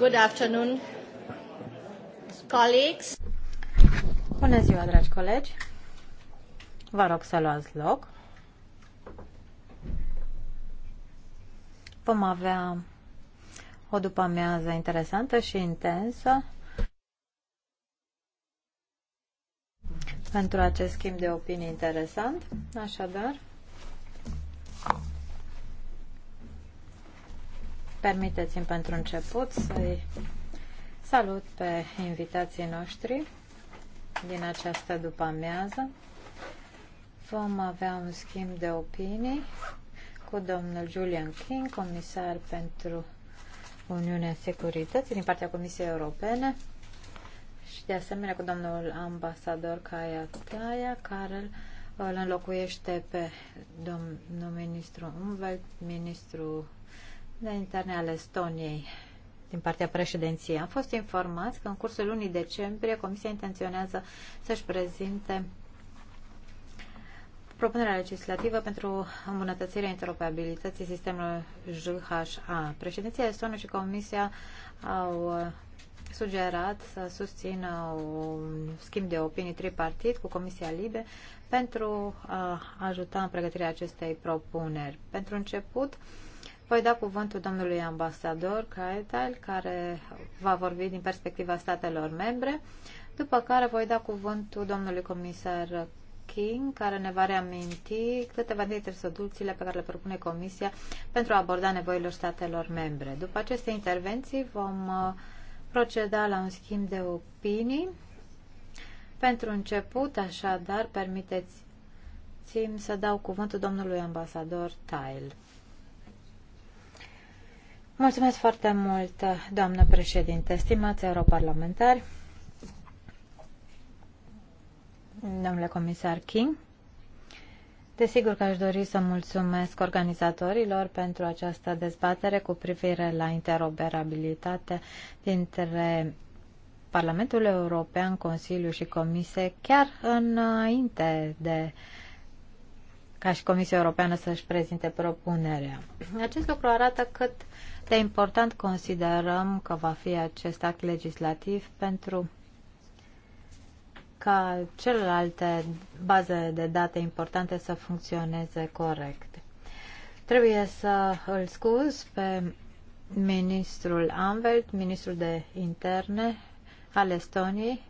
Good afternoon, colleagues. Bună ziua, dragi colegi. Vă rog să luați loc. Vom avea o după-amiază interesantă și intensă pentru acest schimb de opinii interesant. Așadar, Permiteți-mi pentru început să-i salut pe invitații noștri din această după-amiază. Vom avea un schimb de opinii cu domnul Julian King, comisar pentru Uniunea Securității din partea Comisiei Europene și de asemenea cu domnul ambasador Kaya Taya, care îl înlocuiește pe domnul ministru Umwelt, ministru de interne ale Estoniei din partea președinției. Am fost informați că în cursul lunii decembrie Comisia intenționează să-și prezinte propunerea legislativă pentru îmbunătățirea interoperabilității sistemului JHA. Președinția Estonă și Comisia au uh, sugerat să susțină un schimb de opinii tripartit cu Comisia Libe pentru uh, a ajuta în pregătirea acestei propuneri. Pentru început, uh, voi da cuvântul domnului ambasador Caetel, care va vorbi din perspectiva statelor membre, după care voi da cuvântul domnului comisar King, care ne va reaminti câteva dintre soluțiile pe care le propune Comisia pentru a aborda nevoilor statelor membre. După aceste intervenții vom uh, proceda la un schimb de opinii. Pentru început, așadar, permiteți-mi să dau cuvântul domnului ambasador Tile. Mulțumesc foarte mult, doamnă președinte, stimați europarlamentari, domnule comisar King. Desigur că aș dori să mulțumesc organizatorilor pentru această dezbatere cu privire la interoperabilitate dintre Parlamentul European, Consiliu și Comisie, chiar înainte de ca și Comisia Europeană să-și prezinte propunerea. Acest lucru arată cât uh, de important considerăm că va fi acest act legislativ pentru ca celelalte baze de date importante să funcționeze corect. Trebuie să îl scuz pe ministrul Anvelt, ministrul de interne al Estoniei,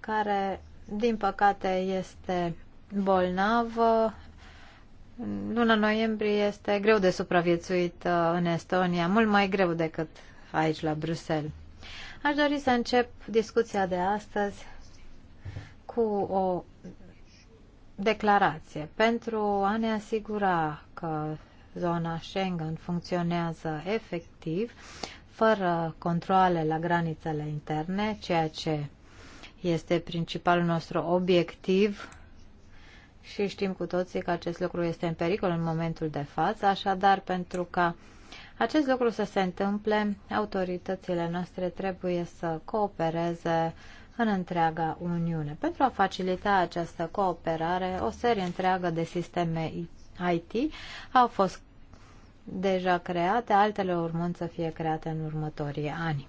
care, din păcate, este bolnavă, în luna noiembrie este greu de supraviețuit uh, în Estonia, mult mai greu decât aici la Bruxelles. Aș dori să încep discuția de astăzi cu o declarație pentru a ne asigura că zona Schengen funcționează efectiv, fără controle la granițele interne, ceea ce este principalul nostru obiectiv și știm cu toții că acest lucru este în pericol în momentul de față, așadar pentru ca acest lucru să se întâmple, autoritățile noastre trebuie să coopereze în întreaga Uniune. Pentru a facilita această cooperare, o serie întreagă de sisteme IT au fost deja create, altele urmând să fie create în următorii ani.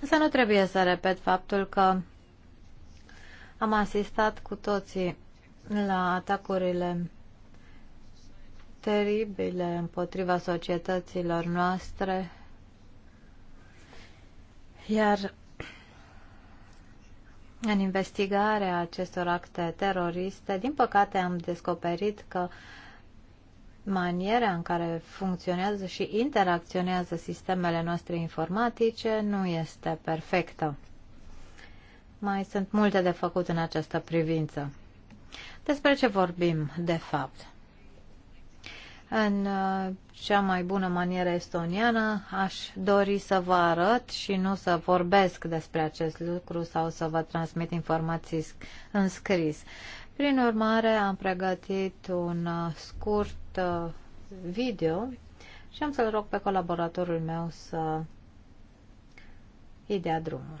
Însă nu trebuie să repet faptul că am asistat cu toții la atacurile teribile împotriva societăților noastre, iar în investigarea acestor acte teroriste, din păcate am descoperit că maniera în care funcționează și interacționează sistemele noastre informatice nu este perfectă. Mai sunt multe de făcut în această privință. Despre ce vorbim, de fapt? În uh, cea mai bună manieră estoniană aș dori să vă arăt și nu să vorbesc despre acest lucru sau să vă transmit informații în scris. Prin urmare, am pregătit un uh, scurt uh, video și am să-l rog pe colaboratorul meu să îi dea drumul.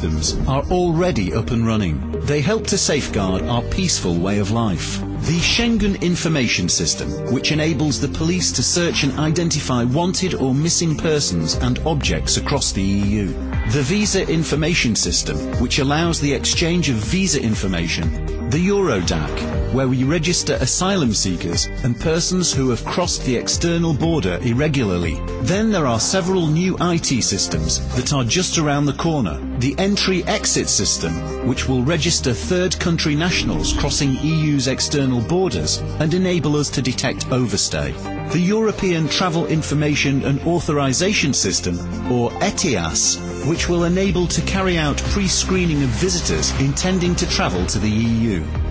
systems are already up and running. They help to safeguard our peaceful way of life. The Schengen Information System, which enables the police to search and identify wanted or missing persons and objects across the EU. The Visa Information System, which allows the exchange of visa information the Eurodac, where we register asylum seekers and persons who have crossed the external border irregularly. Then there are several new IT systems that are just around the corner. The entry-exit system, which will register third country nationals crossing EU's external borders and enable us to detect overstay. The European Travel Information and Authorization System, or ETIAS, which will enable to carry out pre-screening of visitors intending to travel to the EU you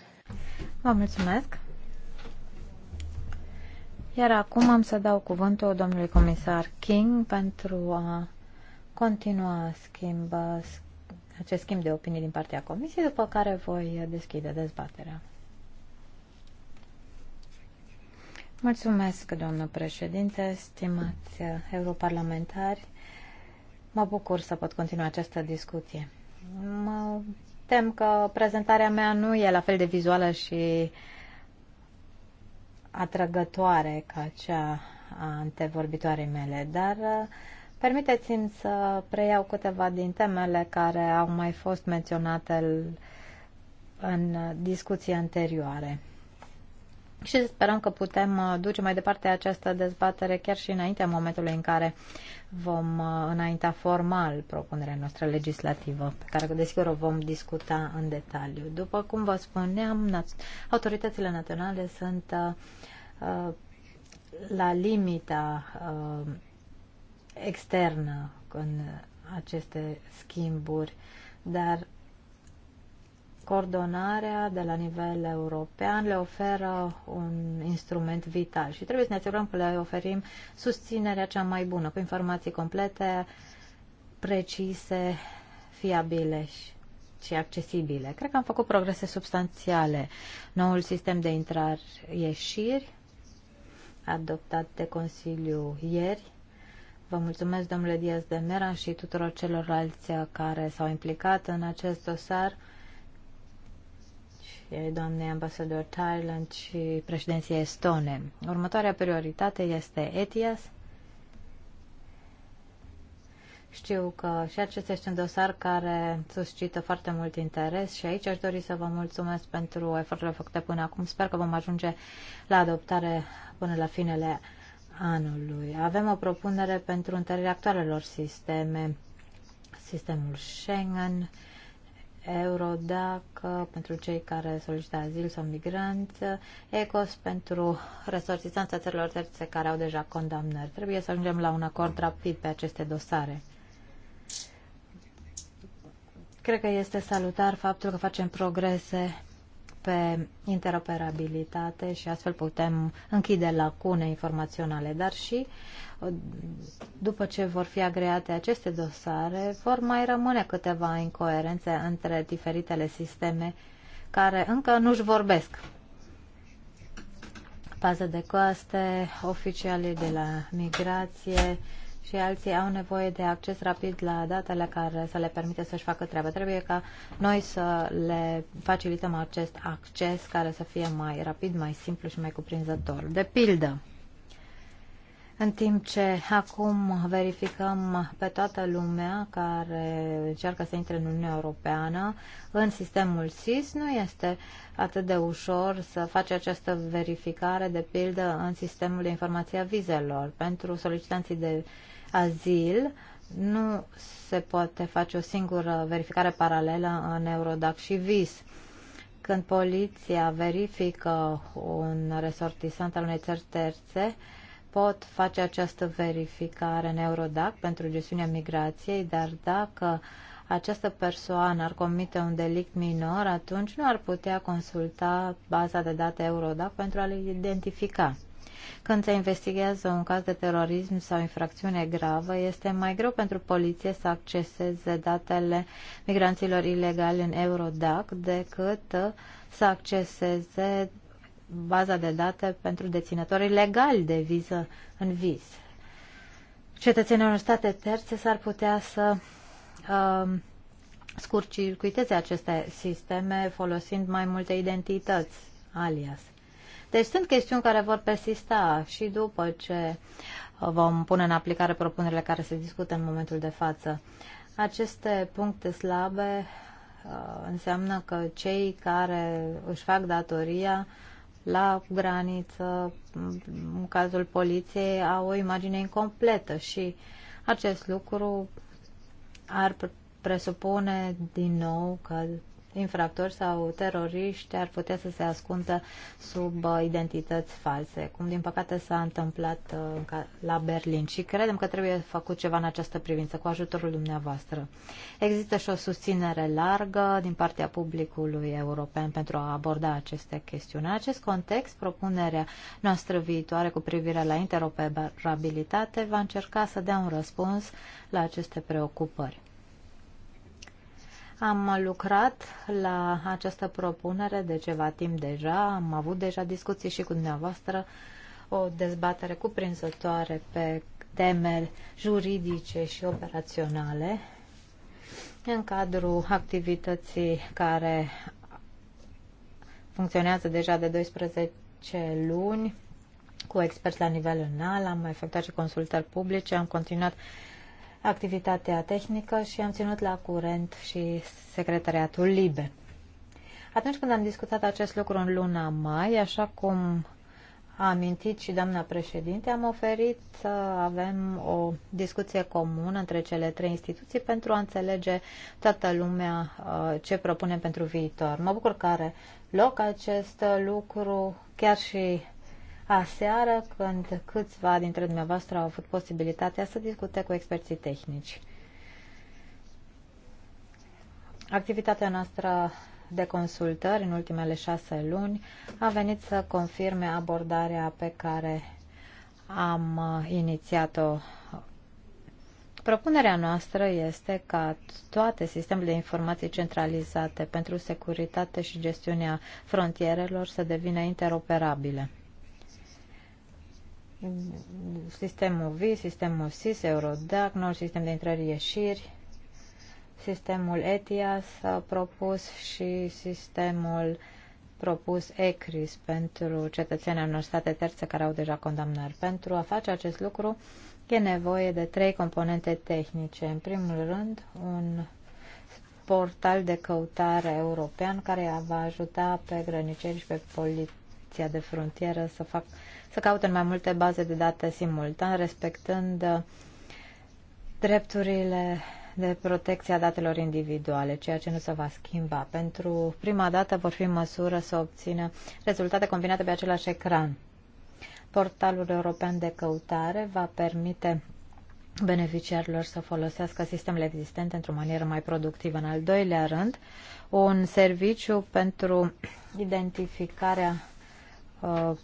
Vă mulțumesc. Iar acum am să dau cuvântul domnului comisar King pentru a continua schimb, acest schimb de opinii din partea comisiei, după care voi deschide dezbaterea. Mulțumesc, doamnă președinte, stimați europarlamentari. Mă bucur să pot continua această discuție. Mă tem că prezentarea mea nu e la fel de vizuală și atrăgătoare ca cea a antevorbitoarei mele, dar uh, permiteți-mi să preiau câteva din temele care au mai fost menționate în discuții anterioare și sperăm că putem uh, duce mai departe această dezbatere chiar și înaintea momentului în care vom uh, înainta formal propunerea noastră legislativă, pe care desigur o vom discuta în detaliu. După cum vă spuneam, autoritățile naționale sunt uh, uh, la limita uh, externă în aceste schimburi, dar coordonarea de la nivel european le oferă un instrument vital și trebuie să ne asigurăm că le oferim susținerea cea mai bună, cu informații complete, precise, fiabile și accesibile. Cred că am făcut progrese substanțiale. Noul sistem de intrare-ieșiri adoptat de Consiliu ieri Vă mulțumesc, domnule Diaz de Mera și tuturor celorlalți care s-au implicat în acest dosar doamnei ambasador Thailand și președinția estone. Următoarea prioritate este ETIAS. Știu că și acesta este un dosar care suscită foarte mult interes și aici aș dori să vă mulțumesc pentru eforturile făcute până acum. Sper că vom ajunge la adoptare până la finele anului. Avem o propunere pentru întărirea actualelor sisteme, sistemul Schengen, euro dacă pentru cei care solicită azil sau migranți, ECOS pentru resortizanța țărilor terțe care au deja condamnări. Trebuie să ajungem la un acord rapid pe aceste dosare. Cred că este salutar faptul că facem progrese pe interoperabilitate și astfel putem închide lacune informaționale, dar și după ce vor fi agreate aceste dosare, vor mai rămâne câteva incoerențe între diferitele sisteme care încă nu-și vorbesc. Pază de coaste, oficialii de la migrație și alții au nevoie de acces rapid la datele care să le permite să-și facă treaba. Trebuie ca noi să le facilităm acest acces care să fie mai rapid, mai simplu și mai cuprinzător. De pildă, în timp ce acum verificăm pe toată lumea care încearcă să intre în Uniunea Europeană în sistemul SIS, nu este atât de ușor să faci această verificare, de pildă, în sistemul de informație a vizelor. Pentru solicitanții de azil nu se poate face o singură verificare paralelă în Eurodac și VIS când poliția verifică un resortisant al unei țări terțe, pot face această verificare în Eurodac pentru gestiunea migrației, dar dacă această persoană ar comite un delict minor, atunci nu ar putea consulta baza de date Eurodac pentru a-l identifica. Când se investigează un caz de terorism sau infracțiune gravă, este mai greu pentru poliție să acceseze datele migranților ilegali în Eurodac decât să acceseze baza de date pentru deținătorii legali de viză în viz. Cetățenii unor state terțe s-ar putea să uh, scurcircuiteze aceste sisteme folosind mai multe identități, alias. Deci sunt chestiuni care vor persista și după ce uh, vom pune în aplicare propunerile care se discută în momentul de față. Aceste puncte slabe uh, înseamnă că cei care își fac datoria la graniță, în cazul poliției, au o imagine incompletă și acest lucru ar presupune din nou că infractori sau teroriști ar putea să se ascundă sub uh, identități false, cum din păcate s-a întâmplat uh, la Berlin și credem că trebuie făcut ceva în această privință cu ajutorul dumneavoastră. Există și o susținere largă din partea publicului european pentru a aborda aceste chestiuni. În acest context, propunerea noastră viitoare cu privire la interoperabilitate va încerca să dea un răspuns la aceste preocupări. Am lucrat la această propunere de ceva timp deja, am avut deja discuții și cu dumneavoastră, o dezbatere cuprinzătoare pe teme juridice și operaționale în cadrul activității care funcționează deja de 12 luni cu experți la nivel înalt, am efectuat și consultări publice, am continuat uh, activitatea tehnică și am ținut la curent și secretariatul LIBE. Atunci când am discutat acest lucru în luna mai, așa cum a amintit și doamna președinte, am oferit să avem o discuție comună între cele trei instituții pentru a înțelege toată lumea uh, ce propunem pentru viitor. Mă bucur că are loc acest lucru, chiar și aseară când câțiva dintre dumneavoastră au avut posibilitatea să discute cu experții tehnici. Activitatea noastră de consultări în ultimele șase luni a venit să confirme abordarea pe care am uh, inițiat-o. Propunerea noastră este ca toate sistemele de informații centralizate pentru securitate și gestiunea frontierelor să devină interoperabile sistemul V, sistemul SIS, Eurodac, noul sistem de intrări-ieșiri, sistemul ETIAS propus și sistemul propus ECRIS pentru cetățenii unor state terțe care au deja condamnări. Pentru a face acest lucru e nevoie de trei componente tehnice. În primul rând, un portal de căutare european care va ajuta pe grăniceri și pe politici poliția de frontieră să, fac, să caute în mai multe baze de date simultan, respectând uh, drepturile de protecție a datelor individuale, ceea ce nu se va schimba. Pentru prima dată vor fi în măsură să obțină rezultate combinate pe același ecran. Portalul european de căutare va permite beneficiarilor să folosească sistemele existente într-o manieră mai productivă. În al doilea rând, un serviciu pentru identificarea Uh,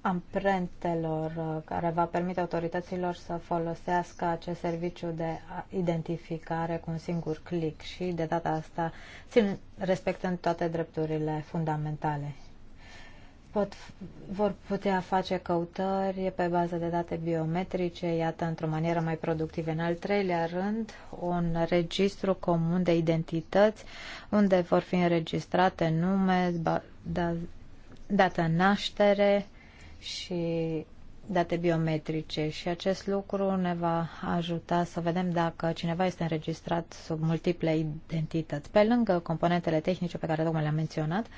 amprentelor uh, care va permite autorităților să folosească acest serviciu de identificare cu un singur click și de data asta respectând toate drepturile fundamentale pot, vor putea face căutări pe bază de date biometrice, iată, într-o manieră mai productivă. În al treilea rând, un registru comun de identități, unde vor fi înregistrate nume, da, data naștere și date biometrice și acest lucru ne va ajuta să vedem dacă cineva este înregistrat sub multiple identități. Pe lângă componentele tehnice pe care tocmai le-am menționat, uh,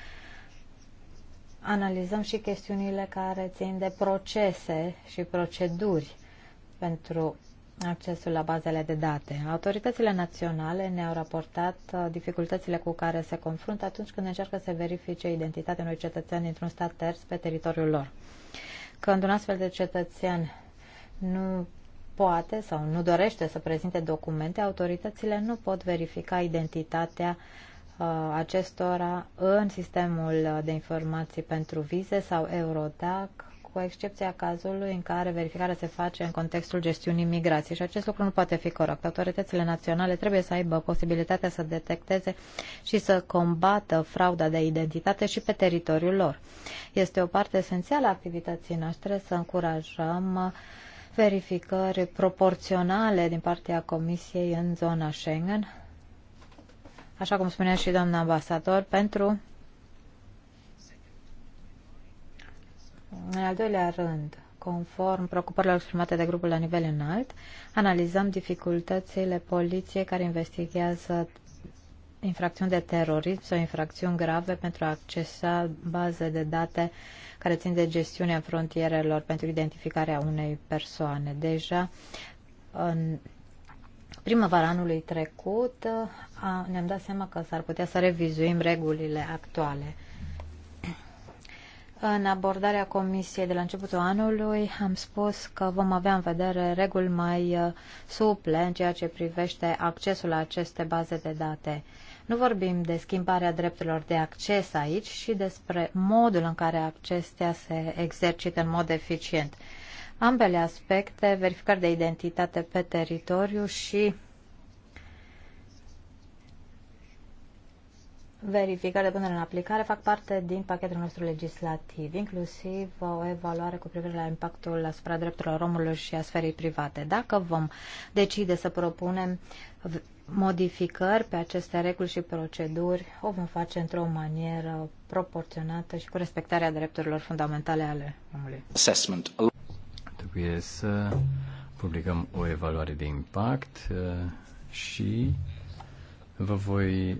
analizăm și chestiunile care țin de procese și proceduri pentru accesul la bazele de date. Autoritățile naționale ne-au raportat uh, dificultățile cu care se confruntă atunci când încearcă să verifice identitatea unui cetățean dintr-un stat ters pe teritoriul lor. Când un astfel de cetățean nu poate sau nu dorește să prezinte documente, autoritățile nu pot verifica identitatea Uh, acestora în sistemul de informații pentru vize sau Eurodac, cu excepția cazului în care verificarea se face în contextul gestiunii migrației. Și acest lucru nu poate fi corect. Autoritățile naționale trebuie să aibă posibilitatea să detecteze și să combată frauda de identitate și pe teritoriul lor. Este o parte esențială a activității noastre să încurajăm verificări proporționale din partea Comisiei în zona Schengen, așa cum spunea și doamna ambasador, pentru În al doilea rând, conform preocupărilor exprimate de grupul la nivel înalt, analizăm dificultățile poliției care investigează infracțiuni de terorism sau infracțiuni grave pentru a accesa baze de date care țin de gestiunea frontierelor pentru identificarea unei persoane. Deja în primăvara anului trecut ne-am dat seama că s-ar putea să revizuim regulile actuale. În abordarea comisiei de la începutul anului am spus că vom avea în vedere reguli mai uh, suple în ceea ce privește accesul la aceste baze de date. Nu vorbim de schimbarea drepturilor de acces aici, și despre modul în care acestea se exercită în mod eficient. Ambele aspecte, verificări de identitate pe teritoriu și verificare de punere în aplicare fac parte din pachetul nostru legislativ, inclusiv o evaluare cu privire la impactul asupra drepturilor omului și a sferei private. Dacă vom decide să propunem modificări pe aceste reguli și proceduri, o vom face într-o manieră proporționată și cu respectarea drepturilor fundamentale ale omului. Assessment. Trebuie să publicăm o evaluare de impact uh, și vă voi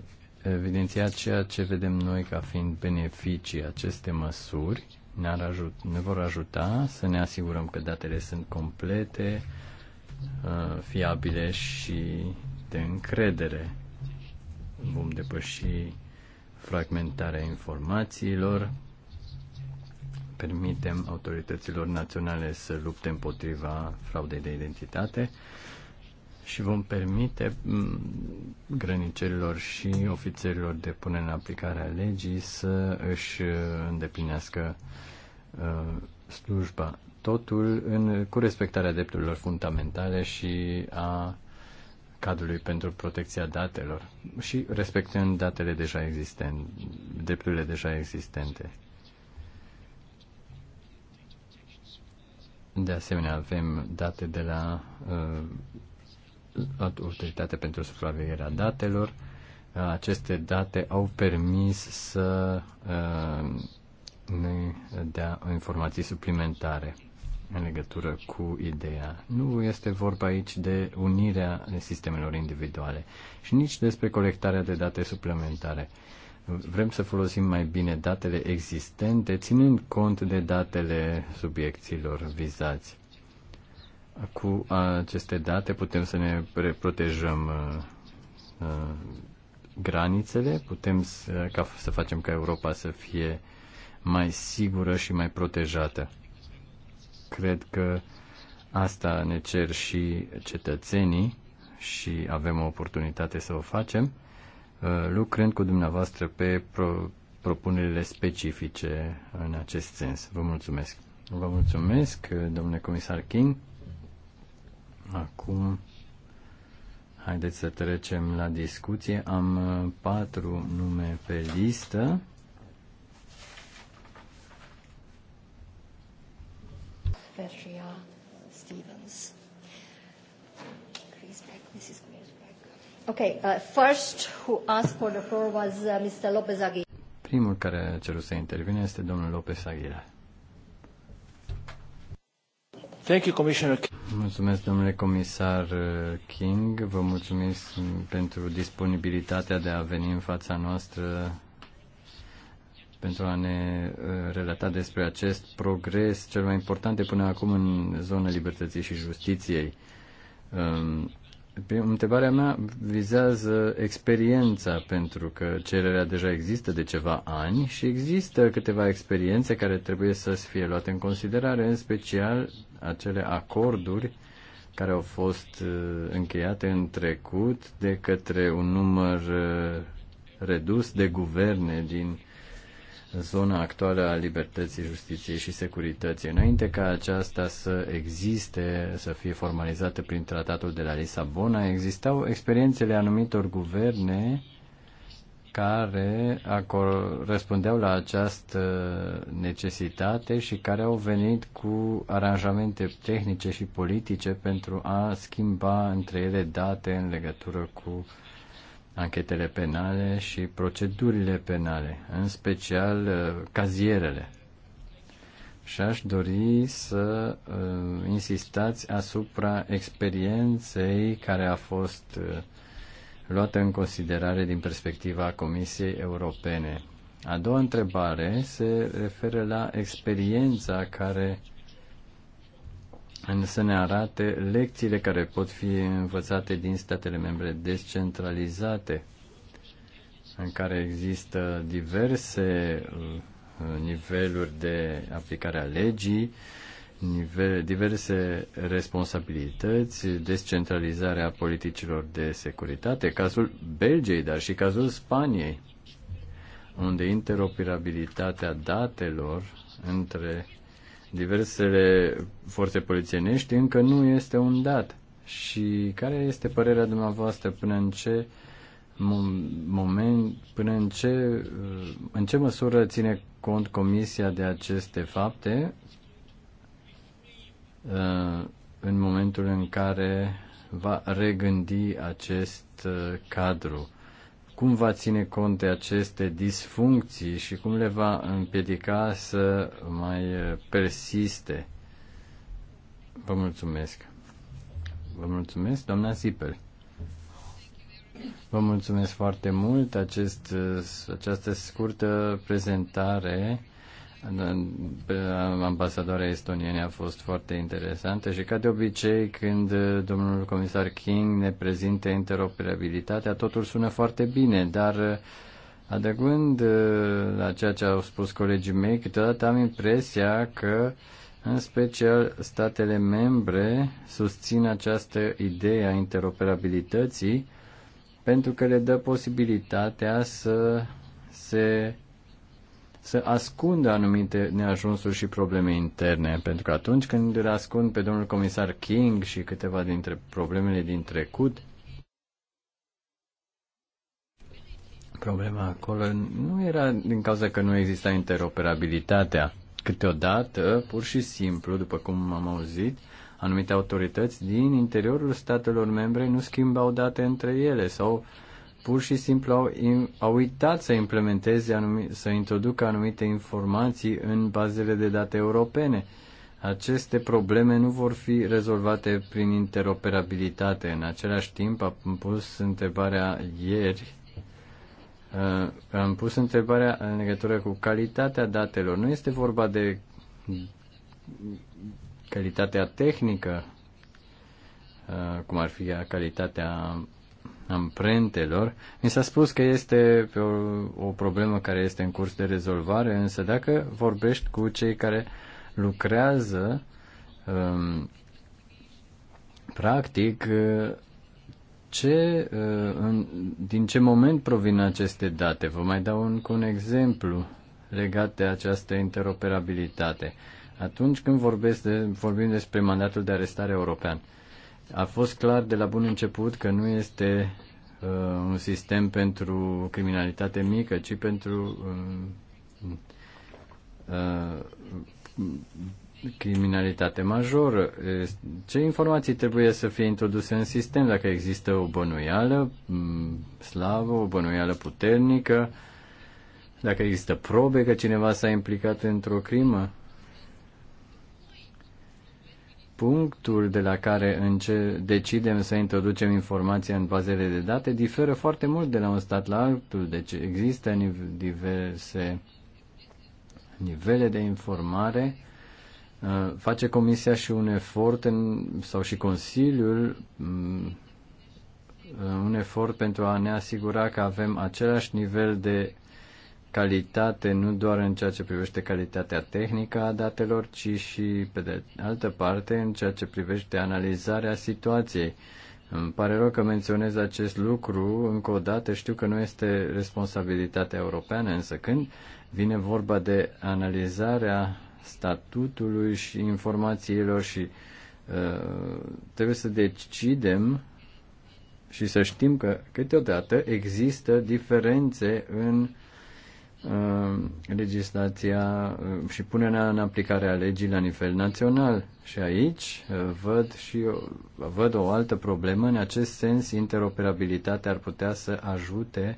evidențiat ceea ce vedem noi ca fiind beneficii aceste măsuri. Ne, ajut, ne vor ajuta să ne asigurăm că datele sunt complete, uh, fiabile și de încredere. Vom depăși fragmentarea informațiilor, permitem autorităților naționale să lupte împotriva fraudei de identitate și vom permite mm, grănicerilor și ofițerilor de pune în aplicare a legii să își uh, îndeplinească uh, slujba. Totul în, cu respectarea drepturilor fundamentale și a cadrului pentru protecția datelor și respectând datele deja existente, drepturile deja existente. De asemenea, avem date de la uh, autoritatea pentru Supravegherea Datelor. Uh, aceste date au permis să uh, ne dea informații suplimentare în legătură cu ideea. Nu este vorba aici de unirea sistemelor individuale și nici despre colectarea de date suplimentare. Vrem să folosim mai bine datele existente, ținând cont de datele subiecților vizați. Cu aceste date putem să ne protejăm uh, uh, granițele, putem să, ca, să facem ca Europa să fie mai sigură și mai protejată. Cred că asta ne cer și cetățenii și avem o oportunitate să o facem, uh, lucrând cu dumneavoastră pe pro, propunerile specifice în acest sens. Vă mulțumesc! Vă mulțumesc, domnule comisar King. Acum, haideți să trecem la discuție. Am uh, patru nume pe listă. Petria Stevens. Okay, uh, first who asked for the floor was uh, Mr. Lopez Aguilar. Primul care a cerut să intervine este domnul Lopez Aguilar. Thank you, Commissioner. Mulțumesc, domnule comisar King. Vă mulțumesc pentru disponibilitatea de a veni în fața noastră pentru a ne uh, relata despre acest progres cel mai important de până acum în zona libertății și justiției. Um, Întrebarea mea vizează experiența, pentru că cererea deja există de ceva ani și există câteva experiențe care trebuie să fie luate în considerare, în special acele acorduri care au fost uh, încheiate în trecut de către un număr uh, redus de guverne din zona actuală a libertății, justiției și securității, înainte ca aceasta să existe, să fie formalizată prin tratatul de la Lisabona, existau experiențele anumitor guverne care răspundeau la această necesitate și care au venit cu aranjamente tehnice și politice pentru a schimba între ele date în legătură cu anchetele penale și procedurile penale, în special uh, cazierele. Și aș dori să uh, insistați asupra experienței care a fost uh, luată în considerare din perspectiva Comisiei Europene. A doua întrebare se referă la experiența care uh, să ne arate lecțiile care pot fi învățate din statele membre descentralizate, în care există diverse uh, niveluri de aplicare a legii, diverse responsabilități, descentralizarea politicilor de securitate, cazul Belgiei, dar și cazul Spaniei, unde interoperabilitatea datelor între diversele forțe polițienești încă nu este un dat. Și care este părerea dumneavoastră până în ce moment, până în ce, în ce măsură ține cont Comisia de aceste fapte uh, în momentul în care va regândi acest uh, cadru? cum va ține cont de aceste disfuncții și cum le va împiedica să mai persiste. Vă mulțumesc. Vă mulțumesc, doamna Zipel. Vă mulțumesc foarte mult acest, această scurtă prezentare ambasadoarea estoniene a fost foarte interesantă și ca de obicei când uh, domnul comisar King ne prezinte interoperabilitatea, totul sună foarte bine, dar uh, adăugând uh, la ceea ce au spus colegii mei, câteodată am impresia că în special statele membre susțin această idee a interoperabilității pentru că le dă posibilitatea să se să ascundă anumite neajunsuri și probleme interne, pentru că atunci când îl ascund pe domnul comisar King și câteva dintre problemele din trecut, problema acolo nu era din cauza că nu exista interoperabilitatea. Câteodată, pur și simplu, după cum am auzit, anumite autorități din interiorul statelor membre nu schimbau date între ele sau pur și simplu au, au uitat să implementeze, anumi, să introducă anumite informații în bazele de date europene. Aceste probleme nu vor fi rezolvate prin interoperabilitate. În același timp, am pus întrebarea ieri, uh, am pus întrebarea în legătură cu calitatea datelor. Nu este vorba de calitatea tehnică, uh, cum ar fi calitatea amprentelor. Mi s-a spus că este o, o problemă care este în curs de rezolvare, însă dacă vorbești cu cei care lucrează, um, practic, uh, ce, uh, în, din ce moment provin aceste date? Vă mai dau un, un exemplu legat de această interoperabilitate. Atunci când vorbesc de, vorbim despre mandatul de arestare european, uh, a fost clar de la bun început că nu este uh, un sistem pentru criminalitate mică, ci pentru uh, uh, criminalitate majoră. Ce informații trebuie să fie introduse în sistem dacă există o bănuială mm, slavă, o bănuială puternică, dacă există probe că cineva s-a implicat într-o crimă? punctul de la care înce- decidem să introducem informația în bazele de date diferă foarte mult de la un stat la altul. Deci există diverse nivele de informare. Uh, face Comisia și un efort în, sau și Consiliul mm, uh, un efort pentru a ne asigura că avem același nivel de calitate nu doar în ceea ce privește calitatea tehnică a datelor, ci și, pe de altă parte, în ceea ce privește analizarea situației. Îmi pare rău că menționez acest lucru. Încă o dată știu că nu este responsabilitatea europeană, însă când vine vorba de analizarea statutului și informațiilor și uh, trebuie să decidem și să știm că câteodată există diferențe în uh, Uh, legislația uh, și punerea în aplicare a legii la nivel național. Și aici uh, văd și eu, văd o altă problemă. În acest sens, interoperabilitatea ar putea să ajute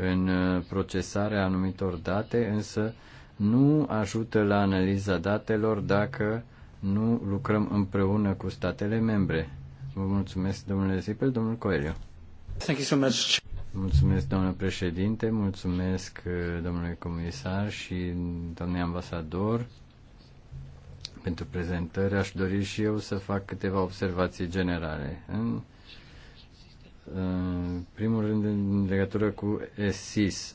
în procesarea anumitor date, însă nu ajută la analiza datelor dacă nu lucrăm împreună cu statele membre. Vă mulțumesc, domnule Zipel, domnul Coelho. Thank you so much. Mulțumesc, domnule președinte, mulțumesc, uh, domnule comisar și domnule ambasador, pentru prezentări. Aș dori și eu să fac câteva observații generale. în primul rând, în legătură cu uh, SIS,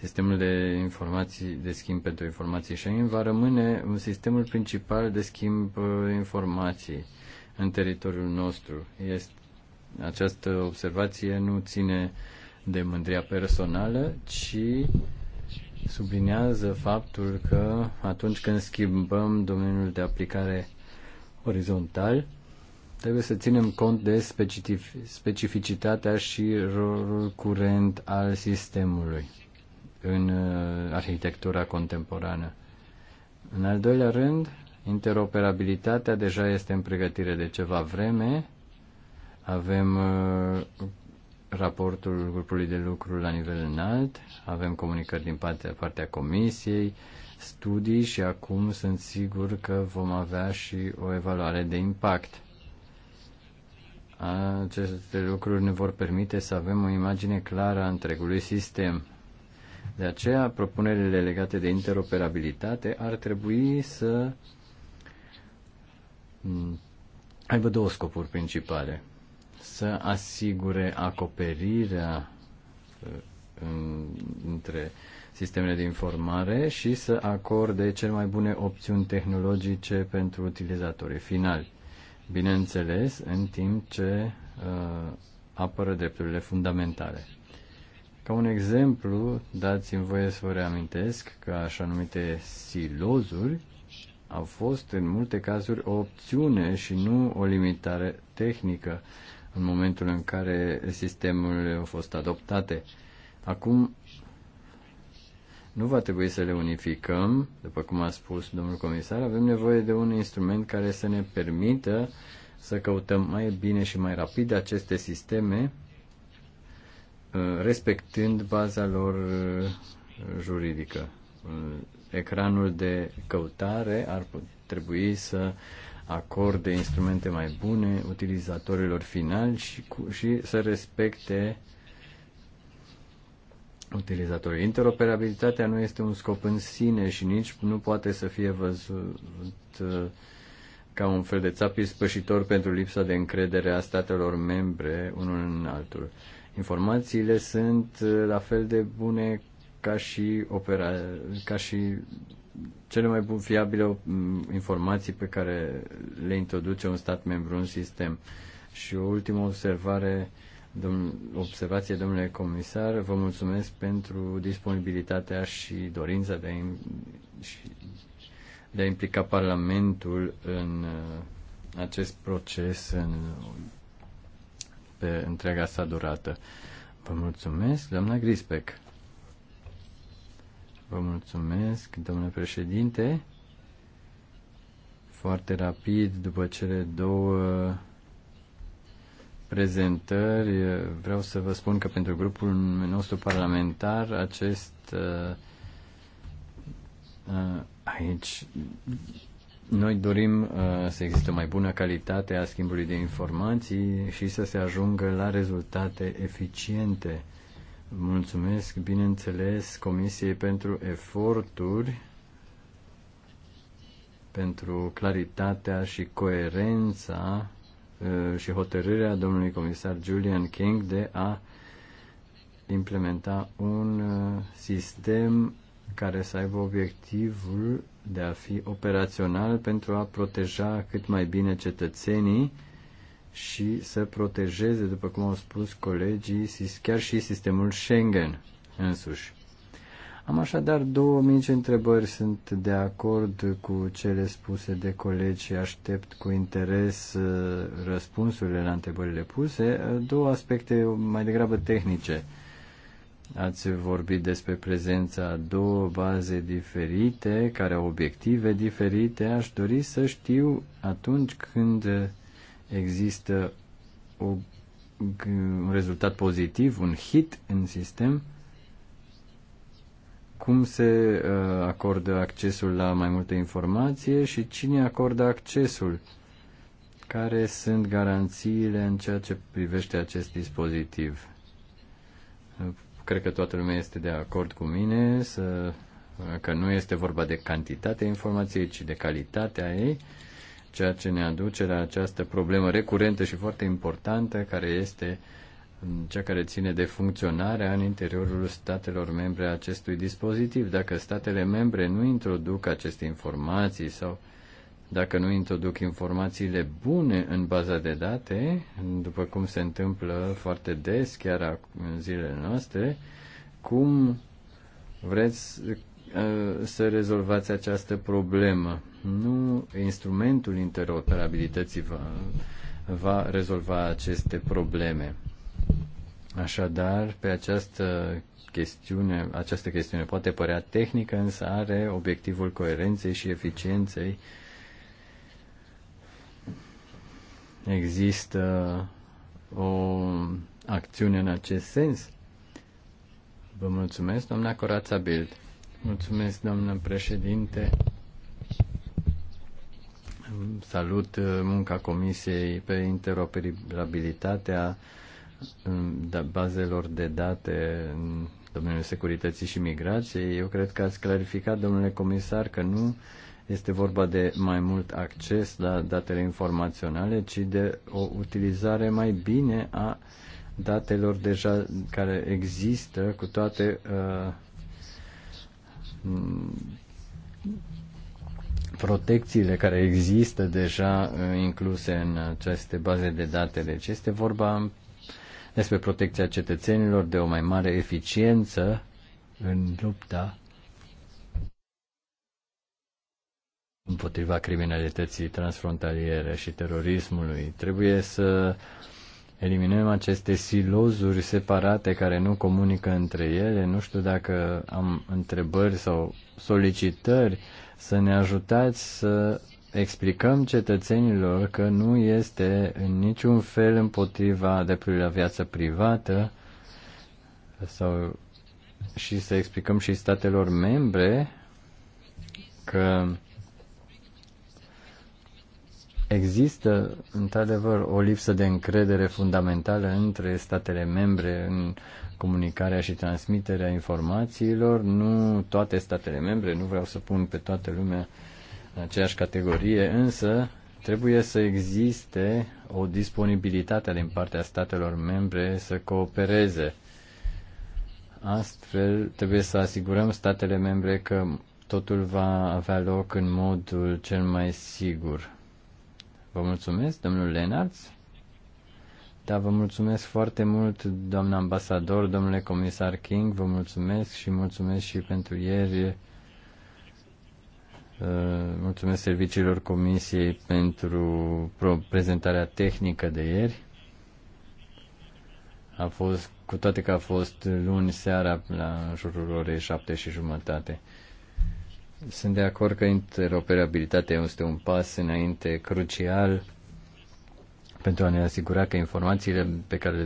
Sistemul de informații de schimb pentru informații Schengen, va rămâne un sistemul principal de schimb uh, informații în teritoriul nostru. Este această observație nu ține de mândria personală, ci sublinează faptul că atunci când schimbăm domeniul de aplicare orizontal, trebuie să ținem cont de specificitatea și rolul curent al sistemului în uh, arhitectura contemporană. În al doilea rând, interoperabilitatea deja este în pregătire de ceva vreme avem uh, raportul grupului de lucru la nivel înalt, avem comunicări din partea, partea comisiei, studii și acum sunt sigur că vom avea și o evaluare de impact. Aceste lucruri ne vor permite să avem o imagine clară a întregului sistem. De aceea, propunerile legate de interoperabilitate ar trebui să mm, aibă două scopuri principale să asigure acoperirea uh, între sistemele de informare și să acorde cel mai bune opțiuni tehnologice pentru utilizatorii finali. Bineînțeles, în timp ce uh, apără drepturile fundamentale. Ca un exemplu, dați-mi voie să vă reamintesc că așa numite silozuri au fost în multe cazuri o opțiune și nu o limitare tehnică în momentul în care sistemurile au fost adoptate. Acum nu va trebui să le unificăm, după cum a spus domnul comisar, avem nevoie de un instrument care să ne permită să căutăm mai bine și mai rapid aceste sisteme, uh, respectând baza lor uh, juridică. Uh, ecranul de căutare ar trebui să acorde instrumente mai bune utilizatorilor finali și, cu, și să respecte utilizatorii. Interoperabilitatea nu este un scop în sine și nici nu poate să fie văzut uh, ca un fel de țapi spășitor pentru lipsa de încredere a statelor membre unul în altul. Informațiile sunt uh, la fel de bune ca și, opera, ca și cele mai bun fiabile mm, informații pe care le introduce un stat membru în sistem. Și o ultimă observare, domn, observație, domnule comisar, vă mulțumesc pentru disponibilitatea și dorința de a, și de a implica Parlamentul în uh, acest proces în, pe întreaga sa durată. Vă mulțumesc, doamna Grisbeck. Vă mulțumesc, domnule președinte. Foarte rapid, după cele două prezentări, vreau să vă spun că pentru grupul nostru parlamentar acest uh, aici noi dorim uh, să există mai bună calitate a schimbului de informații și să se ajungă la rezultate eficiente Mulțumesc, bineînțeles, Comisiei pentru eforturi, pentru claritatea și coerența uh, și hotărârea domnului comisar Julian King de a implementa un uh, sistem care să aibă obiectivul de a fi operațional pentru a proteja cât mai bine cetățenii și să protejeze, după cum au spus colegii, chiar și sistemul Schengen însuși. Am așadar două mici întrebări. Sunt de acord cu cele spuse de colegi și aștept cu interes uh, răspunsurile la întrebările puse. Uh, două aspecte mai degrabă tehnice. Ați vorbit despre prezența a două baze diferite, care au obiective diferite. Aș dori să știu atunci când există o, un rezultat pozitiv, un hit în sistem, cum se uh, acordă accesul la mai multe informație și cine acordă accesul, care sunt garanțiile în ceea ce privește acest dispozitiv. Cred că toată lumea este de acord cu mine să, că nu este vorba de cantitatea informației, ci de calitatea ei ceea ce ne aduce la această problemă recurentă și foarte importantă care este mm, cea care ține de funcționarea în interiorul statelor membre a acestui dispozitiv. Dacă statele membre nu introduc aceste informații sau dacă nu introduc informațiile bune în baza de date, după cum se întâmplă foarte des chiar în zilele noastre, cum vreți uh, să rezolvați această problemă? nu instrumentul interoperabilității va, va rezolva aceste probleme. Așadar, pe această chestiune, această chestiune poate părea tehnică, însă are obiectivul coerenței și eficienței. Există o acțiune în acest sens? Vă mulțumesc, doamna Corața Bild. Mulțumesc, doamnă președinte. Salut uh, munca Comisiei pe interoperabilitatea um, da, bazelor de date în domeniul securității și migrației. Eu cred că ați clarificat, domnule comisar, că nu este vorba de mai mult acces la datele informaționale, ci de o utilizare mai bine a datelor deja care există, cu toate uh, protecțiile care există deja uh, incluse în aceste baze de date. Deci este vorba despre protecția cetățenilor, de o mai mare eficiență în lupta împotriva criminalității transfrontaliere și terorismului. Trebuie să eliminăm aceste silozuri separate care nu comunică între ele. Nu știu dacă am întrebări sau solicitări să ne ajutați să explicăm cetățenilor că nu este în niciun fel împotriva dreptului la viață privată sau și să explicăm și statelor membre că există într-adevăr o lipsă de încredere fundamentală între statele membre în comunicarea și transmiterea informațiilor. Nu toate statele membre, nu vreau să pun pe toată lumea în aceeași categorie, însă trebuie să existe o disponibilitate din partea statelor membre să coopereze. Astfel, trebuie să asigurăm statele membre că totul va avea loc în modul cel mai sigur. Vă mulțumesc, domnul Lenarts. Da, vă mulțumesc foarte mult, doamna ambasador, domnule comisar King, vă mulțumesc și mulțumesc și pentru ieri. Uh, mulțumesc serviciilor comisiei pentru prezentarea tehnică de ieri. A fost, cu toate că a fost luni seara la jurul orei șapte și jumătate. Sunt de acord că interoperabilitatea este un pas înainte crucial pentru a ne asigura că informațiile pe care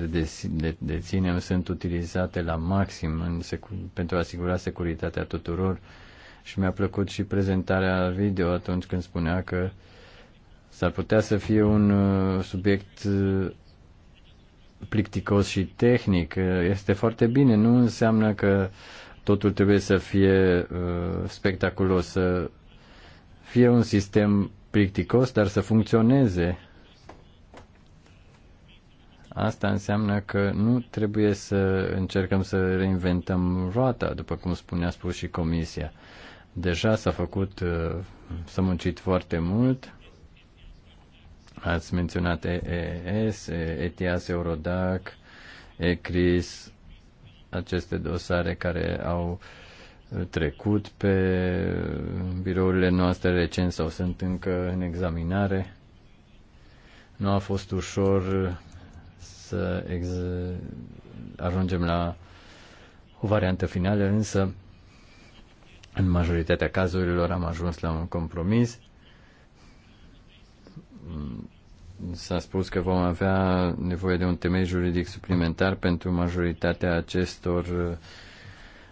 le deținem sunt utilizate la maxim în pentru a asigura securitatea tuturor. Și mi-a plăcut și prezentarea video atunci când spunea că s-ar putea să fie un uh, subiect uh, plicticos și tehnic. Uh, este foarte bine, nu înseamnă că totul trebuie să fie spectaculos, să fie un sistem plicticos, dar să funcționeze Asta înseamnă că nu trebuie să încercăm să reinventăm roata, după cum spunea spus și Comisia. Deja s-a făcut, uh, s-a muncit foarte mult. Ați menționat EES, ETIAS, Eurodac, ECRIS, aceste dosare care au uh, trecut pe uh, birourile noastre recent sau sunt încă în examinare. Nu a fost ușor să ajungem la o variantă finală, însă în majoritatea cazurilor am ajuns la un compromis. S-a spus că vom avea nevoie de un temei juridic suplimentar pentru majoritatea acestor uh,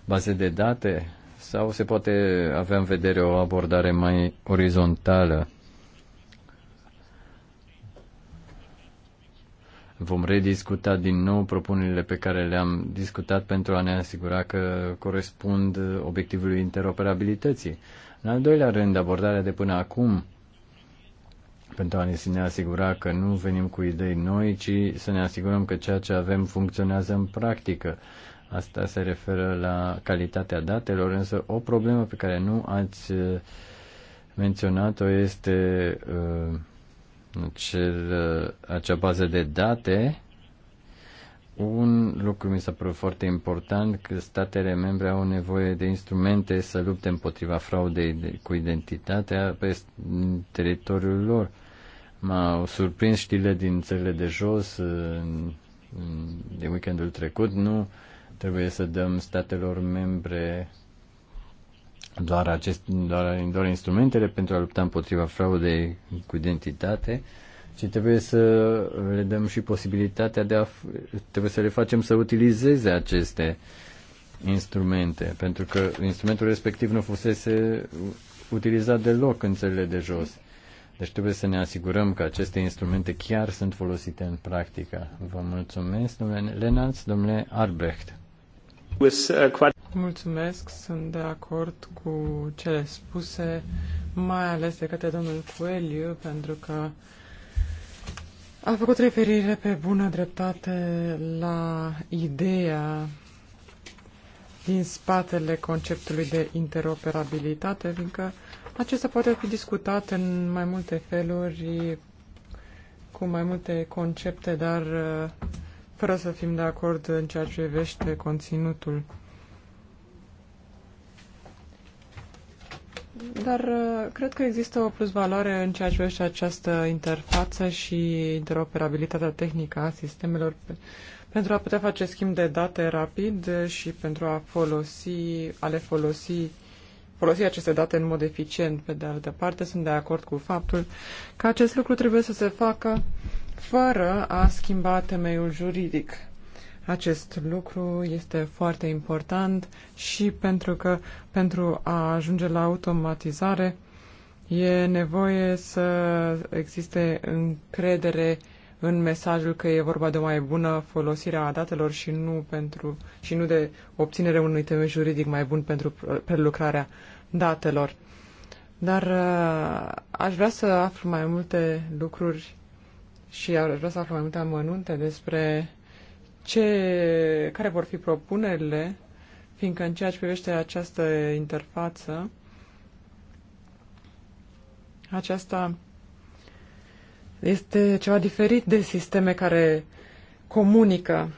baze de date sau se poate avea în vedere o abordare mai orizontală Vom rediscuta din nou propunerile pe care le-am discutat pentru a ne asigura că corespund obiectivului interoperabilității. În al doilea rând, abordarea de până acum pentru a ne asigura că nu venim cu idei noi, ci să ne asigurăm că ceea ce avem funcționează în practică. Asta se referă la calitatea datelor, însă o problemă pe care nu ați eh, menționat-o este uh, acel, uh, acea bază de date, un lucru mi s-a părut foarte important, că statele membre au nevoie de instrumente să lupte împotriva fraudei cu identitatea pe teritoriul lor. M-au surprins știrile din țările de jos uh, de weekendul trecut. Nu trebuie să dăm statelor membre doar, acest, doar, doar instrumentele pentru a lupta împotriva fraudei cu identitate, ci trebuie să le dăm și posibilitatea de a, trebuie să le facem să utilizeze aceste instrumente, pentru că instrumentul respectiv nu fusese utilizat deloc în țările de jos. Deci trebuie să ne asigurăm că aceste instrumente chiar sunt folosite în practică. Vă mulțumesc, domnule Lenanț, domnule Arbrecht. Uh, Mulțumesc, sunt de acord cu cele spuse, mai ales de către domnul Coeliu, pentru că a făcut referire pe bună dreptate la ideea din spatele conceptului de interoperabilitate, fiindcă acesta poate fi discutat în mai multe feluri, cu mai multe concepte, dar uh, fără să fim de acord în ceea ce privește conținutul. Dar uh, cred că există o plusvaloare în ceea ce privește această interfață și interoperabilitatea tehnică a sistemelor pe, pentru a putea face schimb de date rapid și pentru a folosi, a le folosi folosi aceste date în mod eficient. Pe de altă parte, sunt de acord cu faptul că acest lucru trebuie să se facă fără a schimba temeiul juridic. Acest lucru este foarte important și pentru că pentru a ajunge la automatizare e nevoie să existe încredere în mesajul că e vorba de o mai bună folosire a datelor și nu, pentru, și nu de obținerea unui temei juridic mai bun pentru prelucrarea datelor. Dar uh, aș vrea să aflu mai multe lucruri și ar vrea să aflăm mai multe amănunte despre ce, care vor fi propunerile, fiindcă în ceea ce privește această interfață, aceasta este ceva diferit de sisteme care comunică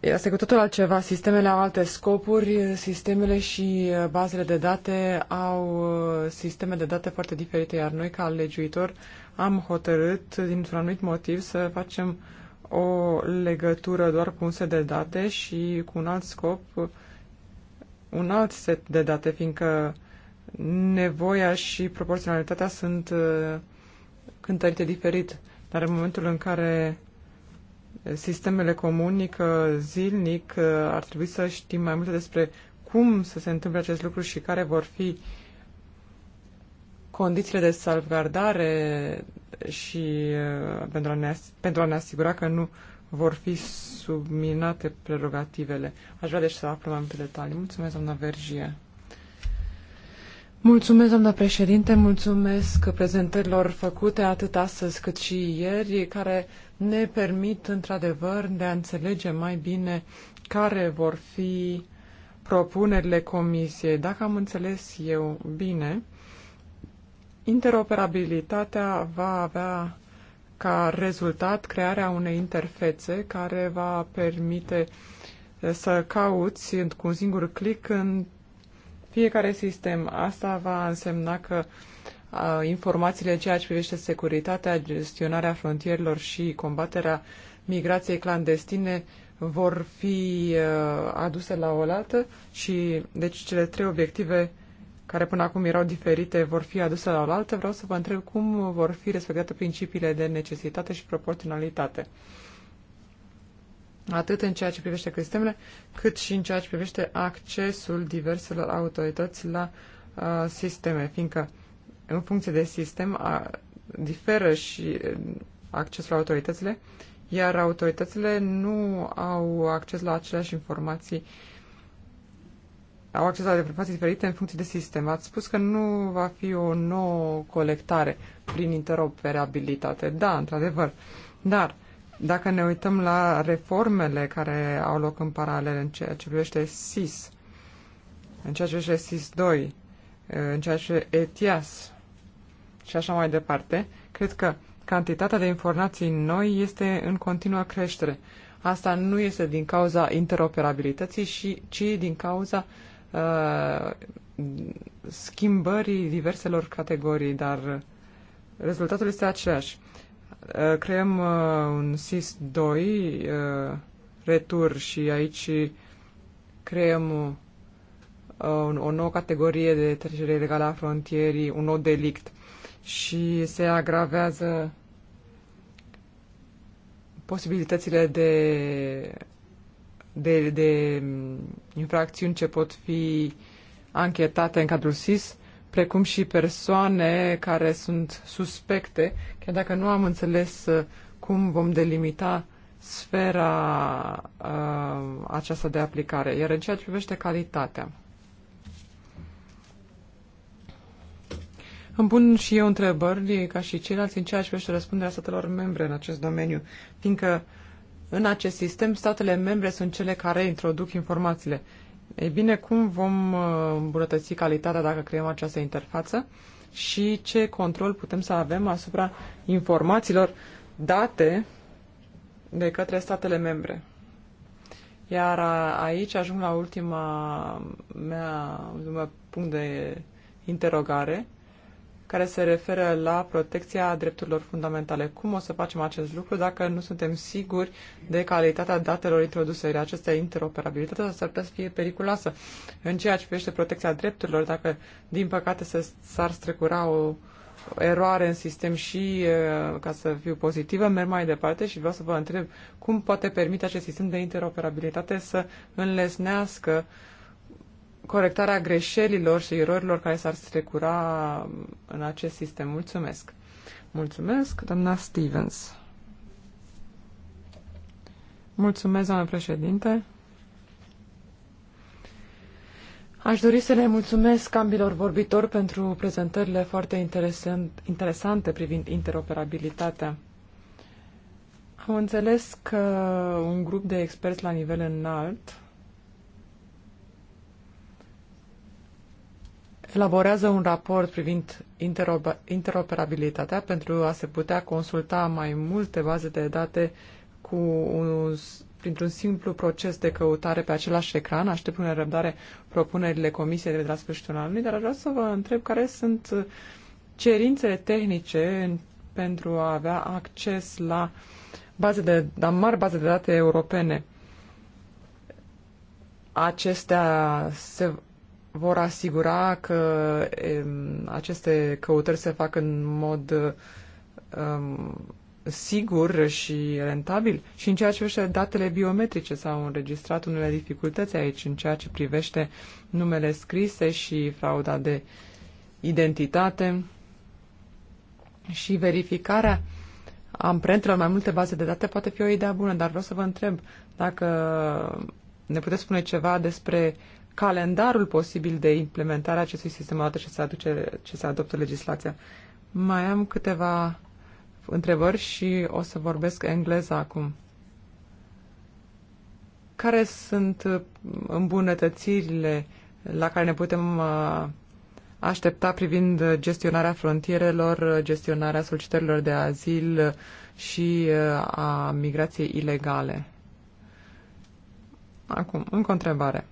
este cu totul altceva. Sistemele au alte scopuri, sistemele și uh, bazele de date au uh, sisteme de date foarte diferite, iar noi, ca legiuitor, am hotărât, dintr-un anumit motiv, să facem o legătură doar cu un set de date și cu un alt scop, un alt set de date, fiindcă nevoia și proporționalitatea sunt uh, cântărite diferit. Dar în momentul în care sistemele comunică zilnic, uh, ar trebui să știm mai multe despre cum să se întâmple acest lucru și care vor fi condițiile de salvgardare și uh, pentru a ne, pentru a ne asigura că nu vor fi subminate prerogativele. Aș vrea deci să aflăm mai multe detalii. Mulțumesc, doamna Vergie. Mulțumesc, doamna președinte, mulțumesc prezentărilor făcute atât astăzi cât și ieri, care ne permit într-adevăr de a înțelege mai bine care vor fi propunerile comisiei. Dacă am înțeles eu bine, interoperabilitatea va avea ca rezultat crearea unei interfețe care va permite să cauți cu un singur click în fiecare sistem. Asta va însemna că informațiile în ceea ce privește securitatea, gestionarea frontierilor și combaterea migrației clandestine vor fi aduse la oaltă și deci cele trei obiective care până acum erau diferite vor fi aduse la oaltă, vreau să vă întreb cum vor fi respectate principiile de necesitate și proporționalitate atât în ceea ce privește sistemele, cât și în ceea ce privește accesul diverselor autorități la uh, sisteme, fiindcă în funcție de sistem a, diferă și uh, accesul la autoritățile, iar autoritățile nu au acces la aceleași informații au acces la informații diferite în funcție de sistem. Ați spus că nu va fi o nouă colectare prin interoperabilitate. Da, într-adevăr. Dar uh, dacă ne uităm la reformele care au loc în paralel în ceea ce privește SIS, în ceea ce privește SIS-2, în ceea ce ETIAS și așa mai departe, cred că cantitatea de informații noi este în continuă creștere. Asta nu este din cauza interoperabilității, și, ci din cauza uh, schimbării diverselor categorii, dar rezultatul este același. Eh, creăm eh, un SIS-2 eh, retur și aici creăm o nouă categorie de trecere ilegală a frontierii, un nou delict și se agravează posibilitățile de, de, de mm, infracțiuni ce pot fi anchetate în cadrul SIS precum și persoane care sunt suspecte, chiar dacă nu am înțeles uh, cum vom delimita sfera uh, aceasta de aplicare. Iar în ceea ce privește calitatea, Îmi pun și eu întrebări, ca și ceilalți, în ceea ce privește răspunderea statelor membre în acest domeniu, fiindcă în acest sistem statele membre sunt cele care introduc informațiile. Ei bine, cum vom uh, îmbunătăți calitatea dacă creăm această interfață și ce control putem să avem asupra informațiilor date de către statele membre? Iar aici ajung la ultima mea, ultima punct de interogare care se referă la protecția drepturilor fundamentale. Cum o să facem acest lucru dacă nu suntem siguri de calitatea datelor introduse? Această interoperabilitate s-ar putea să fie periculoasă în ceea ce privește protecția drepturilor, dacă, din păcate, s-ar strecura o eroare în sistem și, ca să fiu pozitivă, merg mai departe și vreau să vă întreb cum poate permite acest sistem de interoperabilitate să înlesnească uh, corectarea greșelilor și erorilor care s-ar strecura în acest sistem. Mulțumesc! Mulțumesc, doamna Stevens! Mulțumesc, doamna președinte! Aș dori să le mulțumesc ambilor vorbitori pentru prezentările foarte interesante privind interoperabilitatea. Am înțeles că un grup de experți la nivel înalt elaborează un raport privind interoperabilitatea pentru a se putea consulta mai multe baze de date cu un, printr-un simplu proces de căutare pe același ecran. Aștept în răbdare propunerile comisiei de la sfârșitul anului, dar vreau să vă întreb care sunt uh, cerințele tehnice pentru a avea acces la baze de, la mari baze de date europene. Acestea se vor asigura că aceste căutări se fac în mod um, sigur și rentabil. Și în ceea ce privește datele biometrice s-au înregistrat unele dificultăți aici în ceea ce privește numele scrise și frauda de identitate și verificarea amprentelor mai multe baze de date poate fi o idee bună, dar vreau să vă întreb dacă ne puteți spune ceva despre calendarul posibil de implementare a acestui sistem odată ce se, aduce, ce se adoptă legislația. Mai am câteva întrebări și o să vorbesc engleză acum. Care sunt uh, îmbunătățirile la care ne putem uh, aștepta privind gestionarea frontierelor, gestionarea solicitărilor de azil și uh, a migrației ilegale? Acum, încă o întrebare.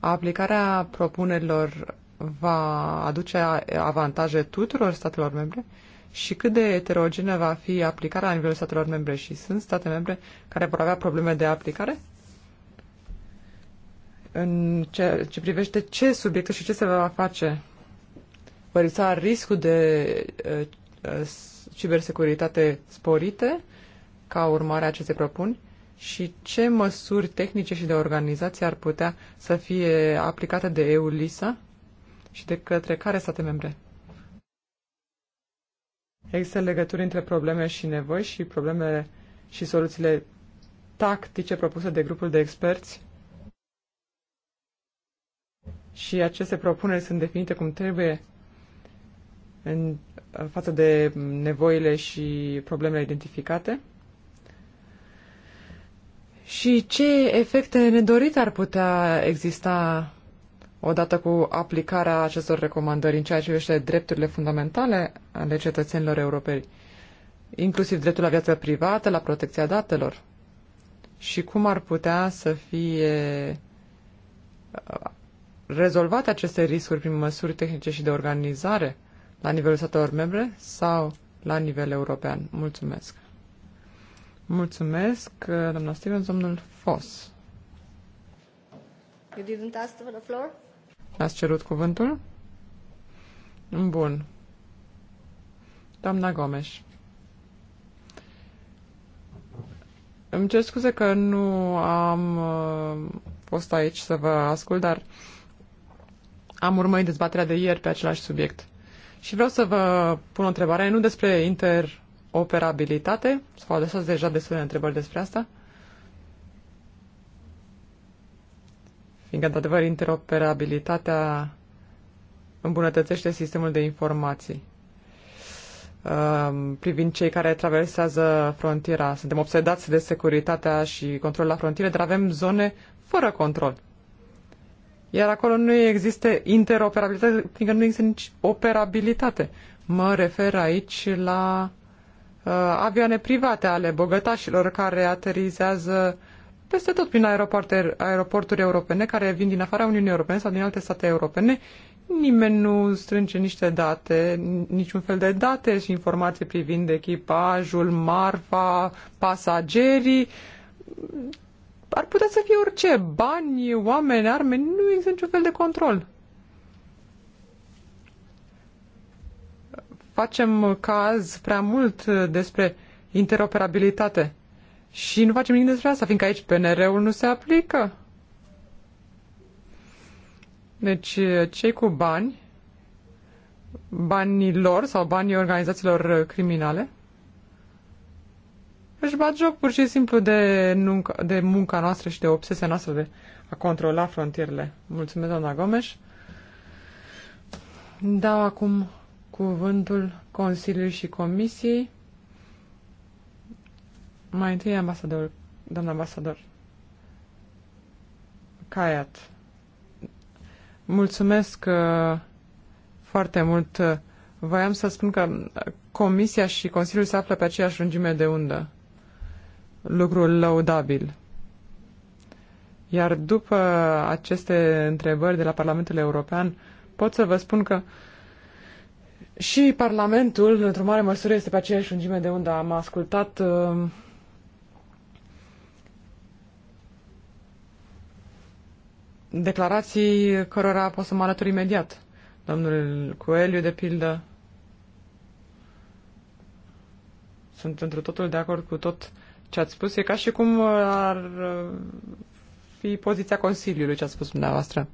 Aplicarea propunerilor va aduce avantaje tuturor statelor membre și cât de eterogenă va fi aplicarea la nivelul statelor membre și sunt state membre care vor avea probleme de aplicare? În ce, ce privește ce subiecte și ce se va face? Vă riscul de uh, uh, cibersecuritate sporite ca urmare a acestei propuneri? și ce măsuri tehnice și de organizație ar putea să fie aplicate de EULISA și de către care state membre? Există legături între probleme și nevoi și problemele și soluțiile tactice propuse de grupul de experți și aceste propuneri sunt definite cum trebuie în față de nevoile și problemele identificate. Și ce efecte nedorite ar putea exista odată cu aplicarea acestor recomandări în ceea ce privește drepturile fundamentale ale cetățenilor europeni, inclusiv dreptul la viață privată, la protecția datelor? Și cum ar putea să fie uh, rezolvate aceste riscuri prin măsuri tehnice și de organizare la nivelul statelor membre sau la nivel european? Mulțumesc! Mulțumesc, uh, doamna Stevens, domnul Foss. You didn't ask for the floor? Ați cerut cuvântul? Bun. Doamna Gomes. Îmi cer scuze că nu am uh, fost aici să vă ascult, dar am urmărit dezbaterea de ieri pe același subiect. Și vreau să vă pun o întrebare, nu despre inter operabilitate. S-au adresat deja destul de întrebări despre asta. Fiindcă, într-adevăr, interoperabilitatea îmbunătățește sistemul de informații ehm, privind cei care traversează frontiera. Suntem obsedați de securitatea și controlul la frontiere, dar avem zone fără control. Iar acolo nu există interoperabilitate, fiindcă nu există nici operabilitate. Mă refer aici la Uh, avioane private ale bogătașilor care aterizează peste tot prin aeroporturi, aeroporturi europene care vin din afara Uniunii Europene sau din alte state europene. Nimeni nu strânge niște date, niciun fel de date și informații privind echipajul, marfa, pasagerii. Ar putea să fie orice, bani, oameni, arme, nu există niciun fel de control. facem caz prea mult despre interoperabilitate și nu facem nimic despre asta, fiindcă aici PNR-ul nu se aplică. Deci, cei cu bani, banii lor sau banii organizațiilor criminale, își bat joc pur și simplu de, nunca, de munca noastră și de obsesia noastră de a controla frontierele. Mulțumesc, doamna Gomes. Da acum cuvântul Consiliului și Comisiei. Mai întâi ambasador, doamna ambasador. Caiat. Mulțumesc uh, foarte mult. Voiam să spun că Comisia și Consiliul se află pe aceeași lungime de undă. Lucrul laudabil. Iar după aceste întrebări de la Parlamentul European, pot să vă spun că uh, și Parlamentul, într-o mare măsură, este pe aceeași lungime de undă. Am ascultat uh, declarații cărora pot să mă alătur imediat. Domnul Coelho, de pildă. Sunt într totul de acord cu tot ce ați spus. E ca și cum ar uh, fi poziția Consiliului ce ați spus dumneavoastră.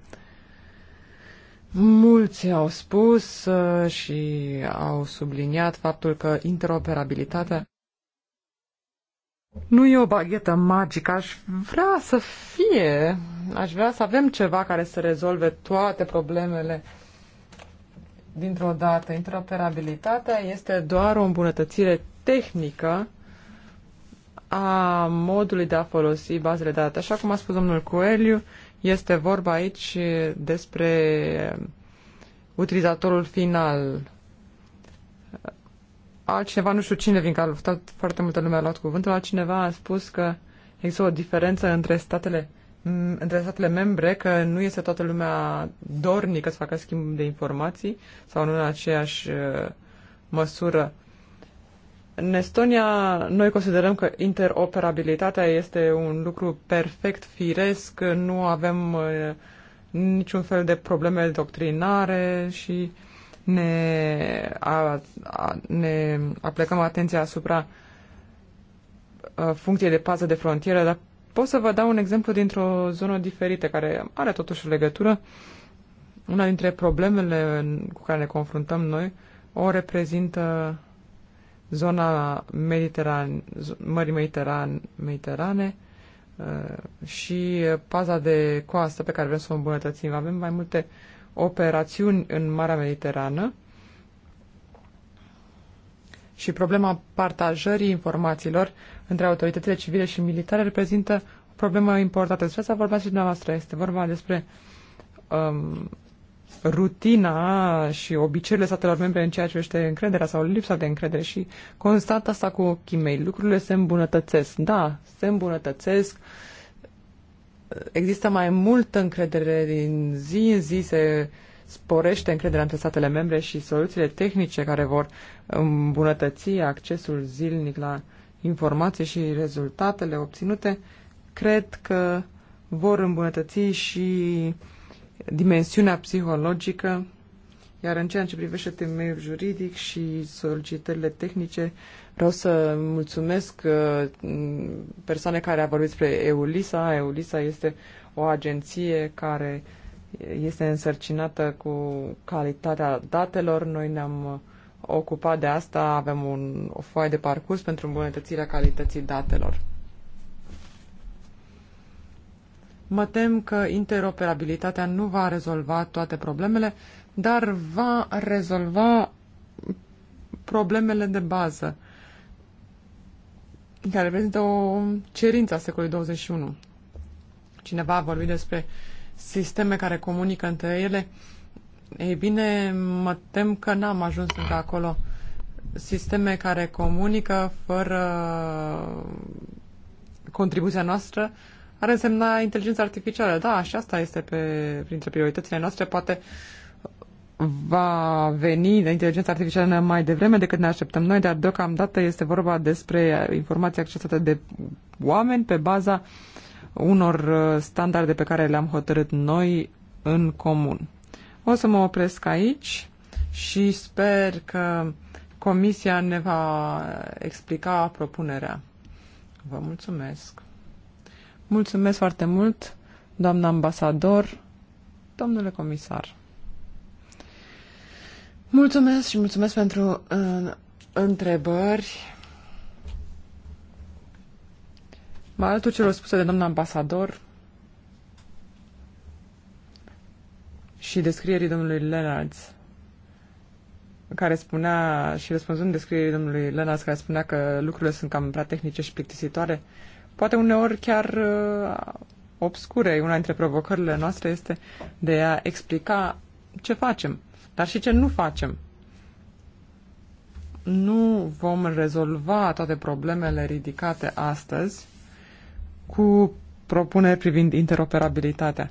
Mulți au spus uh, și au subliniat faptul că interoperabilitatea nu e o baghetă magică, aș vrea să fie, aș vrea să avem ceva care să rezolve toate problemele dintr-o dată. Interoperabilitatea este doar o îmbunătățire tehnică a modului de a folosi bazele de date. Așa cum a spus domnul Coeliu, este vorba aici despre utilizatorul final. Altcineva, nu știu cine, fiindcă a luptat foarte multă lume, a luat cuvântul, altcineva a spus că există o diferență între statele între statele membre că nu este toată lumea dornică să facă schimb de informații sau nu în aceeași uh, măsură în Estonia, noi considerăm că interoperabilitatea este un lucru perfect, firesc, nu avem uh, niciun fel de probleme doctrinare și ne, a, a, ne aplicăm atenția asupra uh, funcției de pază de frontieră, dar pot să vă dau un exemplu dintr-o zonă diferită, care are totuși o legătură. Una dintre problemele cu care ne confruntăm noi o reprezintă zona Mediteran, Mării Mediteran, Mediterane uh, și paza de coastă pe care vrem să o îmbunătățim. Avem mai multe operațiuni în Marea Mediterană și problema partajării informațiilor între autoritățile civile și militare reprezintă o problemă importantă. Despre asta vorbeați și dumneavoastră. Este vorba despre um, rutina și obiceiurile statelor membre în ceea ce este încrederea sau lipsa de încredere și constat asta cu ochii mei. Lucrurile se îmbunătățesc. Da, se îmbunătățesc. Există mai multă încredere din zi în zi, se sporește încrederea între statele membre și soluțiile tehnice care vor îmbunătăți accesul zilnic la informații și rezultatele obținute, cred că vor îmbunătăți și uh, dimensiunea psihologică, iar în ceea ce privește temeiul juridic și solicitările tehnice, vreau să mulțumesc uh, persoane care a vorbit despre EULISA. EULISA este o agenție care este însărcinată cu calitatea datelor. Noi ne-am uh, ocupat de asta, avem un, o foaie de parcurs pentru îmbunătățirea calității datelor. Mă tem că interoperabilitatea nu va rezolva toate problemele, dar va rezolva problemele de bază, care reprezintă o cerință a secolului 21. Cineva a vorbit despre sisteme care comunică între ele. Ei bine, mă tem că n-am ajuns încă acolo. Sisteme care comunică fără contribuția noastră uh, ar însemna inteligența artificială. Da, și asta este pe, printre prioritățile noastre. Poate va veni de inteligența artificială mai devreme decât ne așteptăm noi, dar deocamdată este vorba despre informații accesate de oameni pe baza unor uh, standarde pe care le-am hotărât noi în comun. O să mă opresc aici și sper că Comisia ne va explica propunerea. Vă mulțumesc! Mulțumesc foarte mult, doamna ambasador, domnule comisar. Mulțumesc și mulțumesc pentru uh, întrebări. Mă alătur celor spuse de doamna ambasador și descrierii domnului Lenards, care spunea, și răspunzând descrierii domnului Lenards, care spunea că lucrurile sunt cam prea tehnice și plictisitoare, uh, poate uneori chiar uh, obscure. Una dintre provocările noastre este de a explica ce facem, dar și ce nu facem. Nu vom rezolva toate problemele ridicate astăzi cu propuneri privind interoperabilitatea,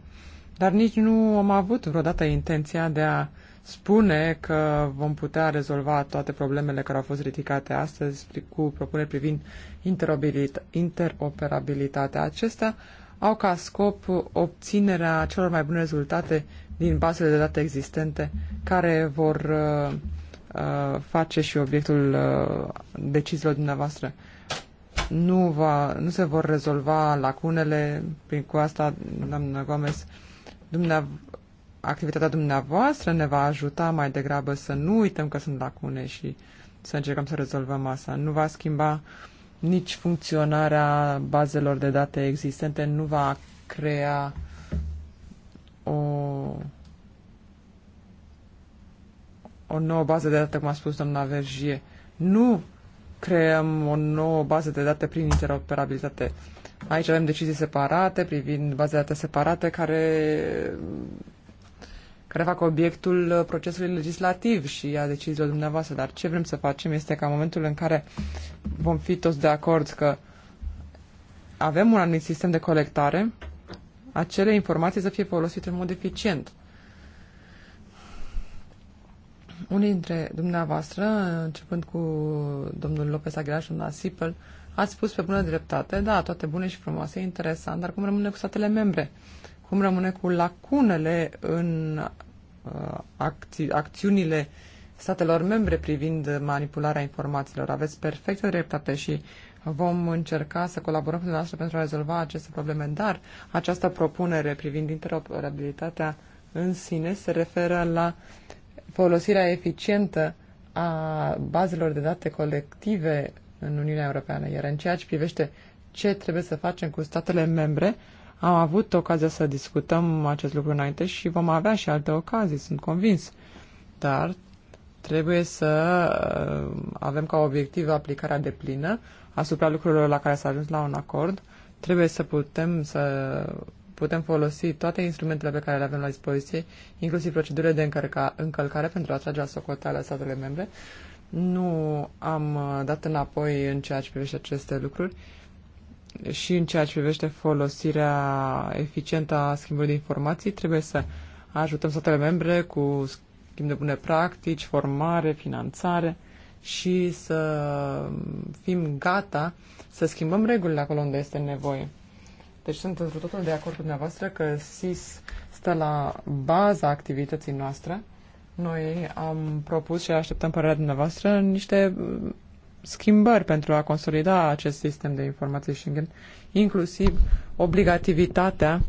dar nici nu am avut vreodată intenția de a uh, spune că vom putea rezolva toate problemele care au fost ridicate astăzi cu propuneri privind interoperabilitatea. Acestea au ca scop obținerea celor mai bune rezultate din bazele de date existente care vor uh, uh face și obiectul uh, deciziilor dumneavoastră. Nu, va, nu se vor rezolva lacunele, prin cu asta, doamna Gomez, dumneavoastră activitatea dumneavoastră ne va ajuta mai degrabă să nu uităm că sunt lacune și să încercăm să rezolvăm asta. Nu va schimba nici funcționarea bazelor de date existente, nu va crea o, o nouă bază de date, cum a spus doamna Vergie. Nu creăm o nouă bază de date prin interoperabilitate. Aici avem decizii separate privind baze de date separate care care fac obiectul uh, procesului legislativ și a deciziilor dumneavoastră. Dar ce vrem să facem este ca în momentul în care vom fi toți de acord că avem un anumit sistem de colectare, acele informații să fie folosite în mod eficient. Unii dintre dumneavoastră, începând cu domnul Lopez Aguilar și domnul Asipel, ați spus pe bună dreptate, da, toate bune și frumoase, interesant, dar cum rămâne cu statele membre? Cum rămâne cu lacunele în Uh, acți- acțiunile statelor membre privind manipularea informațiilor. Aveți perfectă dreptate și vom încerca să colaborăm cu dumneavoastră pentru a rezolva aceste probleme, dar această propunere privind interoperabilitatea în sine se referă la folosirea eficientă a bazelor de date colective în Uniunea Europeană, iar în ceea ce privește ce trebuie să facem cu statele membre, am avut ocazia să discutăm acest lucru înainte și vom avea și alte ocazii, sunt convins. Dar trebuie să uh, avem ca obiectiv aplicarea de plină asupra lucrurilor la care s-a ajuns la un acord. Trebuie să putem să putem folosi toate instrumentele pe care le avem la dispoziție, inclusiv procedurile de încărca, încălcare pentru a trage la socoteală statele membre. Nu am uh, dat înapoi în ceea ce privește aceste lucruri și în ceea ce privește folosirea eficientă a schimbului de informații, trebuie să ajutăm statele membre cu schimb de bune practici, formare, finanțare și să fim gata să schimbăm regulile acolo unde este nevoie. Deci sunt într totul de acord cu dumneavoastră că SIS stă la baza activității noastre. Noi am propus și așteptăm părerea dumneavoastră niște schimbări pentru a consolida acest sistem de informații Schengen, inclusiv obligativitatea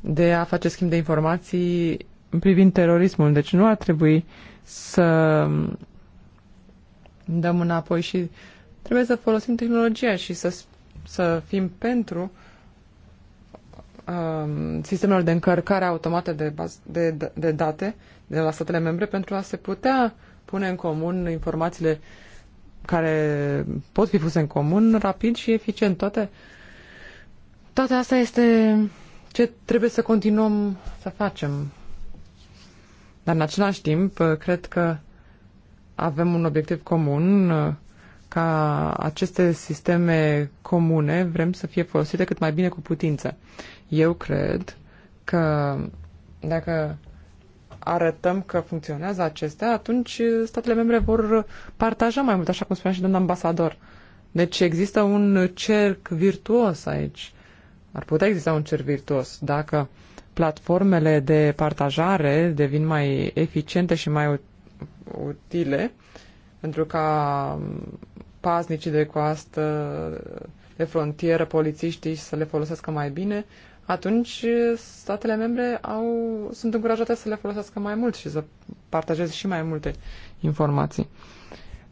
de a face schimb de informații privind terorismul. Deci nu ar trebui să dăm înapoi și trebuie să folosim tehnologia și să, să fim pentru um, sistemelor de încărcare automată de, de, de date de la statele membre pentru a se putea pune în comun informațiile uh, care pot fi puse în comun rapid și eficient. Toate, toate asta este ce trebuie să continuăm să facem. Dar în același timp, cred că avem un obiectiv comun ca aceste sisteme comune vrem să fie folosite cât mai bine cu putință. Eu cred că dacă arătăm că funcționează acestea, atunci uh, statele membre vor partaja mai mult, așa cum spunea și domnul ambasador. Deci există un cerc virtuos aici. Ar putea exista un cerc virtuos dacă platformele de partajare devin mai eficiente și mai utile pentru ca um, paznicii de coastă, de frontieră, polițiștii să le folosească mai bine, atunci statele membre au, sunt încurajate să le folosească mai mult și să partajeze și mai multe informații.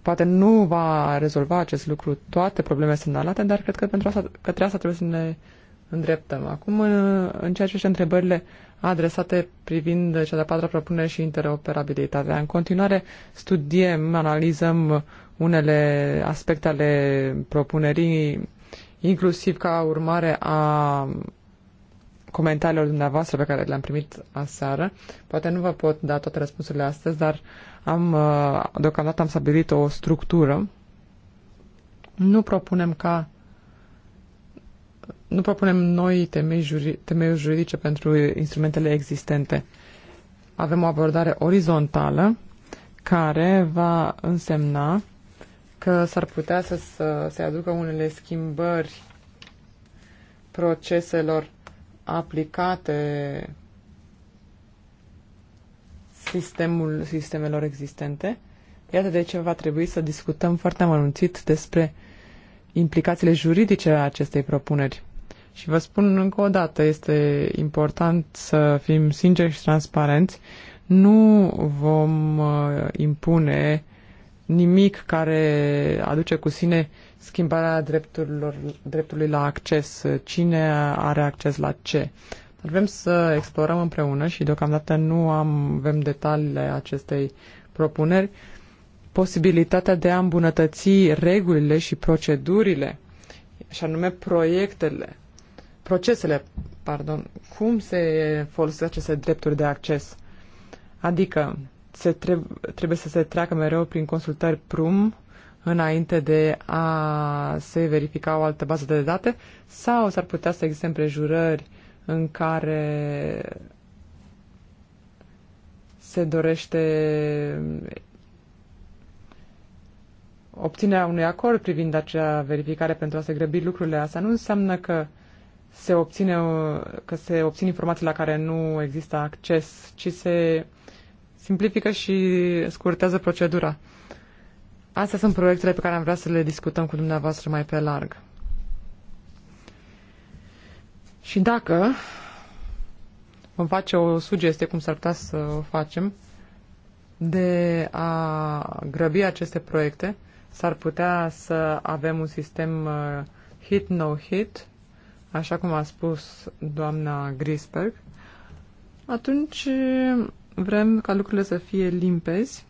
Poate nu va rezolva acest lucru toate problemele semnalate, dar cred că pentru asta, către asta trebuie să ne îndreptăm. Acum, în, în ceea ce întrebările adresate privind cea de-a patra propunere și interoperabilitatea, în continuare studiem, analizăm unele aspecte ale propunerii, inclusiv ca urmare a comentariilor dumneavoastră pe care le-am primit aseară. Poate nu vă pot da toate răspunsurile astăzi, dar am, uh, deocamdată am stabilit o structură. Nu propunem ca nu propunem noi temei, juri, temei juridice pentru instrumentele existente. Avem o abordare orizontală care va însemna că s-ar putea să se aducă unele schimbări proceselor aplicate sistemul, sistemelor existente. Iată de ce va trebui să discutăm foarte amănunțit despre implicațiile juridice a acestei propuneri. Și vă spun încă o dată, este important să fim sinceri și transparenți. Nu vom uh, impune nimic care aduce cu sine uh, schimbarea drepturilor, dreptului la acces, cine are acces la ce. Dar vrem să explorăm împreună și deocamdată nu am, avem detaliile acestei propuneri, posibilitatea de a îmbunătăți regulile și procedurile, și anume proiectele, procesele, pardon, cum se folosesc aceste drepturi de acces. Adică se trebuie trebuie să se treacă mereu prin consultări prum, înainte de a se verifica o altă bază de date sau s-ar putea să existe împrejurări în care se dorește obținerea unui acord privind acea verificare pentru a se grăbi lucrurile. Asta nu înseamnă că se obține, că se obțin informații la care nu există acces, ci se simplifică și scurtează procedura. Astea sunt proiectele pe care am vrea să le discutăm cu dumneavoastră mai pe larg. Și dacă vom face o sugestie, cum s-ar putea să o facem, de a grăbi aceste proiecte, s-ar putea să avem un sistem hit-no-hit, uh, -no -hit, așa cum a spus doamna Grisberg, atunci uh, vrem ca lucrurile să fie limpezi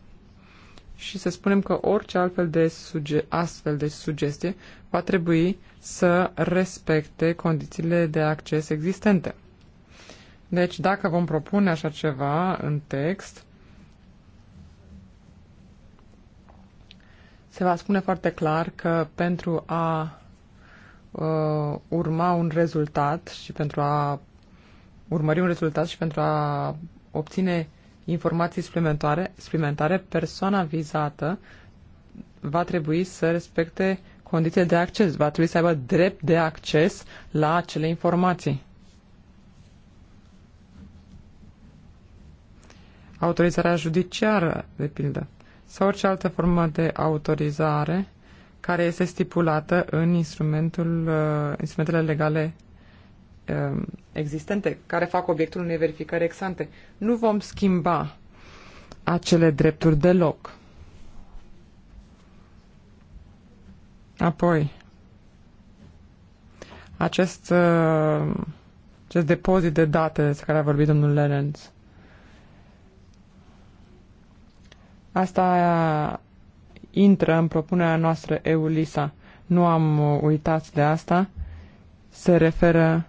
și să spunem că orice altfel de suge- astfel de sugestie va trebui să respecte condițiile de acces existente. Deci, dacă vom propune așa ceva în text, se va spune foarte clar că pentru a uh, urma un rezultat și pentru a urmări un rezultat și pentru a obține informații suplimentare, suplimentare, persoana vizată va trebui să respecte condiții de acces, va trebui să aibă drept de acces la acele informații. Autorizarea judiciară, de pildă, sau orice altă formă de autorizare care este stipulată în instrumentul, uh, instrumentele legale Um, existente care fac obiectul unei verificări exante. Nu vom schimba acele drepturi deloc. Apoi, acest, uh, acest depozit de date despre care a vorbit domnul Lenens, asta intră în propunerea noastră EULISA. Nu am uh, uitat de asta. Se referă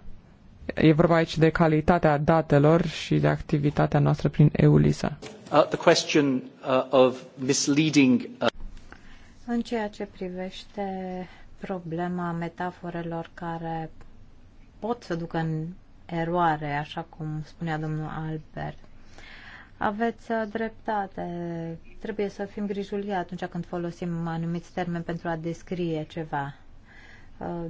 E vorba aici de calitatea datelor și de activitatea noastră prin EULISA. Uh, the question uh, of misleading, uh... În ceea ce privește problema metaforelor care pot să ducă în eroare, așa cum spunea domnul Albert, aveți uh, dreptate. Trebuie să fim grijulii atunci când folosim anumiți termeni pentru a descrie ceva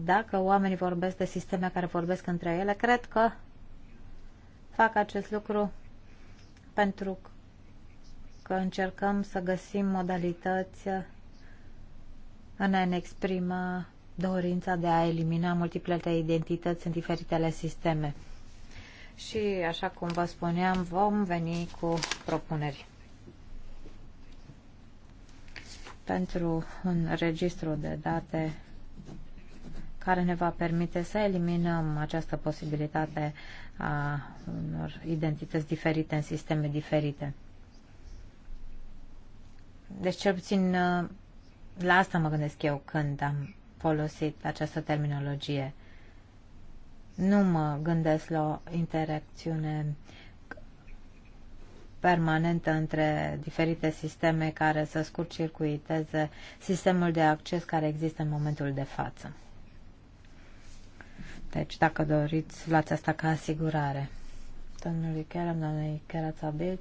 dacă oamenii vorbesc de sisteme care vorbesc între ele, cred că fac acest lucru pentru că încercăm să găsim modalități în a ne exprima dorința de a elimina multiplele identități în diferitele sisteme. Și, așa cum vă spuneam, vom veni cu propuneri pentru un registru de date care ne va permite să eliminăm această posibilitate a unor identități diferite în sisteme diferite. Deci cel puțin uh, la asta mă gândesc eu când am folosit această terminologie. Nu mă gândesc la o interacțiune permanentă între diferite sisteme care să scurt circuiteze sistemul de acces care există în momentul de față. Deci, dacă doriți, luați asta ca asigurare. Domnului Kerem, doamnei Kerața Abid.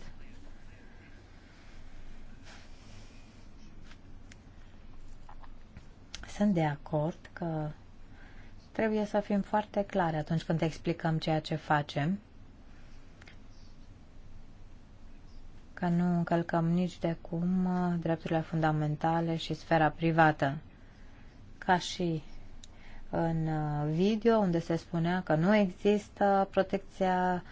Sunt de acord că trebuie să fim foarte clare atunci când explicăm ceea ce facem. Că nu încălcăm nici de cum uh, drepturile fundamentale și sfera privată. Ca și în uh, video unde se spunea că nu există protecția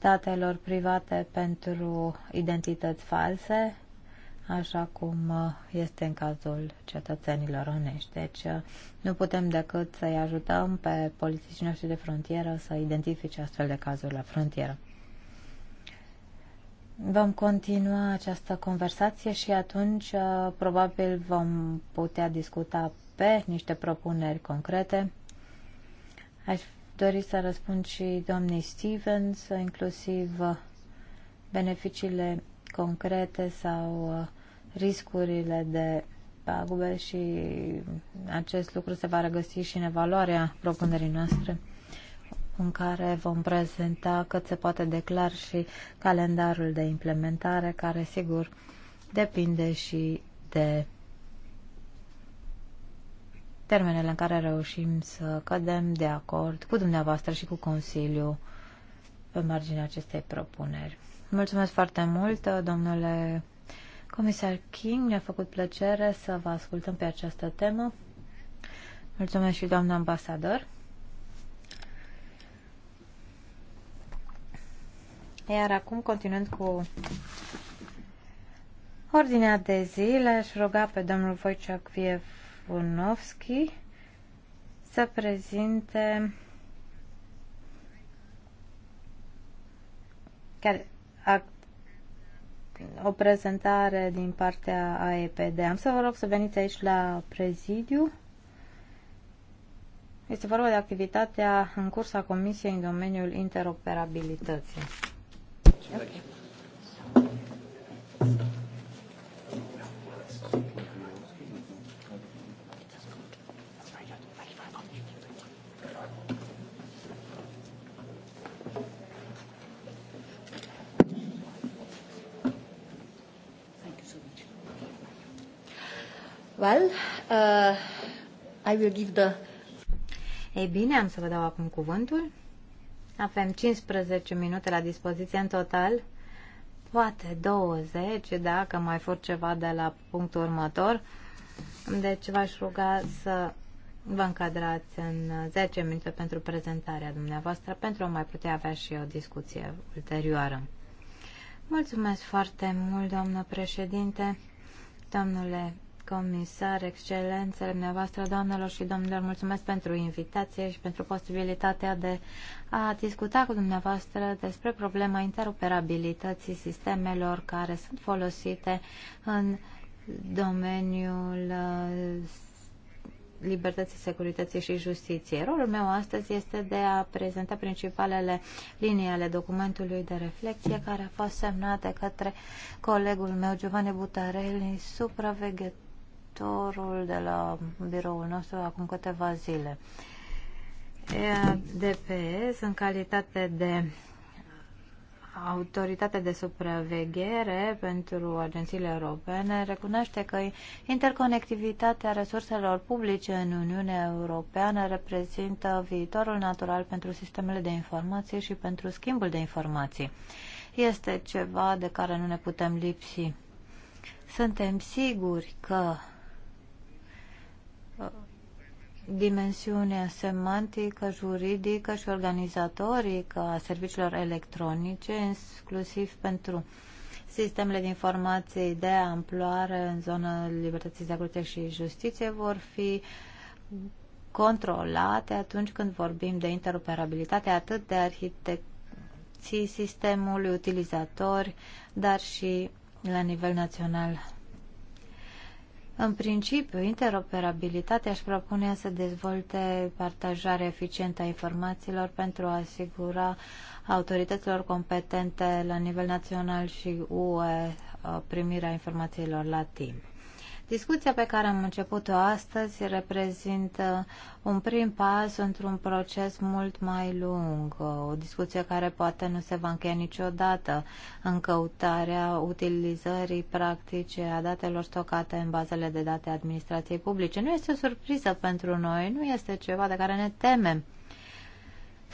datelor private pentru identități false, așa cum uh, este în cazul cetățenilor onești. Deci uh, nu putem decât să-i ajutăm pe polițiștii noștri de frontieră să identifice astfel de cazuri la frontieră. Vom continua această conversație și atunci probabil vom putea discuta pe niște propuneri concrete. Aș dori să răspund și domnii Stevens, inclusiv beneficiile concrete sau uh, riscurile de pagube și acest lucru se va regăsi și în evaluarea propunerii noastre în care vom prezenta cât se poate declar și calendarul de implementare, care sigur depinde și de termenele în care reușim să cădem de acord cu dumneavoastră și cu Consiliul pe marginea acestei propuneri. Mulțumesc foarte mult, domnule comisar King. Mi-a făcut plăcere să vă ascultăm pe această temă. Mulțumesc și doamna ambasador. Iar acum, continuând cu ordinea de zi, aș ruga pe domnul Voicea Viev Bunovski să prezinte chiar o prezentare din partea AEPD. Am să vă rog să veniți aici la prezidiu. Este vorba de activitatea în curs a Comisiei în domeniul interoperabilității. Okay. Well, uh, I will give the... Ei bine, am să vă dau acum cuvântul. Avem 15 minute la dispoziție în total, poate 20, dacă mai fur ceva de la punctul următor. Deci v-aș ruga să vă încadrați în 10 minute pentru prezentarea dumneavoastră, pentru a mai putea avea și o discuție ulterioară. Mulțumesc foarte mult, doamnă președinte, domnule comisar, excelențele dumneavoastră, doamnelor și domnilor, mulțumesc pentru invitație și pentru posibilitatea de a discuta cu dumneavoastră despre problema interoperabilității sistemelor care sunt folosite în domeniul uh, libertății, securității și justiției. Rolul meu astăzi este de a prezenta principalele linii ale documentului de reflexie care a fost semnat de către colegul meu Giovanni Butarelli, supraveghetor directorul de la biroul nostru acum câteva zile. DPS, în calitate de autoritate de supraveghere pentru agențiile europene recunoaște că interconectivitatea resurselor publice în Uniunea Europeană reprezintă viitorul natural pentru sistemele de informații și pentru schimbul de informații. Este ceva de care nu ne putem lipsi. Suntem siguri că dimensiunea semantică, juridică și organizatorică a serviciilor electronice, inclusiv pentru sistemele de informații de amploare în zona libertății, securitate și justiție, vor fi controlate atunci când vorbim de interoperabilitate, atât de arhitecții sistemului, utilizatori, dar și la nivel național în principiu, interoperabilitatea își propunea să dezvolte partajarea eficientă a informațiilor pentru a asigura autorităților competente la nivel național și UE uh, primirea informațiilor la timp. Discuția pe care am început-o astăzi reprezintă un prim pas într-un proces mult mai lung, o discuție care poate nu se va încheia niciodată în căutarea utilizării practice a datelor stocate în bazele de date administrației publice. Nu este o surpriză pentru noi, nu este ceva de care ne temem.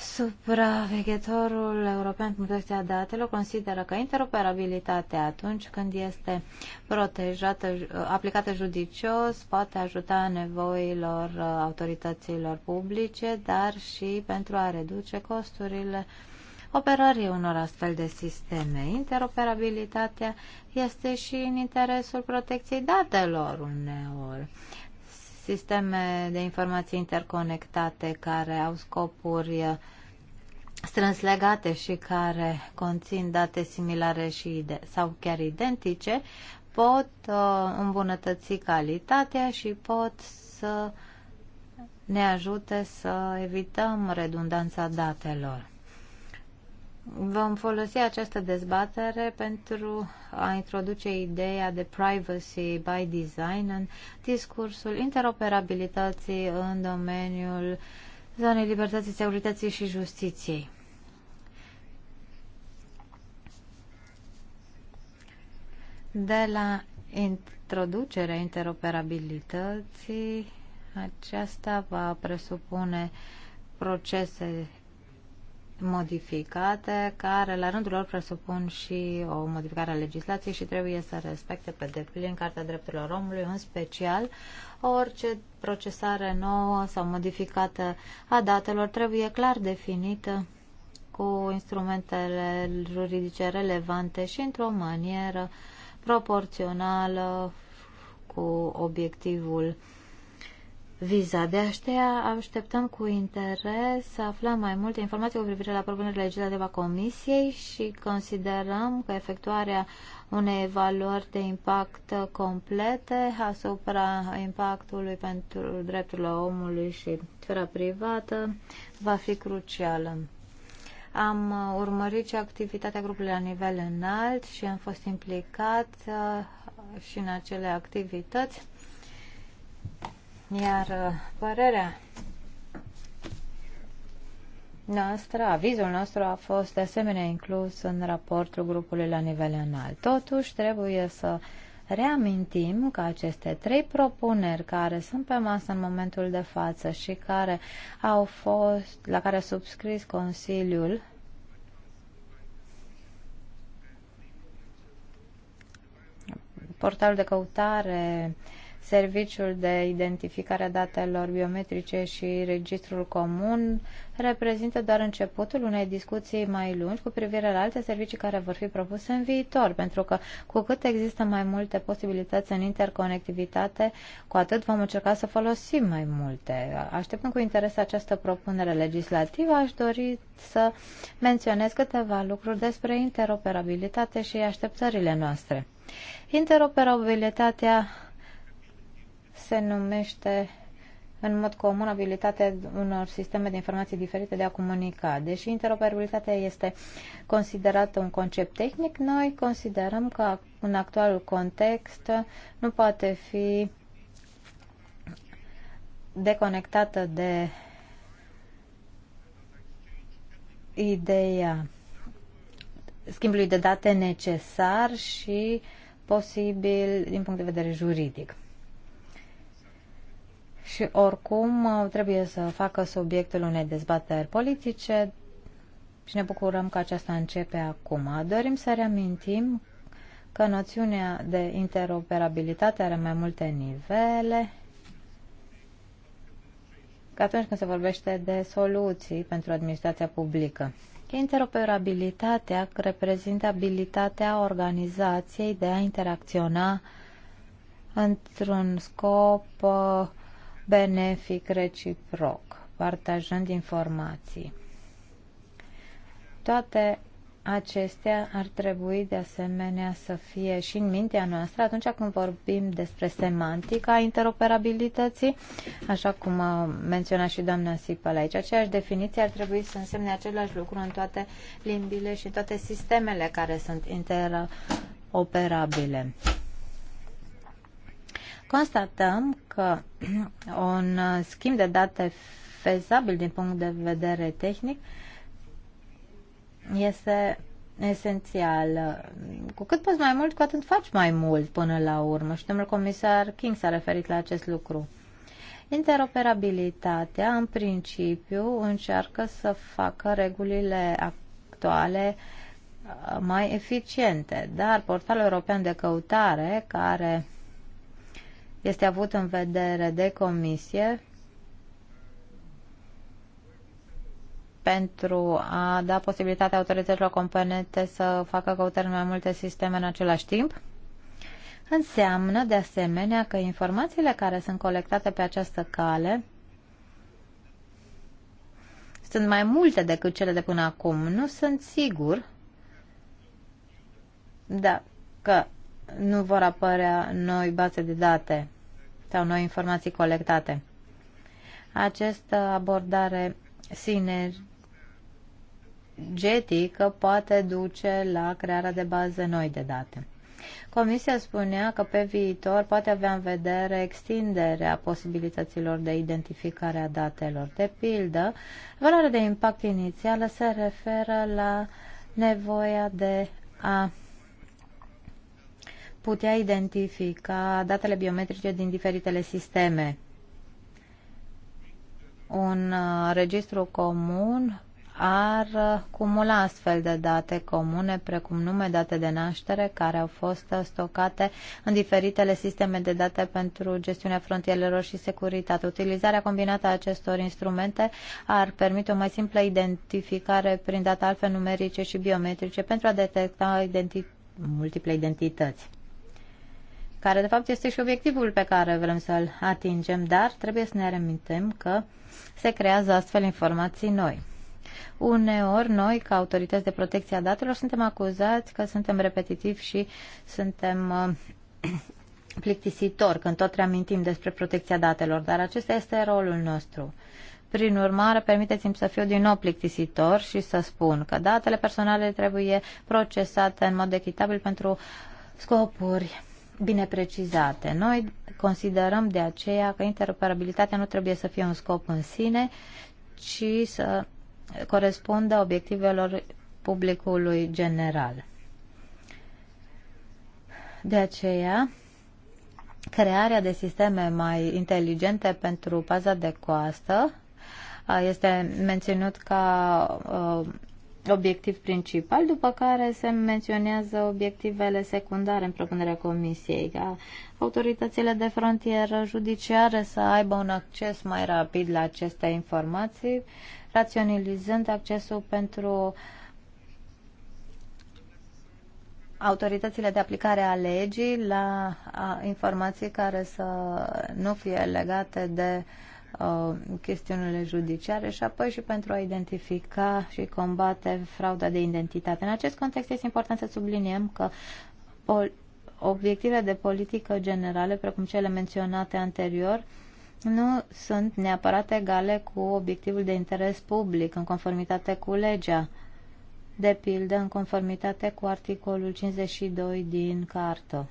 Supraveghetorul European pentru Protecția Datelor consideră că interoperabilitatea atunci când este protejată, aplicată judicios, poate ajuta nevoilor autorităților publice, dar și pentru a reduce costurile operării unor astfel de sisteme. Interoperabilitatea este și în interesul protecției datelor uneori sisteme de informații interconectate care au scopuri uh, strâns legate și care conțin date similare și sau chiar identice pot uh, îmbunătăți calitatea și pot să ne ajute să evităm redundanța datelor. Vom folosi această dezbatere pentru a introduce ideea de privacy by design în discursul interoperabilității în domeniul zonei libertății, securității și justiției. De la introducerea interoperabilității, aceasta va presupune procese modificate, care la rândul lor presupun și o modificare a legislației și trebuie să respecte pe deplin cartea Drepturilor Omului, în special orice procesare nouă sau modificată a datelor trebuie clar definită cu instrumentele juridice relevante și într-o manieră proporțională cu obiectivul viza. De aceea așteptăm cu interes să aflăm mai multe informații cu privire la propunerile legislative a Comisiei și considerăm că efectuarea unei evaluări de impact complete asupra impactului pentru drepturile omului și sfera privată va fi crucială. Am urmărit și activitatea grupului la nivel înalt și am fost implicat uh, și în acele activități iar uh, părerea noastră, avizul nostru a fost de asemenea inclus în raportul grupului la nivel înalt. Totuși, trebuie să reamintim că aceste trei propuneri care sunt pe masă în momentul de față și care au fost, la care a subscris Consiliul portalul de căutare uh, Serviciul de identificare a datelor biometrice și registrul comun reprezintă doar începutul unei discuții mai lungi cu privire la alte servicii care vor fi propuse în viitor, pentru că cu cât există mai multe posibilități în interconectivitate, cu atât vom încerca să folosim mai multe. Așteptând cu interes această propunere legislativă, aș dori să menționez câteva lucruri despre interoperabilitate și așteptările noastre. Interoperabilitatea se numește în mod comun abilitatea unor sisteme de informații diferite de a comunica. Deși interoperabilitatea este considerată un concept tehnic, noi considerăm că în actualul context nu poate fi deconectată de ideea schimbului de date necesar și posibil din punct de vedere juridic și oricum uh, trebuie să facă subiectul unei dezbateri politice și ne bucurăm că aceasta începe acum. Dorim să reamintim că noțiunea de interoperabilitate are mai multe nivele, că atunci când se vorbește de soluții pentru administrația publică. Interoperabilitatea reprezintă abilitatea organizației de a interacționa într-un scop uh, benefic reciproc, partajând informații. Toate acestea ar trebui de asemenea să fie și în mintea noastră atunci când vorbim despre semantica interoperabilității, așa cum a menționat și doamna Sipăl aici. Aceeași definiție ar trebui să însemne același lucru în toate limbile și toate sistemele care sunt interoperabile constatăm că un uh, schimb de date fezabil din punct de vedere tehnic este esențial. Cu cât poți mai mult, cu atât faci mai mult până la urmă. Și domnul comisar King s-a referit la acest lucru. Interoperabilitatea, în principiu, încearcă să facă regulile actuale uh, mai eficiente, dar portalul european de căutare, care este avut în vedere de comisie pentru a da posibilitatea autorităților componente să facă căutări în mai multe sisteme în același timp? Înseamnă, de asemenea, că informațiile care sunt colectate pe această cale sunt mai multe decât cele de până acum. Nu sunt sigur dacă nu vor apărea noi baze de date sau noi informații colectate. Această abordare sinergetică poate duce la crearea de baze noi de date. Comisia spunea că pe viitor poate avea în vedere extinderea posibilităților de identificare a datelor. De pildă, valoarea de impact inițială se referă la nevoia de a putea identifica datele biometrice din diferitele sisteme. Un uh, registru comun ar uh, cumula astfel de date comune, precum nume, date de naștere, care au fost uh, stocate în diferitele sisteme de date pentru gestiunea frontierelor și securitate. Utilizarea combinată a acestor instrumente ar permite o mai simplă identificare prin date alfe numerice și biometrice pentru a detecta identi multiple identități care de fapt este și obiectivul pe care vrem să-l atingem, dar trebuie să ne remintem că se creează astfel informații noi. Uneori noi, ca autorități de protecție a datelor, suntem acuzați că suntem repetitivi și suntem uh, plictisitori când tot reamintim despre protecția datelor, dar acesta este rolul nostru. Prin urmare, permiteți-mi să fiu din nou plictisitor și să spun că datele personale trebuie procesate în mod echitabil pentru scopuri bine precizate. Noi considerăm de aceea că interoperabilitatea nu trebuie să fie un scop în sine, ci să corespundă obiectivelor publicului general. De aceea, crearea de sisteme mai inteligente pentru paza de coastă este menținut ca uh, obiectiv principal, după care se menționează obiectivele secundare în propunerea Comisiei, ca autoritățile de frontieră judiciare să aibă un acces mai rapid la aceste informații, raționalizând accesul pentru autoritățile de aplicare a legii la informații care să nu fie legate de uh, Uh, chestiunile judiciare și apoi și pentru a identifica și combate frauda de identitate. În acest context este important să subliniem că obiectivele de politică generale, precum cele menționate anterior, nu sunt neapărat egale cu obiectivul de interes public în conformitate cu legea, de pildă în conformitate cu articolul 52 din cartă.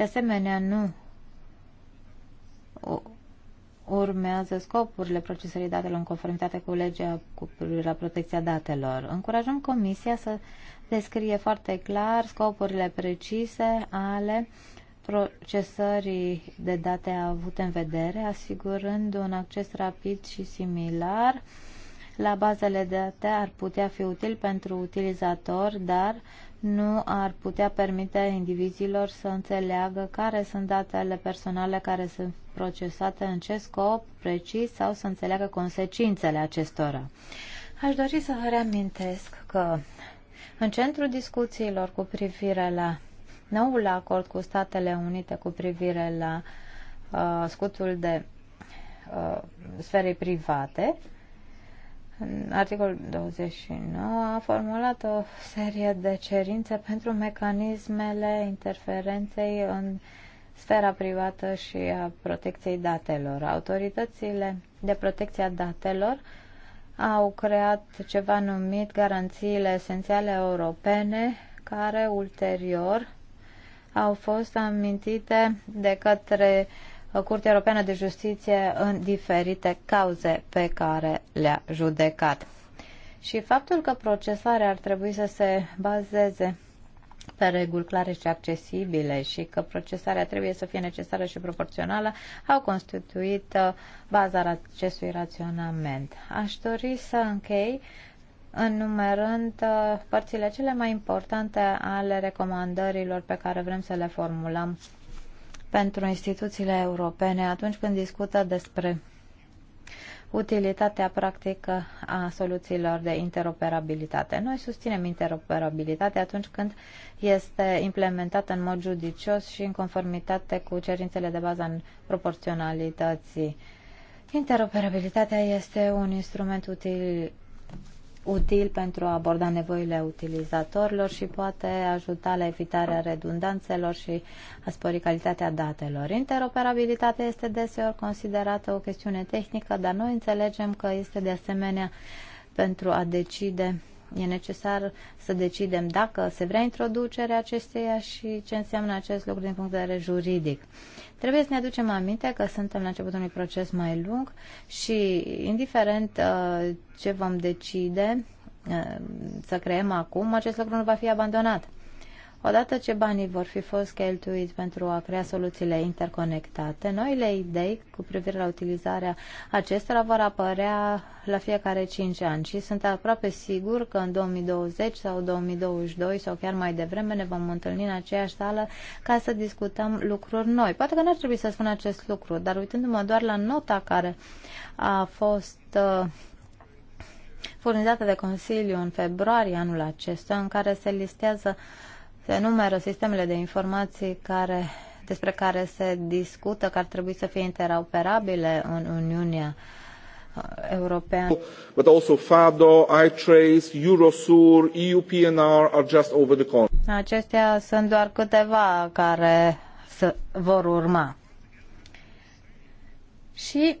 De asemenea, nu urmează scopurile procesării datelor în conformitate cu legea cu privire la protecția datelor. Încurajăm Comisia să descrie foarte clar scopurile precise ale procesării de date avute în vedere, asigurând un acces rapid și similar la bazele de date ar putea fi util pentru utilizator, dar nu ar putea permite indivizilor să înțeleagă care sunt datele personale care sunt procesate, în ce scop precis sau să înțeleagă consecințele acestora. Aș dori să vă reamintesc că în centrul discuțiilor cu privire la noul acord cu Statele Unite cu privire la uh, scutul de uh, sferei private, uh, în articolul 29 a formulat o serie de cerințe pentru mecanismele interferenței în sfera privată și a protecției datelor. Autoritățile de protecție a datelor au creat ceva numit garanțiile esențiale europene, care ulterior au fost amintite de către uh, Curtea Europeană de Justiție în diferite cauze pe care le-a judecat. Și faptul că procesarea ar trebui să se bazeze pe reguli clare și accesibile și că procesarea trebuie să fie necesară și proporțională au constituit uh, baza acestui raționament. Aș dori să închei enumerând uh, părțile cele mai importante ale recomandărilor pe care vrem să le formulăm pentru instituțiile europene atunci când discută despre utilitatea practică a soluțiilor de interoperabilitate. Noi susținem interoperabilitatea atunci când este implementată în mod judicios și în conformitate cu cerințele de bază în proporționalității. Interoperabilitatea este un instrument util util pentru a aborda nevoile utilizatorilor și poate ajuta la evitarea redundanțelor și a spori calitatea datelor. Interoperabilitatea este deseori considerată o chestiune tehnică, dar noi înțelegem că este de asemenea pentru a decide E necesar să decidem dacă se vrea introducerea acesteia și ce înseamnă acest lucru din punct de vedere juridic. Trebuie să ne aducem aminte că suntem la începutul unui proces mai lung și, indiferent uh, ce vom decide uh, să creăm acum, acest lucru nu va fi abandonat. Odată ce banii vor fi fost cheltuiți pentru a crea soluțiile interconectate, noile idei cu privire la utilizarea acestora vor apărea la fiecare 5 ani și sunt aproape sigur că în 2020 sau 2022 sau chiar mai devreme ne vom întâlni în aceeași sală ca să discutăm lucruri noi. Poate că n-ar trebui să spun acest lucru, dar uitându-mă doar la nota care a fost uh, furnizată de Consiliu în februarie anul acesta, în care se listează uh, se numără sistemele de informații care, despre care se discută că ar trebui să fie interoperabile în Uniunea uh, Europeană. But also FADO, iTrace, Eurosur, EUPNR are just over the corner. Acestea sunt doar câteva care să vor urma. Și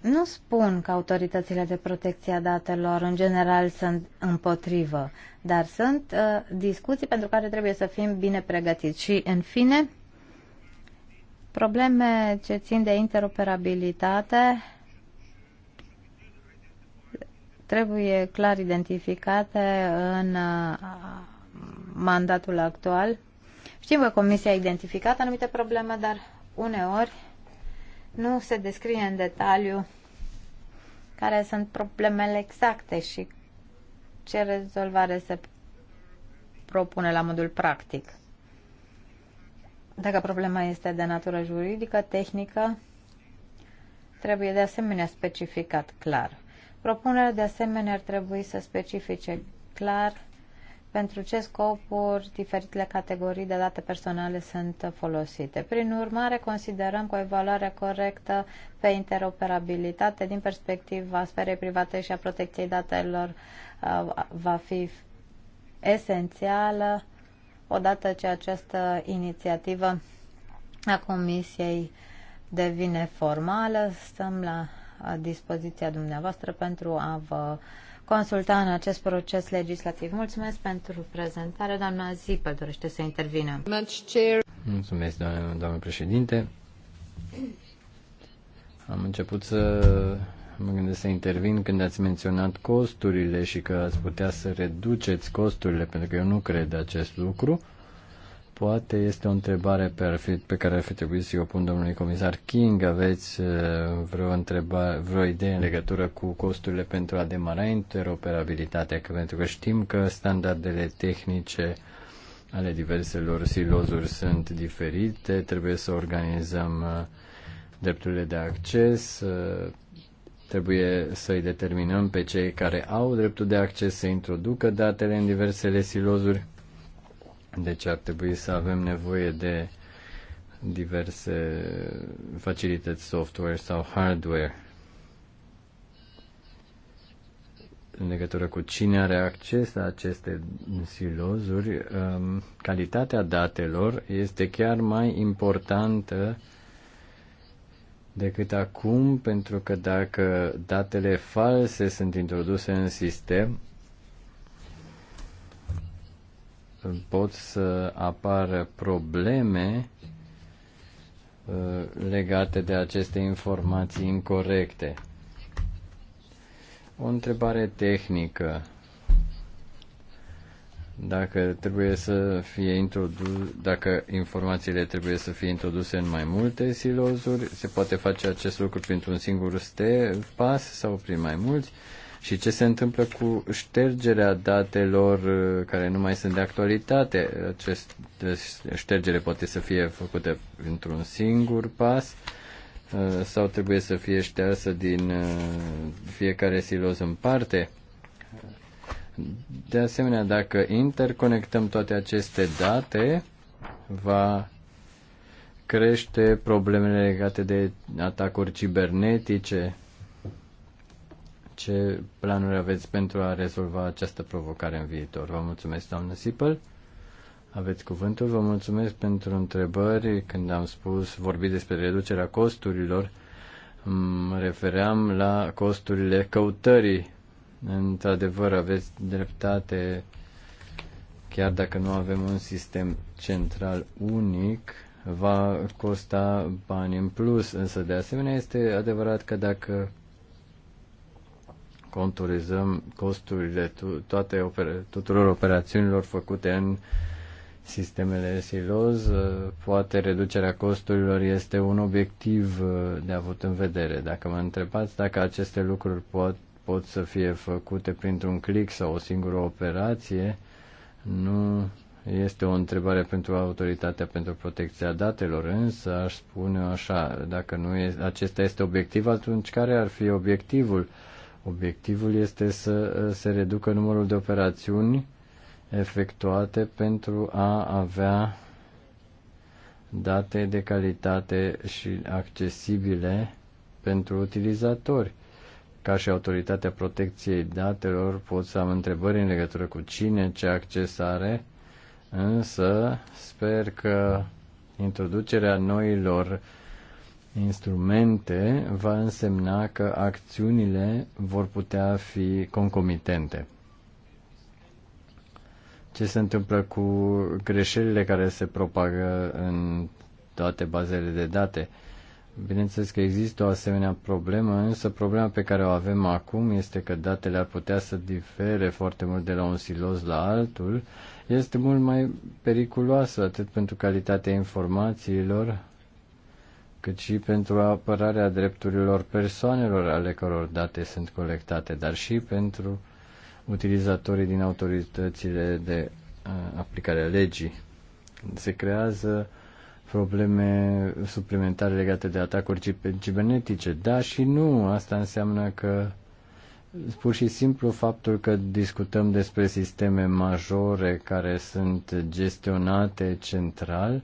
nu spun că autoritățile de protecție a datelor în general sunt împotrivă, dar sunt uh, discuții pentru care trebuie să fim bine pregătiți. Și, în fine, probleme ce țin de interoperabilitate trebuie clar identificate în uh, mandatul actual. Știm că Comisia a identificat anumite probleme, dar uneori nu se descrie în detaliu care sunt problemele exacte și ce rezolvare se propune la modul practic. Dacă problema este de natură juridică, tehnică, trebuie de asemenea specificat clar. Propunerea de asemenea ar trebui să specifice clar pentru ce scopuri diferitele categorii de date personale sunt folosite. Prin urmare, considerăm că o evaluare corectă pe interoperabilitate din perspectiva sferei private și a protecției datelor uh, va fi esențială odată ce această inițiativă a Comisiei devine formală. Stăm la uh, dispoziția dumneavoastră pentru a vă uh, consulta în acest proces legislativ. Mulțumesc pentru prezentare. Doamna Zipă dorește să intervină. Mulțumesc, doamnă, președinte. Am început să mă gândesc să intervin când ați menționat costurile și că ați putea să reduceți costurile, pentru că eu nu cred acest lucru. Poate este o întrebare pe, ar fi, pe care ar fi trebuit să-i o pun domnului comisar King. Aveți uh, vreo, întrebare, vreo idee în legătură cu costurile pentru a demara interoperabilitatea? Că pentru că știm că standardele tehnice ale diverselor silozuri sunt diferite, trebuie să organizăm uh, drepturile de acces, uh, trebuie să-i determinăm pe cei care au dreptul de acces să introducă datele în diversele silozuri deci ar trebui să avem nevoie de diverse facilități software sau hardware în legătură cu cine are acces la aceste silozuri, um, calitatea datelor este chiar mai importantă decât acum, pentru că dacă datele false sunt introduse în sistem, pot să apară probleme uh, legate de aceste informații incorrecte. O întrebare tehnică. Dacă trebuie să fie introdus, dacă informațiile trebuie să fie introduse în mai multe silozuri, se poate face acest lucru printr-un singur ste, pas sau prin mai mulți. Uh, și ce se întâmplă cu ștergerea datelor uh, care nu mai sunt de actualitate? Această ștergere poate să fie făcută într-un singur pas uh, sau trebuie să fie ștearsă din uh, fiecare siloz în parte? De asemenea, dacă interconectăm toate aceste date, va crește problemele legate de atacuri cibernetice, ce planuri aveți pentru a rezolva această provocare în viitor. Vă mulțumesc, doamnă Sipăl. Aveți cuvântul. Vă mulțumesc pentru întrebări. Când am spus, vorbit despre reducerea costurilor, mă refeream la costurile căutării. Într-adevăr, aveți dreptate, chiar dacă nu avem un sistem central unic, va costa bani în plus, însă de asemenea este adevărat că dacă conturizăm costurile toate opera- tuturor operațiunilor făcute în sistemele siloz, uh, poate reducerea costurilor este un obiectiv uh, de avut în vedere. Dacă mă întrebați dacă aceste lucruri pot, pot să fie făcute printr-un click sau o singură operație, nu este o întrebare pentru autoritatea pentru protecția datelor, însă aș spune așa, dacă nu e, acesta este obiectiv, atunci care ar fi obiectivul? Uh, Obiectivul este să uh, se reducă numărul de operațiuni efectuate pentru a avea date de calitate și accesibile pentru utilizatori. Ca și Autoritatea Protecției Datelor pot să am întrebări în legătură cu cine, ce acces are, însă sper că introducerea noilor instrumente va însemna că acțiunile vor putea fi concomitente. Ce se întâmplă cu greșelile care se propagă în toate bazele de date? Bineînțeles că există o asemenea problemă, însă problema pe care o avem acum este că datele ar putea să difere foarte mult de la un silos la altul. Este mult mai periculoasă atât pentru calitatea informațiilor, cât și pentru apărarea drepturilor persoanelor ale căror date sunt colectate, dar și pentru utilizatorii din autoritățile de uh, aplicare a legii. Se creează probleme suplimentare legate de atacuri cibernetice. Da și nu, asta înseamnă că pur și simplu faptul că discutăm despre sisteme majore care sunt gestionate central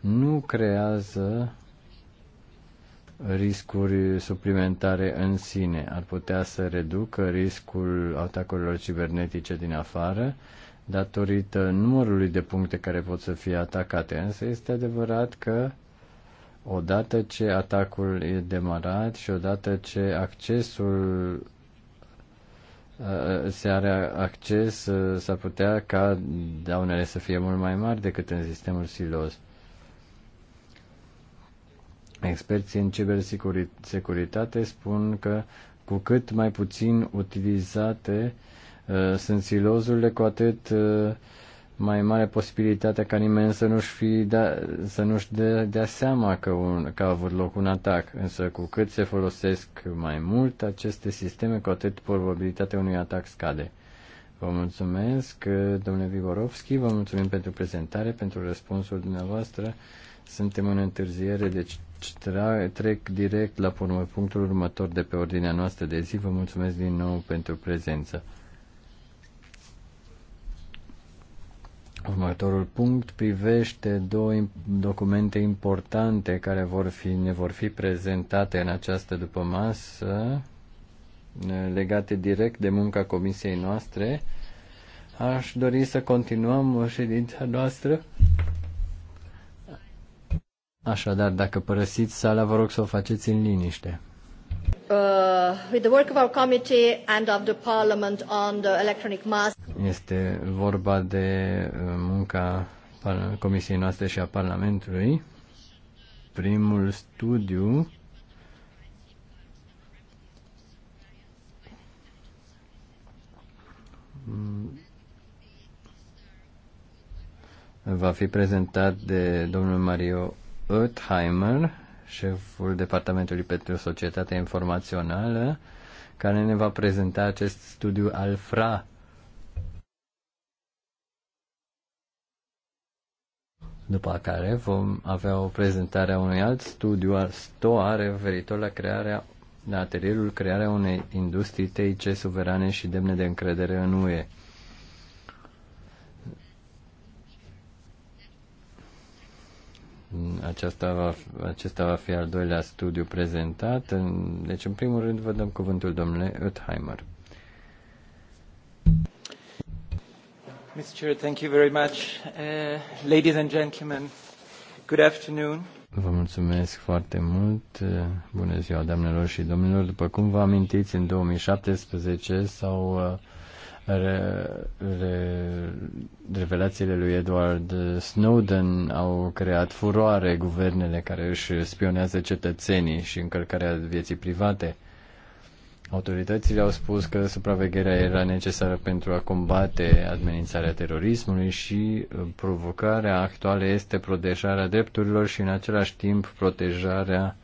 nu creează riscuri suplimentare în sine. Ar putea să reducă riscul atacurilor cibernetice din afară datorită numărului de puncte care pot să fie atacate. Însă este adevărat că odată ce atacul e demarat și odată ce accesul uh, uh, se are acces, uh, s-ar putea ca daunele să fie mult mai mari decât în sistemul silos. Experții în cibersecuritate spun că cu cât mai puțin utilizate uh, sunt silozurile, cu atât uh, mai mare posibilitatea ca nimeni să nu-și, fi da, să nu-și dea, dea seama că, un, că a avut loc un atac. Însă cu cât se folosesc mai mult aceste sisteme, cu atât probabilitatea unui atac scade. Vă mulțumesc, domnule Vigorovski, vă mulțumim pentru prezentare, pentru răspunsul dumneavoastră. Suntem în întârziere, deci trec direct la punctul următor de pe ordinea noastră de zi. Vă mulțumesc din nou pentru prezență. Următorul punct privește două documente importante care vor fi, ne vor fi prezentate în această după masă, legate direct de munca comisiei noastre. Aș dori să continuăm ședința noastră Așadar, dacă părăsiți sala, vă rog să o faceți în liniște. Uh, este vorba de uh, munca Comisiei noastre și a Parlamentului. Primul studiu va fi prezentat de domnul Mario Oetheimer, șeful Departamentului pentru Societatea Informațională, care ne va prezenta acest studiu al FRA. După care vom avea o prezentare a unui alt studiu al STOA referitor la crearea la atelierul crearea unei industrii TIC suverane și demne de încredere în UE. Aceasta va, acesta va fi al doilea studiu prezentat. Deci, în primul rând, vă dăm cuvântul domnule Oetheimer. Mr. Chair, thank you very much. Uh, ladies and gentlemen, good afternoon. Vă mulțumesc foarte mult. Uh, bună ziua, doamnelor și domnilor. După cum vă amintiți, în 2017 s-au uh, re, re, revelațiile lui Edward Snowden au creat furoare guvernele care își spionează cetățenii și încălcarea vieții private. Autoritățile au spus că supravegherea era necesară pentru a combate amenințarea terorismului și uh, provocarea actuală este protejarea drepturilor și în același timp protejarea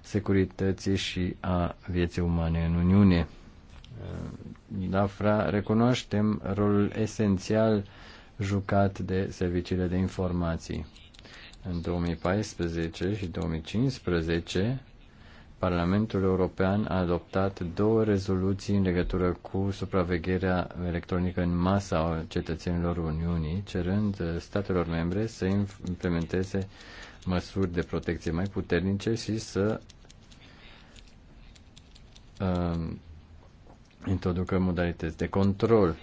securității și a vieții umane în Uniune. Dafra, recunoaștem rolul esențial jucat de serviciile de informații. În 2014 și 2015, Parlamentul European a adoptat două rezoluții în legătură cu supravegherea electronică în masă a cetățenilor Uniunii, cerând uh, statelor membre să implementeze măsuri de protecție mai puternice și să uh, introducă modalități de control.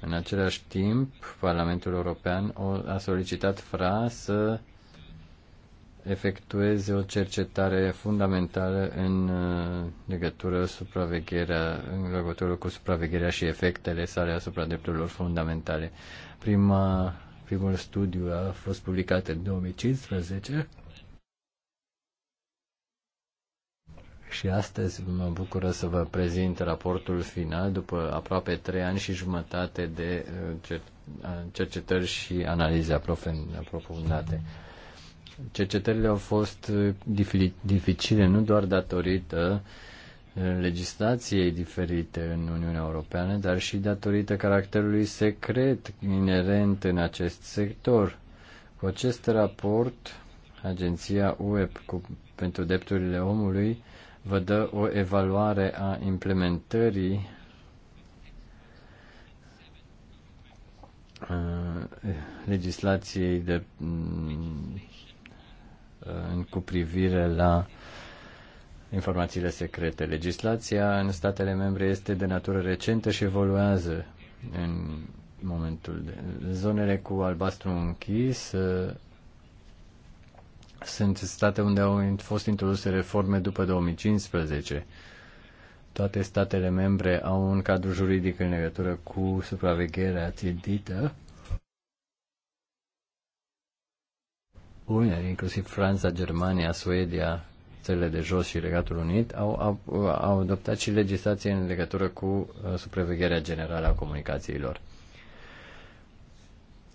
În același timp, Parlamentul European a solicitat FRA să efectueze o cercetare fundamentală în uh, legătură, supravegherea, în legătură cu supravegherea și efectele sale asupra drepturilor fundamentale. Prima, primul studiu a fost publicat în 2015 și astăzi mă bucură să vă prezint raportul final după aproape trei ani și jumătate de uh, uh, cercetări și analize aprofundate. Cercetările au fost uh, dificile nu doar datorită legislației diferite în Uniunea Europeană, dar și datorită caracterului secret inerent în acest sector. Cu acest raport, Agenția UE pentru Drepturile Omului vă dă o evaluare a implementării uh, legislației de, mm, cu privire la informațiile secrete. Legislația în statele membre este de natură recentă și evoluează în momentul de zonele cu albastru închis uh, sunt state unde au fost introduse reforme după 2015. Toate statele membre au un cadru juridic în legătură cu supravegherea țintită. Unii inclusiv Franța, Germania, Suedia, țările de jos și Regatul Unit au, au, au adoptat și legislație în legătură cu uh, supravegherea generală a comunicațiilor.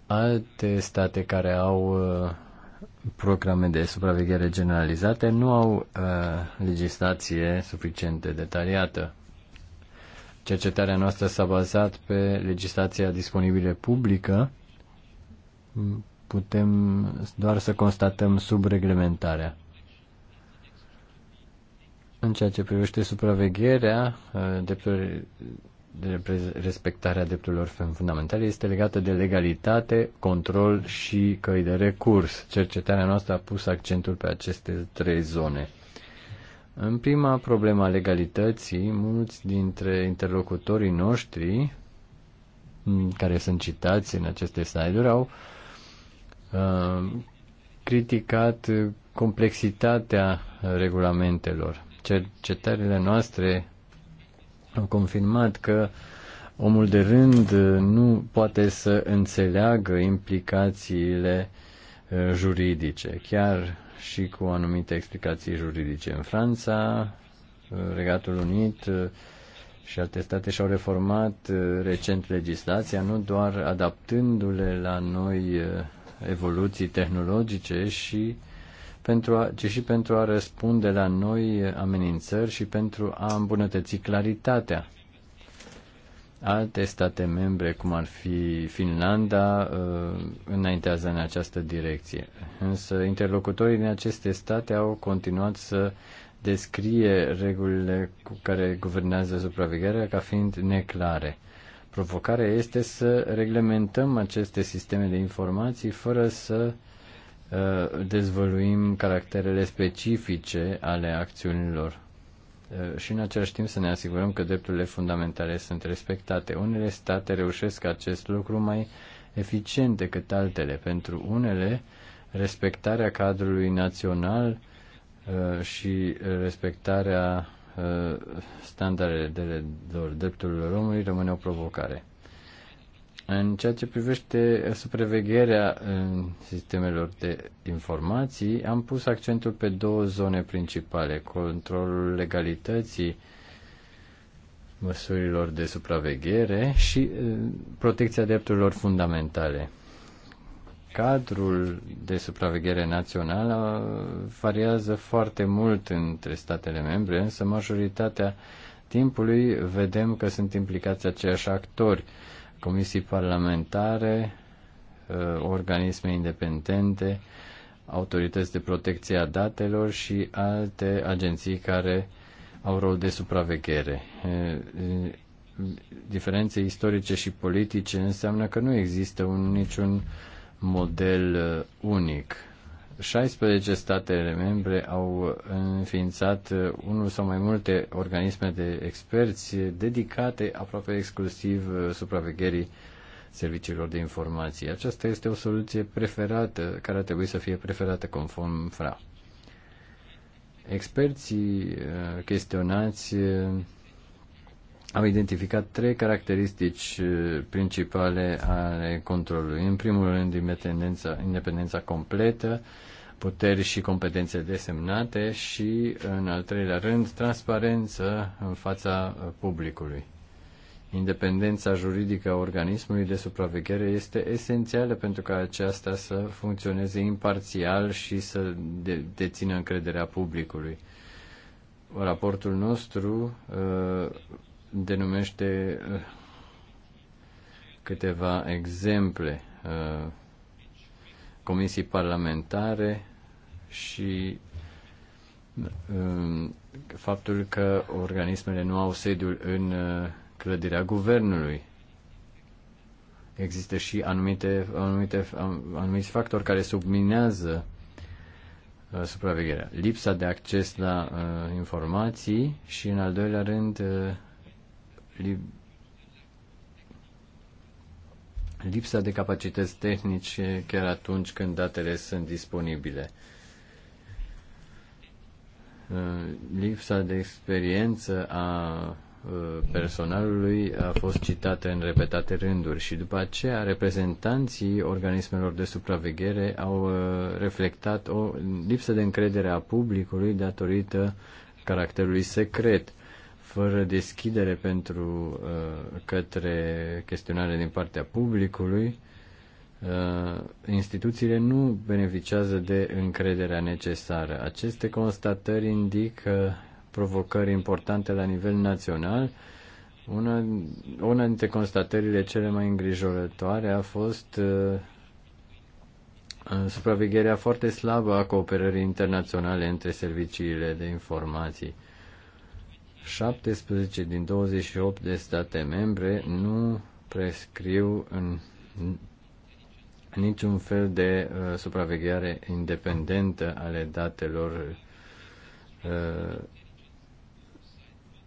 Alte state care au uh, programe de supraveghere generalizate nu au uh, legislație suficient de detaliată. Cercetarea noastră s-a bazat pe legislația disponibilă publică. Putem doar să constatăm subreglementarea. În ceea ce privește supravegherea, uh, drepturile respectarea drepturilor fundamentale este legată de legalitate, control și căi de recurs. Cercetarea noastră a pus accentul pe aceste trei zone. În prima a legalității, mulți dintre interlocutorii noștri mm, care sunt citați în aceste slide-uri au uh, criticat complexitatea regulamentelor. Cercetările noastre au confirmat că omul de rând uh, nu poate să înțeleagă implicațiile uh, juridice, chiar și cu anumite explicații juridice. În Franța, uh, Regatul Unit și alte state și-au reformat recent legislația, nu doar adaptându-le la noi evoluții tehnologice și uh, pentru a, ci și pentru a răspunde la noi amenințări și pentru a îmbunătăți claritatea. Alte state membre, cum ar fi Finlanda, uh, înaintează în această direcție. Însă interlocutorii din aceste state au continuat să descrie regulile cu care guvernează supravegherea ca fiind neclare. Provocarea este să reglementăm aceste sisteme de informații fără să uh, Uh, dezvăluim caracterele specifice ale acțiunilor uh, și în același timp să ne asigurăm că drepturile fundamentale sunt respectate. Unele state reușesc acest lucru mai eficient decât altele. Pentru unele, respectarea cadrului național uh, și respectarea standardelor drepturilor omului rămâne o provocare. În ceea ce privește supravegherea sistemelor de informații, am pus accentul pe două zone principale, controlul legalității măsurilor de supraveghere și protecția drepturilor fundamentale. Cadrul de supraveghere națională uh, variază foarte mult între statele membre, însă majoritatea timpului vedem că sunt implicați aceiași actori – comisii parlamentare, uh, organisme independente, autorități de protecție a datelor și alte agenții care au rol de supraveghere. Uh, uh, diferențe istorice și politice înseamnă că nu există un, niciun model unic. 16 statele membre au înființat unul sau mai multe organisme de experți dedicate aproape exclusiv supravegherii serviciilor de informații. Aceasta este o soluție preferată, care ar trebui să fie preferată conform FRA. Experții uh, chestionați uh, au identificat trei caracteristici eh, principale ale controlului. În primul rând, independența, independența completă, puteri și competențe desemnate și, în al treilea rând, transparență în fața eh, publicului. Independența juridică a organismului de supraveghere este esențială pentru ca aceasta să funcționeze imparțial și să de- dețină încrederea publicului. Raportul nostru uh, denumește uh, câteva exemple uh, comisii parlamentare și um, faptul că organismele nu au sediul în uh, clădirea guvernului. Există și anumite, anumite, anumite factori care subminează supravegherea. Lipsa de acces la uh, informații și, în al doilea rând, uh, lipsa de capacități tehnice chiar atunci când datele sunt disponibile, uh, lipsa de experiență a uh, personalului a fost citată în repetate rânduri și după aceea reprezentanții organismelor de supraveghere au uh, reflectat o lipsă de încredere a publicului datorită caracterului secret fără deschidere pentru uh, către chestionare din partea publicului, uh, instituțiile nu beneficiază de încrederea necesară. Aceste constatări indică provocări importante la nivel național. Una, una dintre constatările cele mai îngrijorătoare a fost uh, supravegherea foarte slabă a cooperării internaționale între serviciile de informații. Uh, 17 din 28 de state membre nu prescriu în niciun fel de uh, supraveghere independentă ale datelor, uh,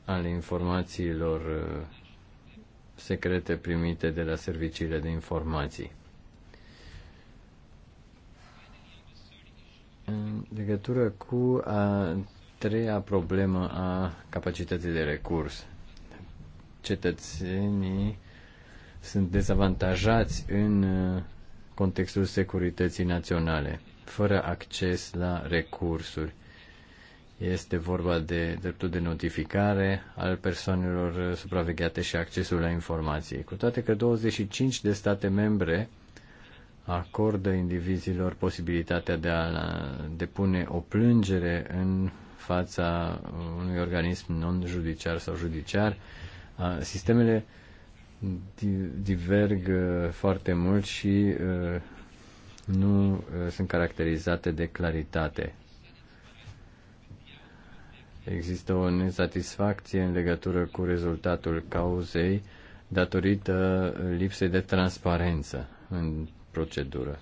ale informațiilor uh, secrete primite de la serviciile de informații. În legătură cu a, treia problemă a capacității de recurs. Cetățenii sunt dezavantajați în uh, contextul securității naționale, fără acces la recursuri. Este vorba de dreptul de notificare al persoanelor uh, supravegheate și accesul la informații. Cu toate că 25 de state membre acordă indivizilor posibilitatea de a depune o plângere în fața unui organism non-judiciar sau judiciar. Sistemele diverg uh, foarte mult și uh, nu uh, sunt caracterizate de claritate. Există o nesatisfacție în legătură cu rezultatul cauzei datorită lipsei de transparență în procedură.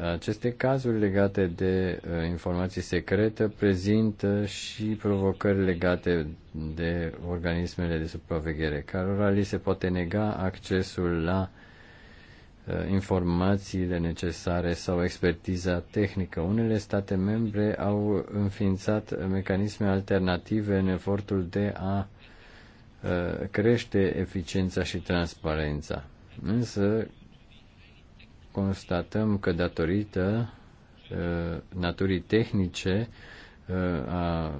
Aceste cazuri legate de uh, informații secrete prezintă și provocări legate de organismele de supraveghere, cărora li se poate nega accesul la uh, informațiile necesare sau expertiza tehnică. Unele state membre au înființat mecanisme alternative în efortul de a uh, crește eficiența și transparența. Însă, constatăm că datorită uh, naturii tehnice uh, a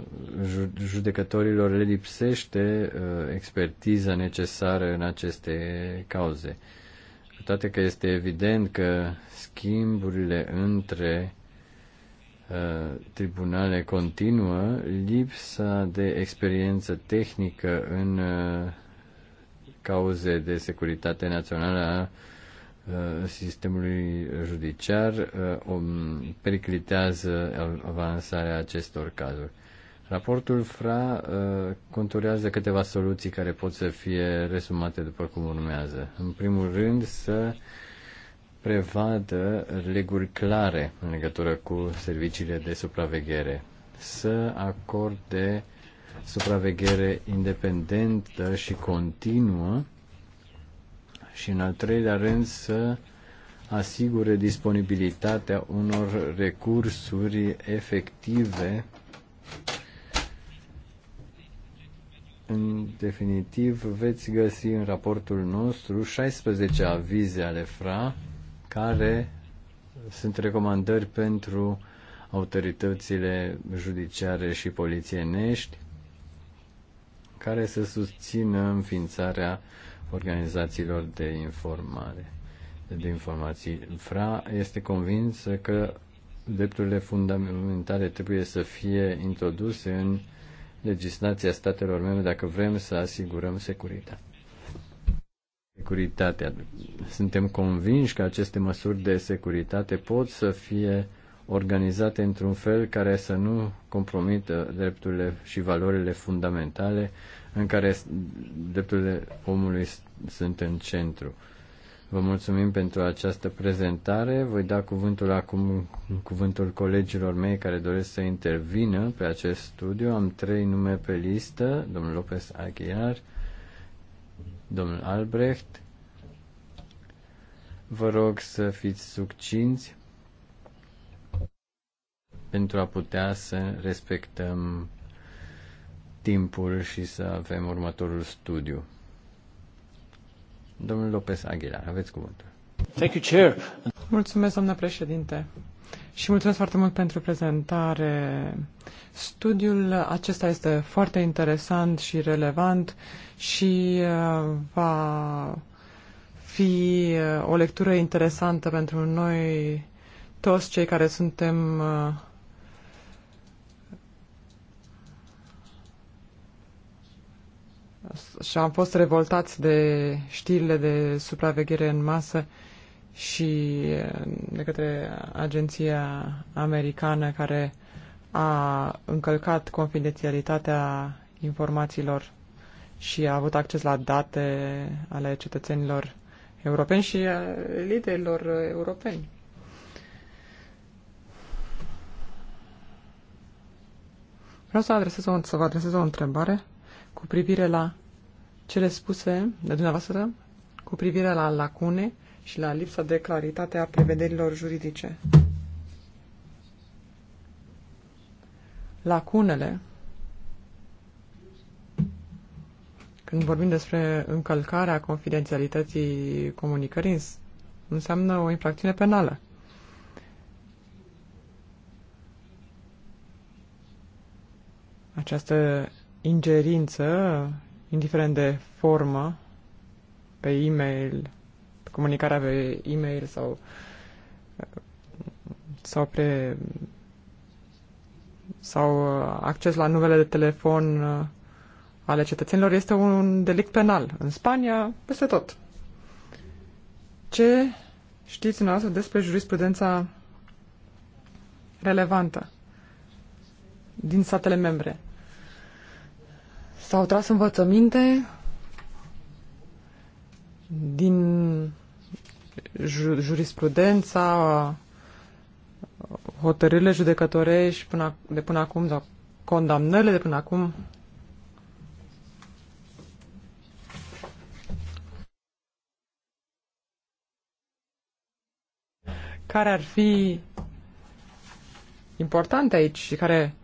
judecătorilor le lipsește uh, expertiza necesară în aceste cauze. Cu toate că este evident că schimburile între tribunale continuă, lipsa de experiență tehnică în cauze de securitate națională a Uh, sistemului judiciar uh, periclitează avansarea acestor cazuri. Raportul FRA uh, conturează câteva soluții care pot să fie resumate după cum urmează. În primul rând să prevadă reguli clare în legătură cu serviciile de supraveghere, să acorde supraveghere independentă și continuă și în al treilea rând să asigure disponibilitatea unor recursuri efective. În definitiv, veți găsi în raportul nostru 16 avize ale FRA care sunt recomandări pentru autoritățile judiciare și nești, care să susțină înființarea organizațiilor de informare, de informații. FRA este convinsă că drepturile fundamentale trebuie să fie introduse în legislația statelor membre dacă vrem să asigurăm securitatea. Securitatea. Suntem convinși că aceste măsuri de securitate pot să fie organizate într-un fel care să nu compromită drepturile și valorile fundamentale în care drepturile omului sunt în centru. Vă mulțumim pentru această prezentare. Voi da cuvântul acum cuvântul colegilor mei care doresc să intervină pe acest studiu. Am trei nume pe listă, domnul Lopez Aguiar, domnul Albrecht. Vă rog să fiți succinți pentru a putea să respectăm timpul și să avem următorul studiu. Domnul Lopez Aguilar, aveți cuvântul. Thank you, Chair. Mulțumesc, domnule președinte. Și mulțumesc foarte mult pentru prezentare. Studiul acesta este foarte interesant și relevant și uh, va fi uh, o lectură interesantă pentru noi toți cei care suntem uh, și am fost revoltați de știrile de supraveghere în masă și eh, de către agenția americană care a încălcat confidențialitatea informațiilor și a avut acces la date ale cetățenilor europeni și a liderilor eh, europeni. Vreau să, adresez o, să vă adresez o întrebare cu privire la cele spuse de dumneavoastră cu privire la lacune și la lipsa de claritate a prevederilor juridice. Lacunele, când vorbim despre încălcarea confidențialității comunicării, înseamnă o infracțiune penală. Această ingerință indiferent de formă, pe e-mail, comunicarea pe e-mail sau, sau pre, sau uh, acces la numele de telefon uh, ale cetățenilor este un delict penal. În Spania, peste tot. Ce știți dumneavoastră despre jurisprudența relevantă din statele membre? S-au tras învățăminte din jurisprudența, hotărârile judecătorești până, de până acum, sau condamnările de până acum. Care ar fi importante aici și care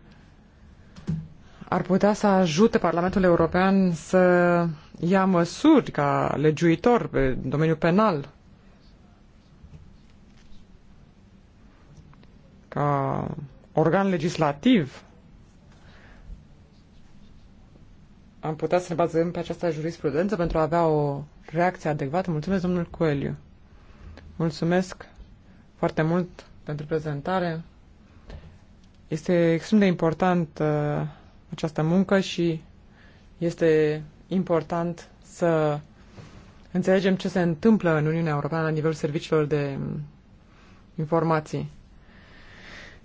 ar putea să ajute Parlamentul European să ia măsuri ca legiuitor pe domeniul penal. Ca organ legislativ am putea să ne bazăm pe această jurisprudență pentru a avea o reacție adecvată. Mulțumesc, domnul Coeliu. Mulțumesc foarte mult pentru prezentare. Este extrem de important uh, această muncă și este important să înțelegem ce se întâmplă în Uniunea Europeană la nivelul serviciilor de informații.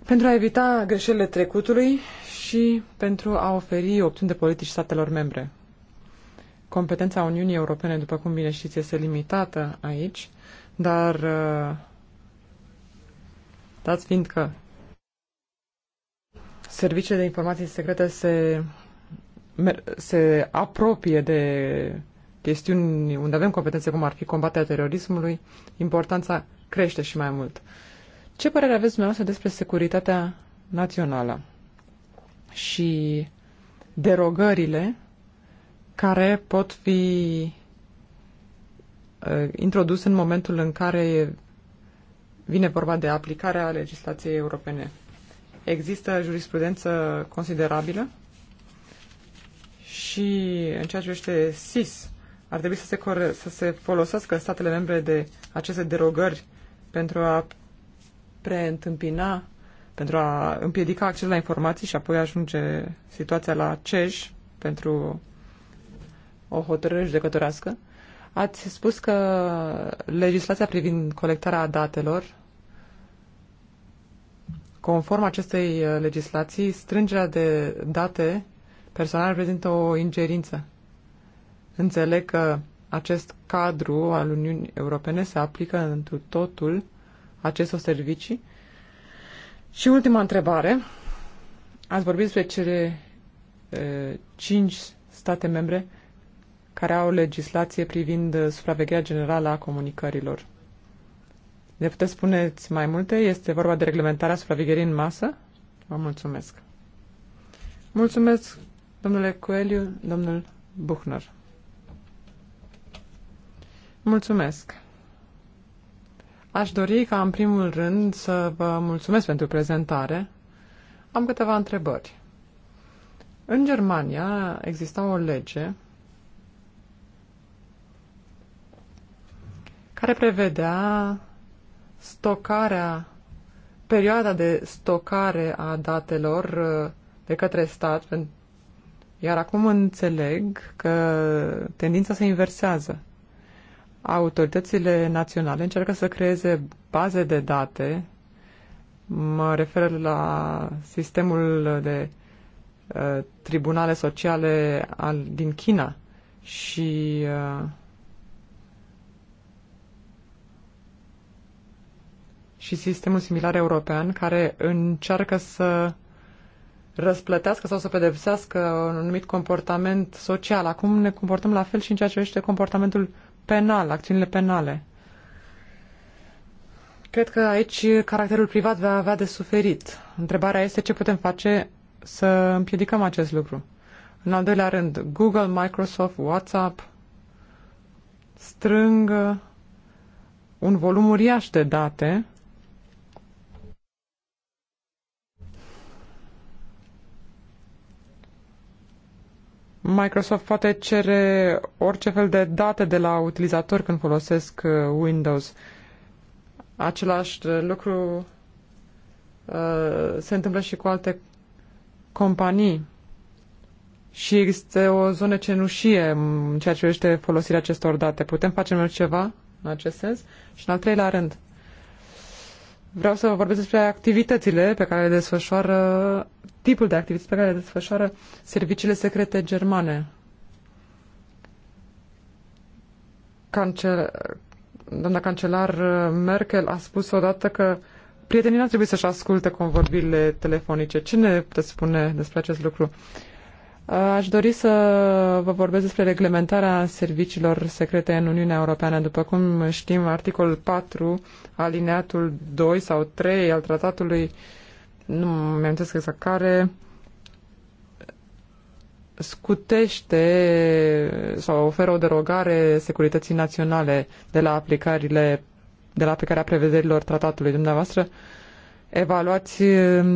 Pentru a evita greșelile trecutului și pentru a oferi opțiuni de politici statelor membre. Competența Uniunii Europene, după cum bine știți, este limitată aici, dar uh, dați fiind că serviciile de informații secrete se, se apropie de chestiuni unde avem competențe, cum ar fi combaterea terorismului, importanța crește și mai mult. Ce părere aveți dumneavoastră despre securitatea națională și derogările care pot fi uh, introduse în momentul în care vine vorba de aplicarea legislației europene Există jurisprudență considerabilă și în ceea ce privește SIS, ar trebui să se, core- să se folosească statele membre de aceste derogări pentru a preîntâmpina, pentru a împiedica accesul la informații și apoi ajunge situația la CEJ pentru o hotărâre judecătorească. Ați spus că legislația privind colectarea datelor Conform acestei uh, legislații, strângerea de date personale reprezintă o ingerință. Înțeleg că acest cadru al Uniunii Europene se aplică întru totul acestor servicii. Și ultima întrebare. Ați vorbit despre cele uh, cinci state membre care au legislație privind uh, supravegherea generală a comunicărilor. Ne puteți spuneți mai multe? Este vorba de reglementarea supravegherii în masă? Vă mulțumesc. Mulțumesc, domnule Coeliu, domnul Buchner. Mulțumesc. Aș dori ca, în primul rând, să vă mulțumesc pentru prezentare. Am câteva întrebări. În Germania exista o lege care prevedea stocarea, perioada de stocare a datelor uh, de către stat, iar acum înțeleg că tendința se inversează. Autoritățile naționale încearcă să creeze baze de date, mă refer la sistemul de uh, tribunale sociale al, din China și uh, și sistemul similar european care încearcă să răsplătească sau să pedepsească un anumit comportament social. Acum ne comportăm la fel și în ceea ce privește comportamentul penal, acțiunile penale. Cred că aici caracterul privat va avea de suferit. Întrebarea este ce putem face să împiedicăm acest lucru. În al doilea rând, Google, Microsoft, WhatsApp strâng un volum uriaș de date Microsoft poate cere orice fel de date de la utilizator când folosesc uh, Windows. Același uh, lucru uh, se întâmplă și cu alte companii. Și există o zonă cenușie în ceea ce privește folosirea acestor date. Putem face noi ceva în acest sens? Și în al treilea rând, vreau să vorbesc despre activitățile pe care le desfășoară, tipul de activități pe care le desfășoară serviciile secrete germane. Cancel, doamna cancelar Merkel a spus odată că prietenii nu trebuie să-și asculte convorbirile telefonice. Ce ne puteți spune despre acest lucru? Uh, Aș dori să vă vorbesc despre reglementarea serviciilor secrete în Uniunea Europeană. După cum știm, articolul 4, alineatul 2 sau 3 al tratatului, nu mi-am exact care, scutește sau oferă o derogare securității naționale de la aplicările de la aplicarea prevederilor tratatului dumneavoastră. Uh, evaluați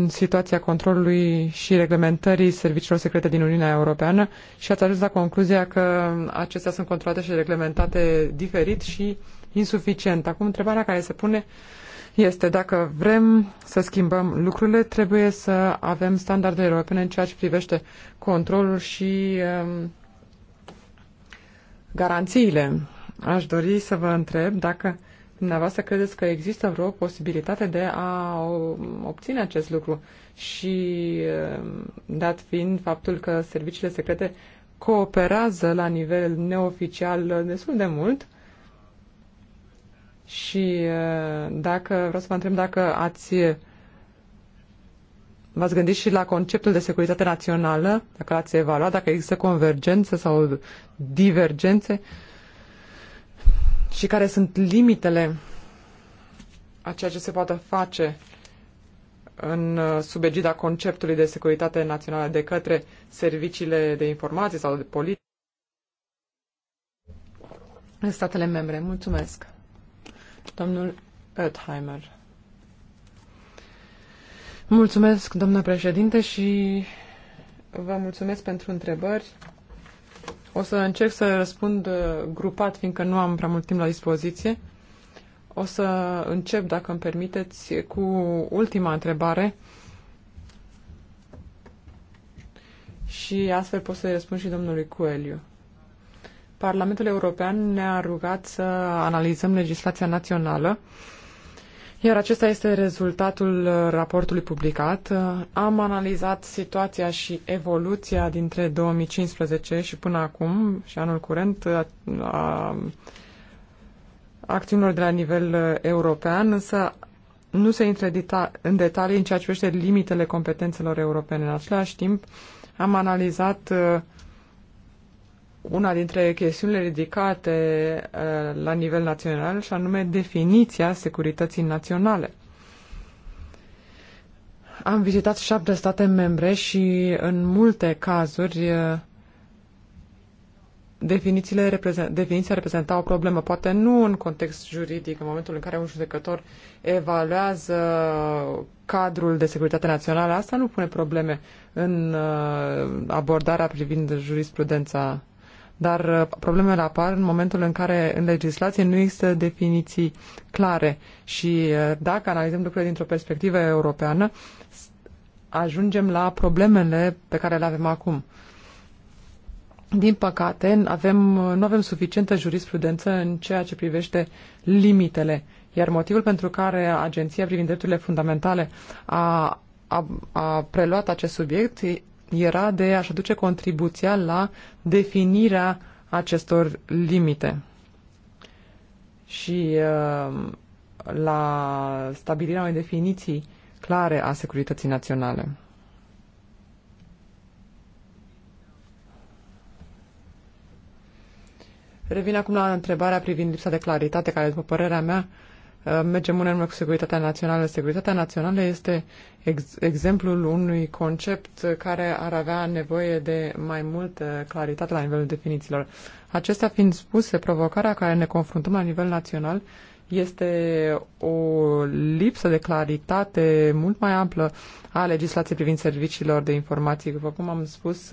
situația controlului și reglementării serviciilor secrete din Uniunea Europeană și ați ajuns la concluzia că acestea sunt controlate și reglementate diferit și insuficient. Acum, întrebarea care se pune este dacă vrem să schimbăm lucrurile, trebuie să avem standarde europene în ceea ce privește controlul și um, garanțiile. Aș dori să vă întreb dacă Dumneavoastră credeți că există vreo posibilitate de a obține acest lucru și ehm, dat fiind faptul că serviciile secrete cooperează la nivel neoficial destul de mult și ehm, dacă vreau să vă întreb dacă ați v-ați gândit și la conceptul de securitate națională, dacă l-ați evaluat, dacă există convergență sau divergențe și care sunt limitele a ceea ce se poate face în uh, subegida conceptului de securitate națională de către serviciile de informații sau de politică în statele membre. Mulțumesc. Domnul Oetheimer. Mulțumesc, domnule președinte, și vă mulțumesc pentru întrebări. O să încerc să răspund uh, grupat, fiindcă nu am prea mult timp la dispoziție. O să încep, dacă îmi permiteți, cu ultima întrebare. Și astfel pot să-i răspund și domnului Coeliu. Parlamentul European ne-a rugat să analizăm legislația națională iar acesta este rezultatul uh, raportului publicat. Uh, am analizat situația și evoluția dintre 2015 și până acum și anul curent a, uh, a acțiunilor de la nivel european, însă nu se intre în detalii în ceea ce privește limitele competențelor europene. În același timp, am analizat uh, una dintre chestiunile ridicate uh, la nivel național și anume definiția securității naționale. Am vizitat șapte state membre și în multe cazuri uh, definițiile reprezent, definiția reprezenta o problemă, poate nu în context juridic, în momentul în care un judecător evaluează cadrul de securitate națională, asta nu pune probleme în uh, abordarea privind jurisprudența dar uh, problemele apar în momentul în care în legislație nu există definiții clare și uh, dacă analizăm lucrurile dintr-o perspectivă europeană, ajungem la problemele pe care le avem acum. Din păcate, avem, uh, nu avem suficientă jurisprudență în ceea ce privește limitele, iar motivul pentru care Agenția privind drepturile fundamentale a, a, a preluat acest subiect era de a-și aduce contribuția la definirea acestor limite și uh, la stabilirea unei definiții clare a securității naționale. Revin acum la întrebarea privind lipsa de claritate, care, după părerea mea, Uh, mergem mână în cu securitatea națională. Securitatea națională este ex- exemplul unui concept care ar avea nevoie de mai multă claritate la nivelul definițiilor. Acestea fiind spuse, provocarea care ne confruntăm la nivel național este o lipsă de claritate mult mai amplă a legislației privind serviciilor de informații. După cum am spus,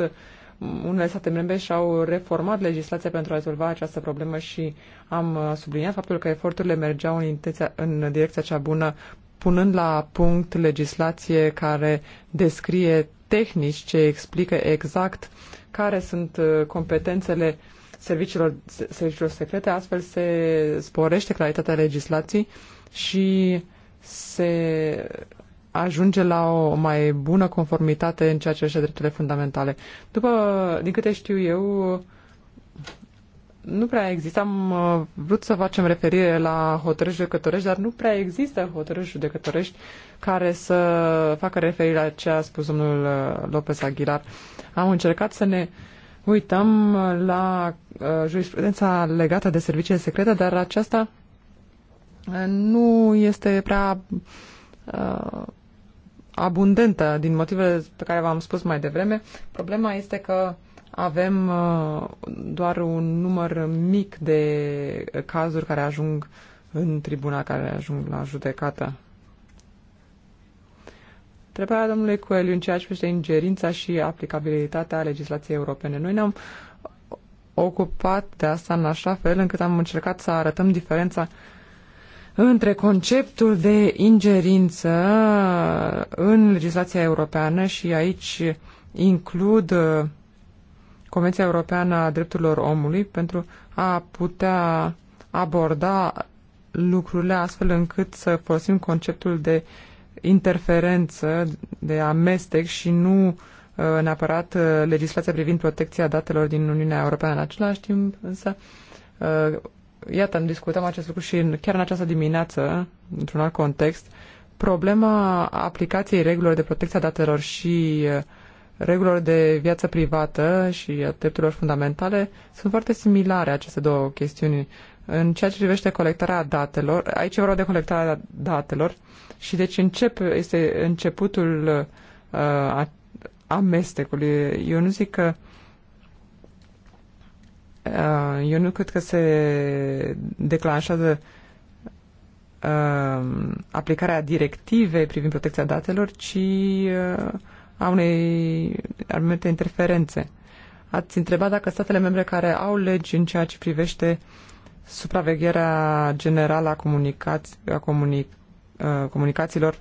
unele state membre și-au reformat legislația pentru a rezolva această problemă și am uh, subliniat faptul că eforturile mergeau în, intenția, în direcția cea bună, punând la punct legislație care descrie tehnici ce explică exact care sunt uh, competențele serviciilor, serviciilor secrete, astfel se sporește claritatea legislației și se ajunge la o mai bună conformitate în ceea ce este drepturile fundamentale. După, din câte știu eu, nu prea există. Am uh, vrut să facem referire la hotărâși judecătorești, dar nu prea există hotărâși judecătorești care să facă referire la ce a spus domnul uh, Lopez Aguilar. Am încercat să ne uităm la uh, jurisprudența legată de serviciile secrete, dar aceasta nu este prea abundentă din motivele pe care v-am spus mai devreme. Problema este că avem uh, doar un număr mic de cazuri care ajung în tribuna, care ajung la judecată. Întrebarea domnului Coeliu în ceea ce privește ingerința și aplicabilitatea legislației europene. Noi ne-am ocupat de asta în așa fel încât am încercat să arătăm diferența între conceptul de ingerință în legislația europeană și aici includ uh, Convenția Europeană a Drepturilor Omului pentru a putea aborda lucrurile astfel încât să folosim conceptul de interferență, de amestec și nu uh, neapărat uh, legislația privind protecția datelor din Uniunea Europeană. În același timp, însă, iată, discutăm acest lucru și în, chiar în această dimineață, într-un alt context, problema aplicației regulilor de protecție a datelor și uh, regulilor de viață privată și a drepturilor fundamentale sunt foarte similare aceste două chestiuni. În ceea ce privește colectarea datelor, aici e vorba de colectarea datelor și deci încep, este începutul uh, amestecului. Eu nu zic că Uh, eu nu cred că se declanșează uh, aplicarea directivei privind protecția datelor, ci uh, a unei anumite interferențe. Ați întrebat dacă statele membre care au legi în ceea ce privește supravegherea generală a, comunicați, a comunic, comunicațiilor,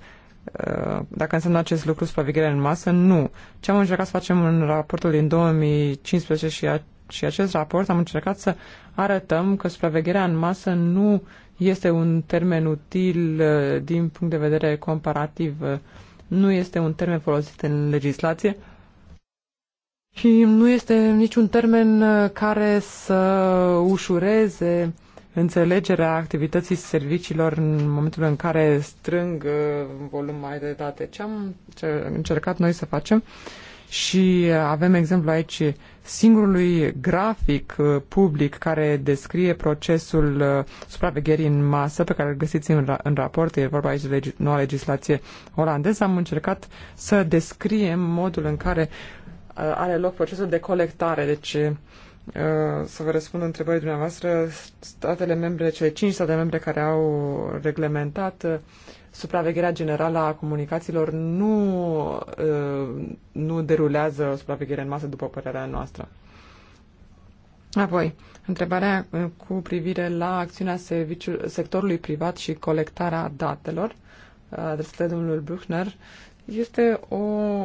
dacă înseamnă acest lucru supravegherea în masă, nu. Ce am încercat să facem în raportul din 2015 și și acest raport am încercat să arătăm că supravegherea în masă nu este un termen util uh, din punct de vedere comparativ, uh, nu este un termen folosit în legislație și nu este niciun termen uh, care să ușureze înțelegerea activității serviciilor în momentul în care strâng volum mai de date. Ce am încercat noi să facem și avem exemplu aici singurului grafic uh, public care descrie procesul uh, supravegherii în masă pe care îl găsiți în, în raport, e vorba aici de legi, noua legislație olandeză, am încercat să descriem modul în care uh, are loc procesul de colectare. Deci, să vă răspund întrebării dumneavoastră, statele membre, cele cinci state membre care au reglementat supravegherea generală a comunicațiilor nu, nu derulează supravegherea în masă, după părerea noastră. Apoi, întrebarea cu privire la acțiunea serviciul, sectorului privat și colectarea datelor, adresată domnului Bruchner, este o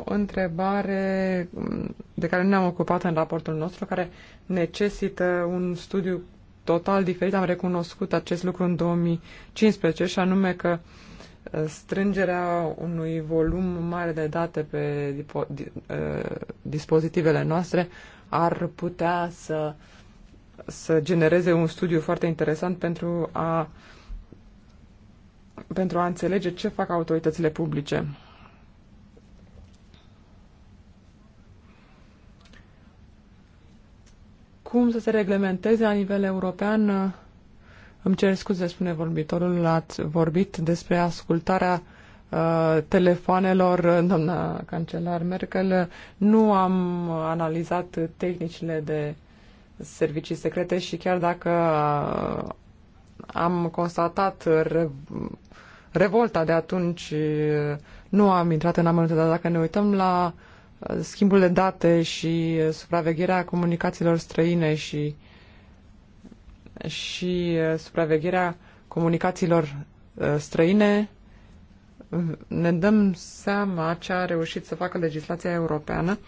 întrebare mm, de care nu ne-am ocupat în raportul nostru, care necesită un studiu total diferit. Am recunoscut acest lucru în 2015 și anume că uh, strângerea unui volum mare de date pe ă, dispozitivele noastre ar putea să, să genereze un studiu foarte interesant pentru a, pentru a înțelege ce fac autoritățile publice. Cum să se reglementeze la nivel european îmi cer scuze, spune vorbitorul, ați vorbit despre ascultarea uh, telefoanelor, uh, doamna cancelar Merkel. Nu am analizat tehnicile de servicii secrete și chiar dacă uh, am constatat re- revolta de atunci, uh, nu am intrat în amănunte, dar dacă ne uităm la uh, schimbul de date și supravegherea comunicațiilor străine și uh, și uh, supravegherea comunicațiilor uh, străine, ne dăm seama ce a reușit să facă legislația europeană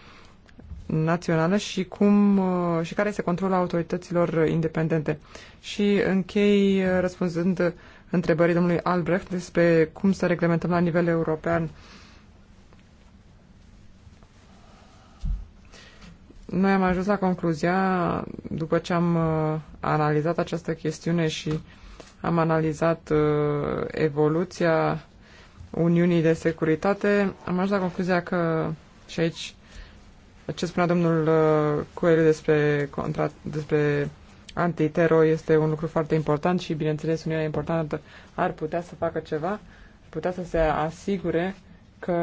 națională și cum uh, și care este controlul autorităților independente. Și închei răspunzând întrebării domnului Albrecht despre cum să reglementăm la nivel european uh, Noi am ajuns la concluzia, după ce am uh, analizat această chestiune și am analizat uh, evoluția Uniunii de Securitate, am ajuns la concluzia că și aici ce spunea domnul uh, Coelho despre, contra, despre antitero este un lucru foarte important și, bineînțeles, Uniunea importantă ar putea să facă ceva, putea să se asigure că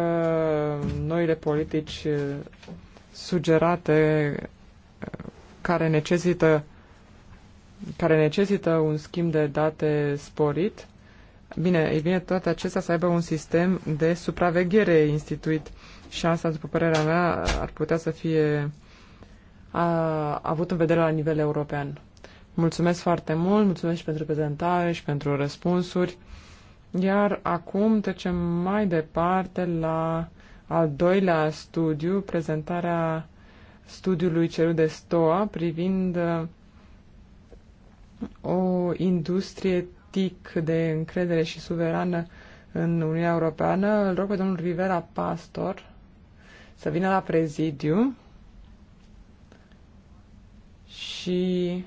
noile politici sugerate care necesită, care necesită un schimb de date sporit. Bine, e bine toate acestea să aibă un sistem de supraveghere instituit și asta, după părerea mea, ar putea să fie a, avut în vedere la nivel european. Mulțumesc foarte mult, mulțumesc și pentru prezentare și pentru răspunsuri. Iar acum trecem mai departe la al doilea studiu, prezentarea studiului cerut de STOA privind uh, o industrie TIC de încredere și suverană în Uniunea Europeană. Îl rog pe domnul Rivera Pastor să vină la prezidiu și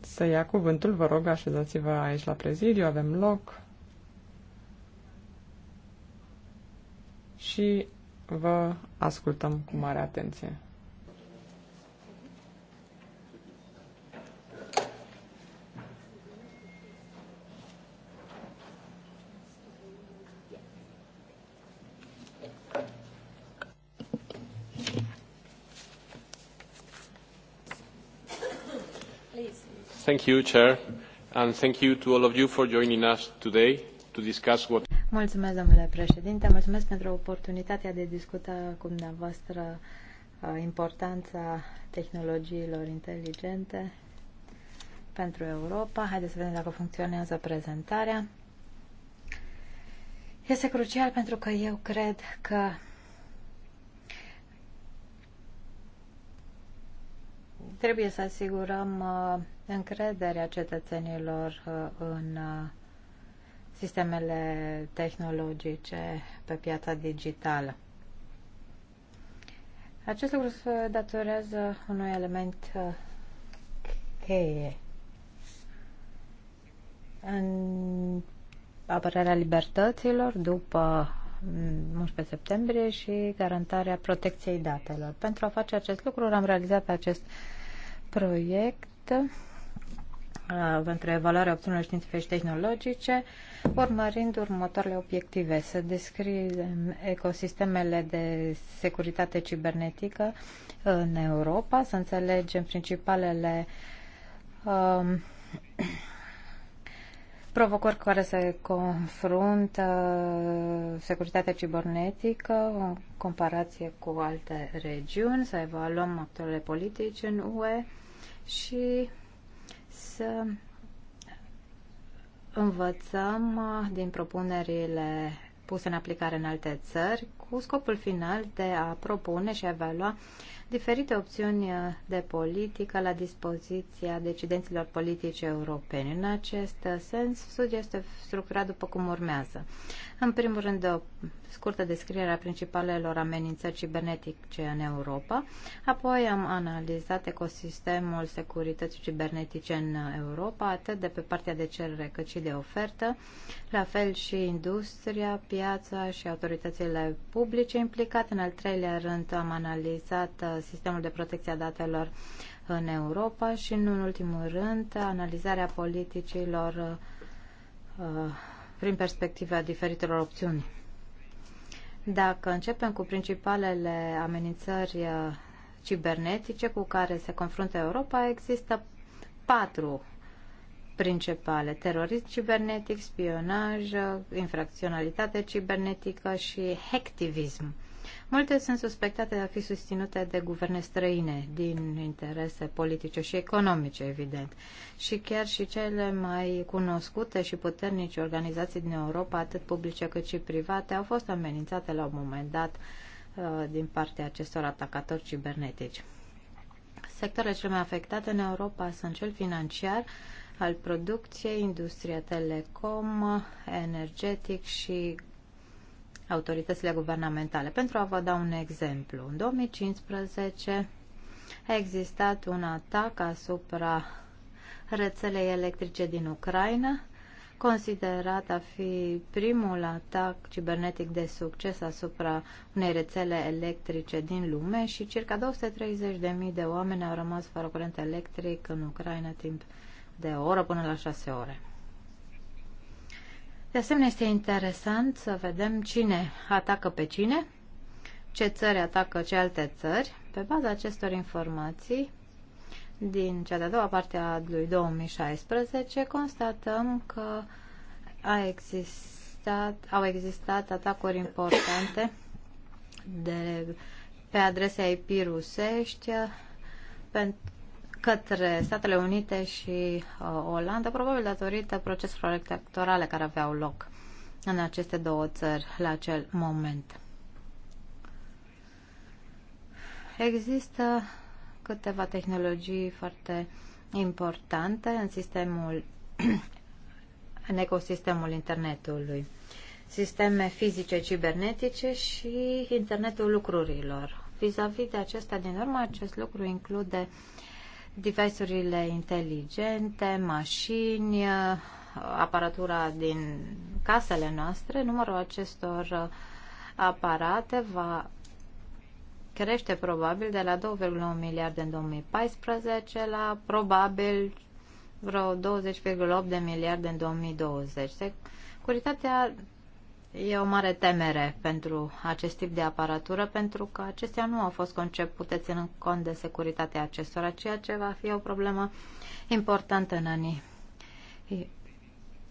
să ia cuvântul. Vă rog, așezați-vă aici la prezidiu, avem loc. și vă ascultăm cu mare atenție. Thank you, Chair, and thank you to all of you for joining us today to discuss what Mulțumesc, domnule președinte, mulțumesc pentru oportunitatea de a discuta cu dumneavoastră uh, importanța tehnologiilor inteligente pentru Europa. Haideți să vedem dacă funcționează prezentarea. Este crucial pentru că eu cred că trebuie să asigurăm uh, încrederea cetățenilor uh, în sistemele tehnologice pe piața digitală. Acest lucru se datorează unui element uh, cheie în apărarea libertăților după 11 mm, septembrie și garantarea protecției datelor. Pentru a face acest lucru am realizat acest proiect pentru uh, evaluarea opțiunilor științifice și tehnologice, urmărind următoarele obiective. Să descriem ecosistemele de securitate cibernetică în Europa, să înțelegem principalele um, provocări cu care se confruntă securitatea cibernetică în comparație cu alte regiuni, să evaluăm actualele politici în UE și să învățăm uh, din propunerile puse în aplicare în alte țări cu scopul final de a propune și a evalua diferite opțiuni uh, de politică la dispoziția decidenților politici europeni. În acest uh, sens, studiul este structurat după cum urmează. În primul rând, o scurtă descriere a principalelor amenințări cibernetice în Europa, apoi am analizat ecosistemul securității cibernetice în Europa, atât de pe partea de cerere cât și de ofertă, la fel și industria, piața și autoritățile publice implicate. În al treilea rând, am analizat uh, sistemul de protecție a datelor în Europa și, nu în ultimul rând, analizarea politicilor uh, prin perspectiva diferitelor opțiuni. Dacă începem cu principalele amenințări uh, cibernetice cu care se confruntă Europa, există patru principale. Terorism cibernetic, spionaj, uh, infracționalitate cibernetică și hacktivism. Multe sunt suspectate de a fi susținute de guverne străine, din interese politice și economice, evident. Și chiar și cele mai cunoscute și puternice organizații din Europa, atât publice cât și private, au fost amenințate la un moment dat uh, din partea acestor atacatori cibernetici. Sectoarele cele mai afectate în Europa sunt cel financiar, al producției, industria telecom, energetic și autoritățile guvernamentale. Pentru a vă da un exemplu, în 2015 a existat un atac asupra rețelei electrice din Ucraina, considerat a fi primul atac cibernetic de succes asupra unei rețele electrice din lume și circa 230.000 de oameni au rămas fără curent electric în Ucraina timp de o oră până la 6 ore. De asemenea, este interesant să vedem cine atacă pe cine, ce țări atacă ce alte țări. Pe baza acestor informații, din cea de-a doua parte a lui 2016, constatăm că a existat, au existat atacuri importante de, pe adrese IP rusești pentru către Statele Unite și uh, Olanda, probabil datorită proceselor electorale care aveau loc în aceste două țări la acel moment. Există câteva tehnologii foarte importante în sistemul în ecosistemul internetului. Sisteme fizice cibernetice și internetul lucrurilor. Vis-a-vis -vis de acestea, din urmă, acest lucru include uh, device-urile inteligente, mașini, aparatura din casele noastre, numărul acestor aparate va crește probabil de la 2,1 miliarde în 2014 la probabil vreo 20,8 de miliarde în 2020. Securitatea E o mare temere pentru acest tip de aparatură, pentru că acestea nu au fost concepute ținând cont de securitatea acestora, ceea ce va fi o problemă importantă în anii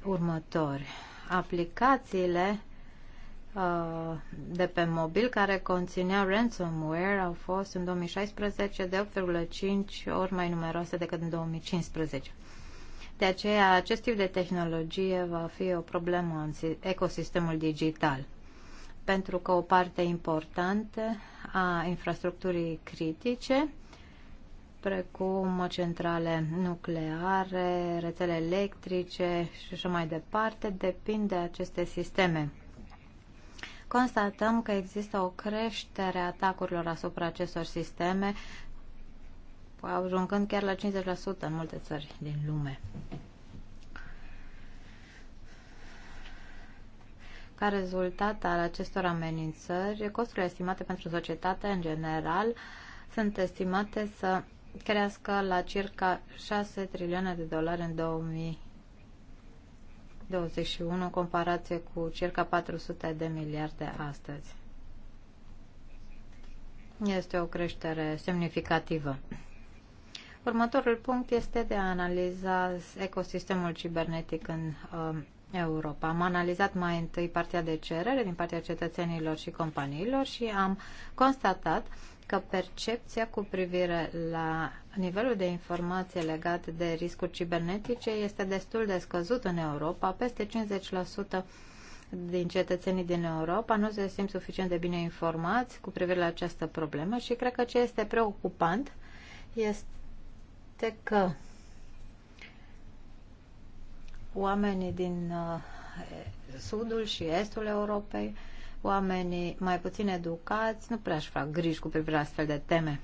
următori. Aplicațiile uh, de pe mobil care conțineau ransomware au fost în 2016 de 8,5 ori mai numeroase decât în 2015. De aceea, acest tip de tehnologie va fi o problemă în ecosistemul digital, pentru că o parte importantă a infrastructurii critice, precum centrale nucleare, rețele electrice și așa mai departe, depind de aceste sisteme. Constatăm că există o creștere a atacurilor asupra acestor sisteme ajungând chiar la 50% în multe țări din lume. Ca rezultat al acestor amenințări, costurile estimate pentru societate în general sunt estimate să crească la circa 6 trilioane de dolari în 2021, în comparație cu circa 400 de miliarde astăzi. Este o creștere semnificativă. Următorul punct este de a analiza ecosistemul cibernetic în uh, Europa. Am analizat mai întâi partea de cerere din partea cetățenilor și companiilor și am constatat că percepția cu privire la nivelul de informație legat de riscuri cibernetice este destul de scăzut în Europa, peste 50% din cetățenii din Europa nu se simt suficient de bine informați cu privire la această problemă și cred că ce este preocupant este este că oamenii din uh, sudul și estul Europei, oamenii mai puțin educați, nu prea își fac griji cu privire la astfel de teme.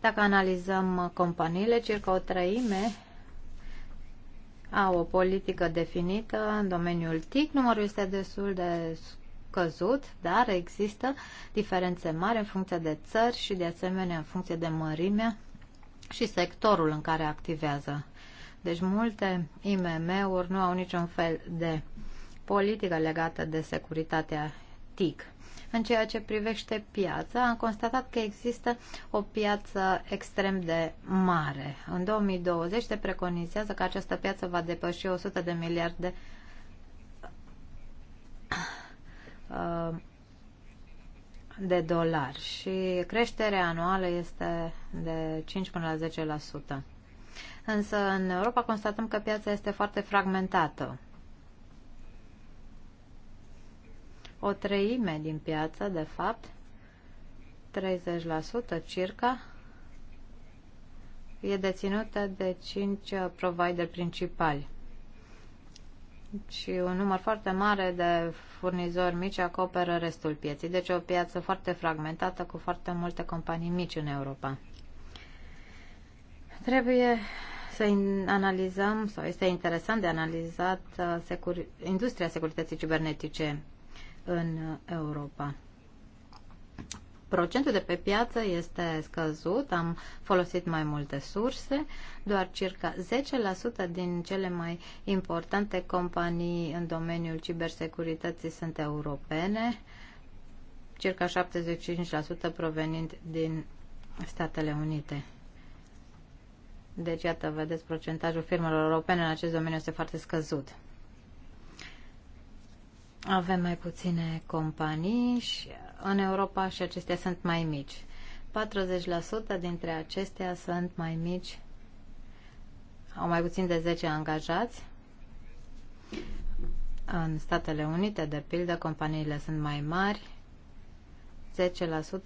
Dacă analizăm companiile, circa o treime au o politică definită în domeniul TIC. Numărul este destul de scăzut, dar există diferențe mari în funcție de țări și de asemenea în funcție de mărimea și sectorul în care activează. Deci multe IMM-uri nu au niciun fel de politică legată de securitatea TIC. În ceea ce privește piața, am constatat că există o piață extrem de mare. În 2020 se preconizează că această piață va depăși 100 de miliarde uh, de dolari și creșterea anuală este de 5 până la 10%. Însă în Europa constatăm că piața este foarte fragmentată. O treime din piață, de fapt, 30% circa, e deținută de 5 provider principali și un număr foarte mare de furnizori mici acoperă restul pieței. Deci o piață foarte fragmentată cu foarte multe companii mici în Europa. Trebuie să analizăm, sau este interesant de analizat, uh, securi- industria securității cibernetice în Europa procentul de pe piață este scăzut, am folosit mai multe surse, doar circa 10% din cele mai importante companii în domeniul cibersecurității sunt europene, circa 75% provenind din Statele Unite. Deci, iată, vedeți, procentajul firmelor europene în acest domeniu este foarte scăzut avem mai puține companii și în Europa și acestea sunt mai mici. 40% dintre acestea sunt mai mici, au mai puțin de 10 angajați. În Statele Unite, de pildă, companiile sunt mai mari.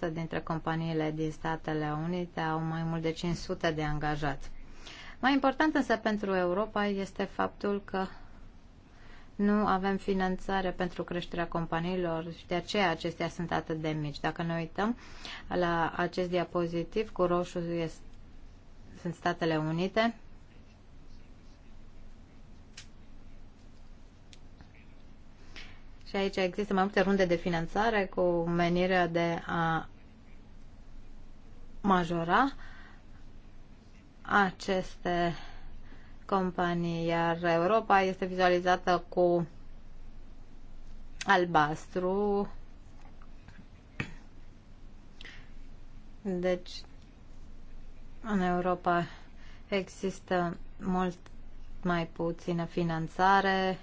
10% dintre companiile din Statele Unite au mai mult de 500 de angajați. Mai important însă pentru Europa este faptul că nu avem finanțare pentru creșterea companiilor și de aceea acestea sunt atât de mici. Dacă ne uităm la acest diapozitiv, cu roșu este, sunt Statele Unite, Și aici există mai multe runde de finanțare cu menirea de a majora aceste companii, iar Europa este vizualizată cu albastru. Deci, în Europa există mult mai puțină finanțare.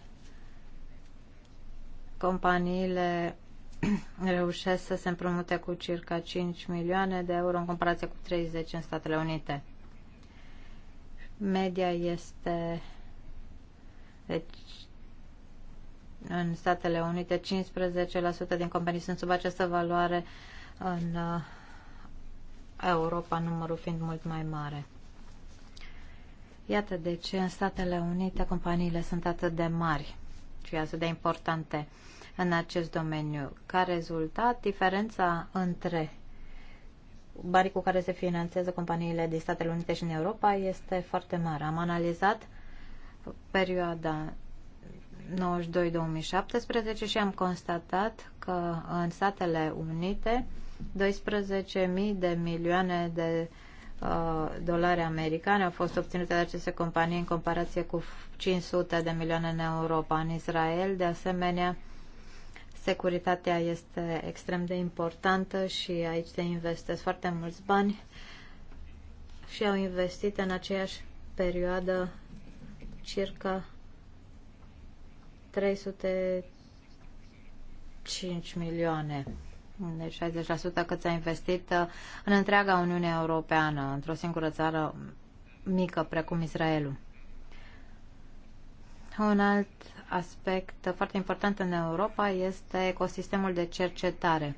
Companiile reușesc să se împrumute cu circa 5 milioane de euro în comparație cu 30 în Statele Unite. Media este deci, în Statele Unite 15% din companii sunt sub această valoare în uh, Europa numărul fiind mult mai mare. Iată de ce în Statele Unite companiile sunt atât de mari și atât de importante în acest domeniu. Ca rezultat, diferența între banii cu care se finanțează companiile din Statele Unite și în Europa este foarte mare. Am analizat perioada 92-2017 și am constatat că în Statele Unite 12.000 de milioane de uh, dolari americani au fost obținute de aceste companii în comparație cu 500 de milioane în Europa. În Israel, de asemenea, Securitatea este extrem de importantă și aici se investesc foarte mulți bani și au investit în aceeași perioadă circa 305 milioane. Deci 60% cât s-a investit uh, în întreaga Uniune Europeană, într-o singură țară mică precum Israelul. Un alt aspect foarte important în Europa este ecosistemul de cercetare.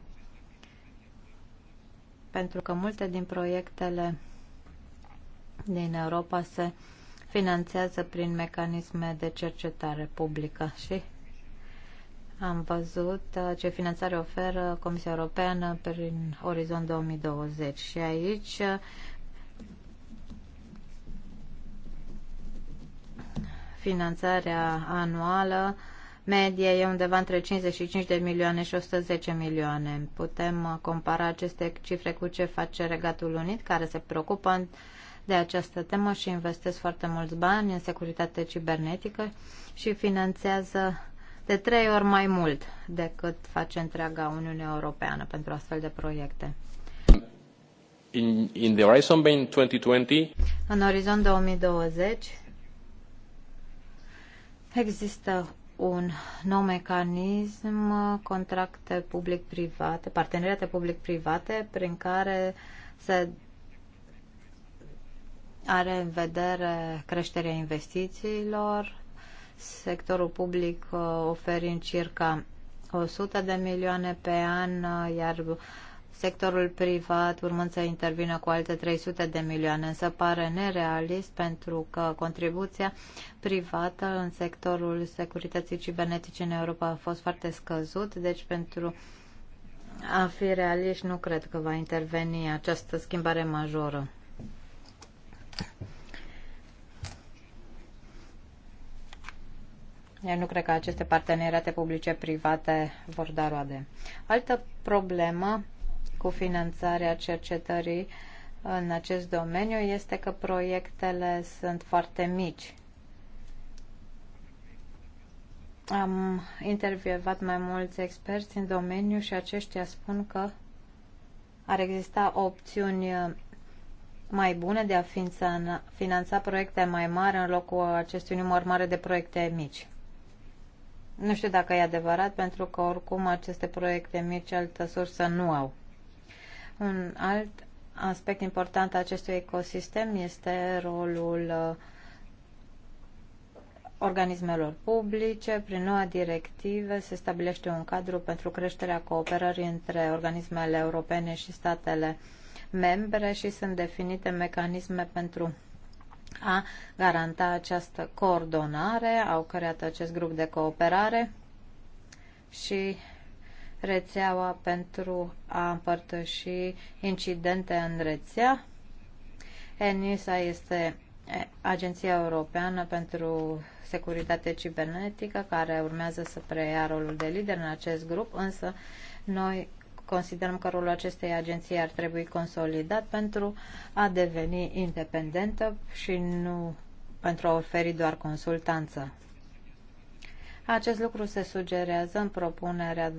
Pentru că multe din proiectele din Europa se finanțează prin mecanisme de cercetare publică și am văzut uh, ce finanțare oferă Comisia Europeană prin Orizont 2020 și aici uh, finanțarea anuală medie e undeva între 55 de milioane și 110 milioane. Putem compara aceste cifre cu ce face Regatul Unit, care se preocupă de această temă și investesc foarte mulți bani în securitate cibernetică și finanțează de trei ori mai mult decât face întreaga Uniune Europeană pentru astfel de proiecte. In, in the Horizon 2020, în orizont 2020, Există un nou mecanism, contracte public-private, parteneriate public-private, prin care se are în vedere creșterea investițiilor, sectorul public uh, oferind circa 100 de milioane pe an, uh, iar sectorul privat urmând să intervină cu alte 300 de milioane, însă pare nerealist pentru că contribuția privată în sectorul securității cibernetice în Europa a fost foarte scăzut, deci pentru a fi realiști nu cred că va interveni această schimbare majoră. Eu nu cred că aceste parteneriate publice-private vor da roade. Altă problemă cu finanțarea cercetării în acest domeniu este că proiectele sunt foarte mici. Am intervievat mai mulți experți în domeniu și aceștia spun că ar exista opțiuni mai bune de a finanța, proiecte mai mari în locul acestui număr mare de proiecte mici. Nu știu dacă e adevărat, pentru că oricum aceste proiecte mici altă sursă nu au. Un alt aspect important al acestui ecosistem este rolul uh, organismelor publice. Prin noua directivă se stabilește un cadru pentru creșterea cooperării între organismele europene și statele membre și sunt definite mecanisme pentru a garanta această coordonare. Au creat acest grup de cooperare și rețeaua pentru a împărtăși incidente în rețea. ENISA este Agenția Europeană pentru Securitate Cibernetică, care urmează să preia rolul de lider în acest grup, însă noi considerăm că rolul acestei agenții ar trebui consolidat pentru a deveni independentă și nu pentru a oferi doar consultanță. Acest lucru se sugerează în propunerea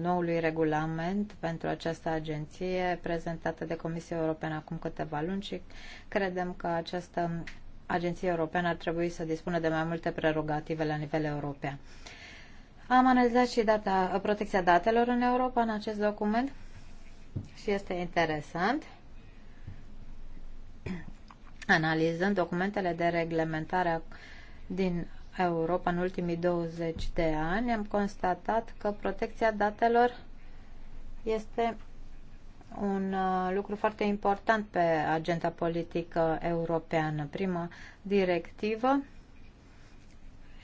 noului regulament pentru această agenție prezentată de Comisia Europeană acum câteva luni și credem că această agenție europeană ar trebui să dispună de mai multe prerogative la nivel european. Am analizat și data, protecția datelor în Europa în acest document și este interesant analizând documentele de reglementare din Europa în ultimii 20 de ani, am constatat că protecția datelor este un uh, lucru foarte important pe agenda politică europeană. Prima directivă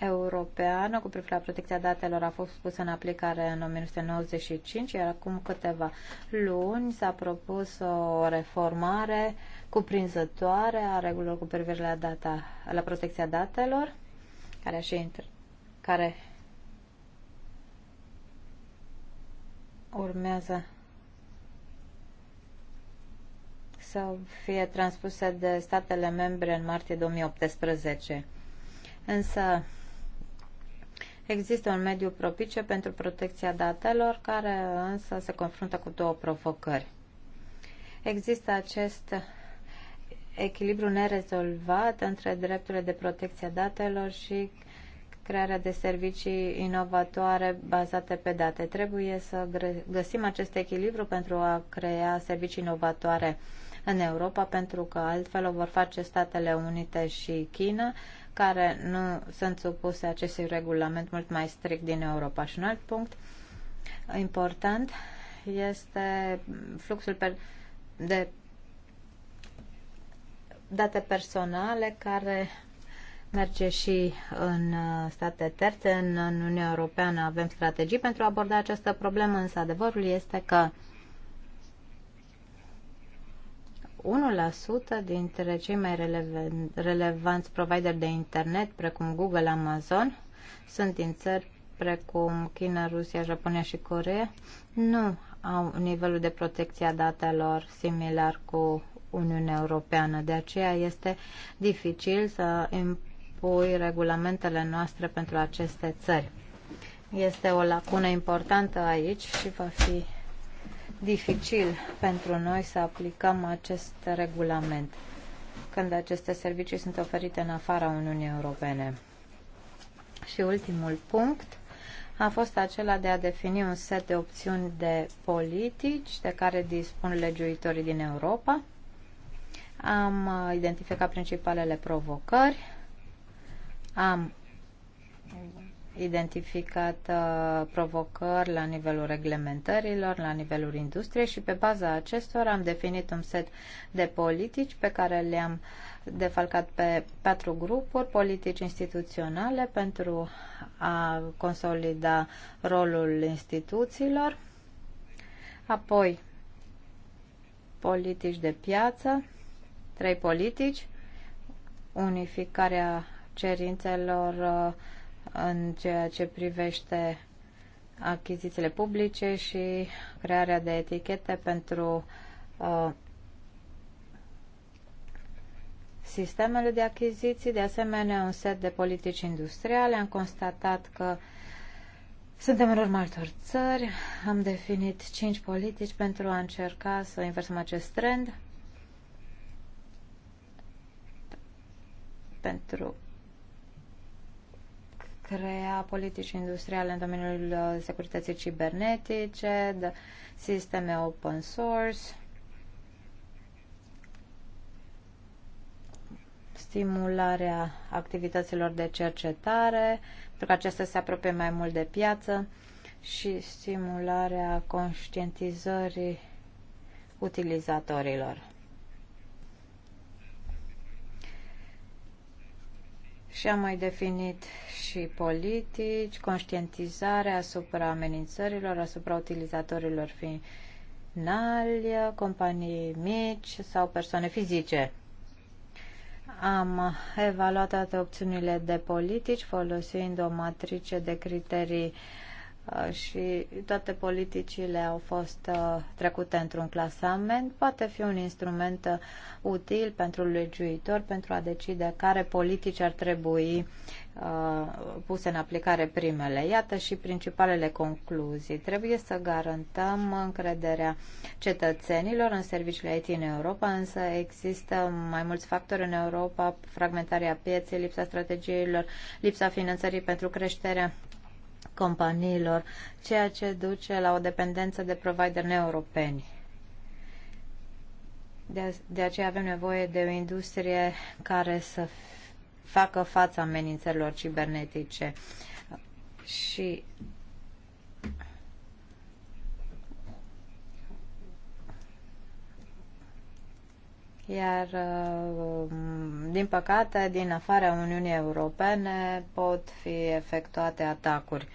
europeană cu privire la protecția datelor a fost pusă în aplicare în 1995, iar acum câteva luni s-a propus o reformare cuprinzătoare a regulilor cu privire la, data, la protecția datelor care, așa intră, care urmează să fie transpuse de statele membre în martie 2018. Însă există un mediu propice pentru protecția datelor, care însă se confruntă cu două provocări. Există acest echilibru nerezolvat între drepturile de protecție a datelor și crearea de servicii inovatoare bazate pe date. Trebuie să găsim acest echilibru pentru a crea servicii inovatoare în Europa, pentru că altfel o vor face Statele Unite și China, care nu sunt supuse acestui regulament mult mai strict din Europa. Și un alt punct important este fluxul de date personale care merge și în uh, state terțe, în, în Uniunea Europeană avem strategii pentru a aborda această problemă, însă adevărul este că 1% dintre cei mai relevan, relevanți provideri de internet, precum Google, Amazon, sunt din țări precum China, Rusia, Japonia și Corea, nu au nivelul de protecție a datelor similar cu Uniunea Europeană. De aceea este dificil să impui regulamentele noastre pentru aceste țări. Este o lacună importantă aici și va fi dificil pentru noi să aplicăm acest regulament când aceste servicii sunt oferite în afara Uniunii Europene. Și ultimul punct a fost acela de a defini un set de opțiuni de politici de care dispun legiuitorii din Europa am uh, identificat principalele provocări, am identificat uh, provocări la nivelul reglementărilor, la nivelul industriei și pe baza acestor am definit un set de politici pe care le-am defalcat pe patru grupuri, politici instituționale pentru a consolida rolul instituțiilor, apoi politici de piață, trei politici, unificarea cerințelor uh, în ceea ce privește achizițiile publice și crearea de etichete pentru uh, sistemele de achiziții, de asemenea un set de politici industriale. Am constatat că suntem în urma altor țări, am definit cinci politici pentru a încerca să inversăm acest trend. pentru crea politici industriale în domeniul uh, securității cibernetice, de sisteme open source, stimularea activităților de cercetare, pentru că acestea se apropie mai mult de piață și stimularea conștientizării utilizatorilor. și am mai definit și politici, conștientizare asupra amenințărilor, asupra utilizatorilor finali, companii mici sau persoane fizice. Am evaluat toate opțiunile de politici folosind o matrice de criterii uh, Uh, și toate politicile au fost uh, trecute într-un clasament, poate fi un instrument uh, util pentru legiuitor pentru a decide care politici ar trebui puse în aplicare primele. Iată și principalele concluzii. Trebuie să garantăm încrederea cetățenilor în serviciile IT în Europa, însă există mai mulți factori în Europa, fragmentarea pieței, lipsa strategiilor, lipsa finanțării pentru creșterea companiilor, ceea ce duce la o dependență de provideri neeuropeni. De, de aceea avem nevoie de o industrie care să facă fața amenințărilor cibernetice și iar uh, din păcate din afara Uniunii Europene pot fi efectuate atacuri.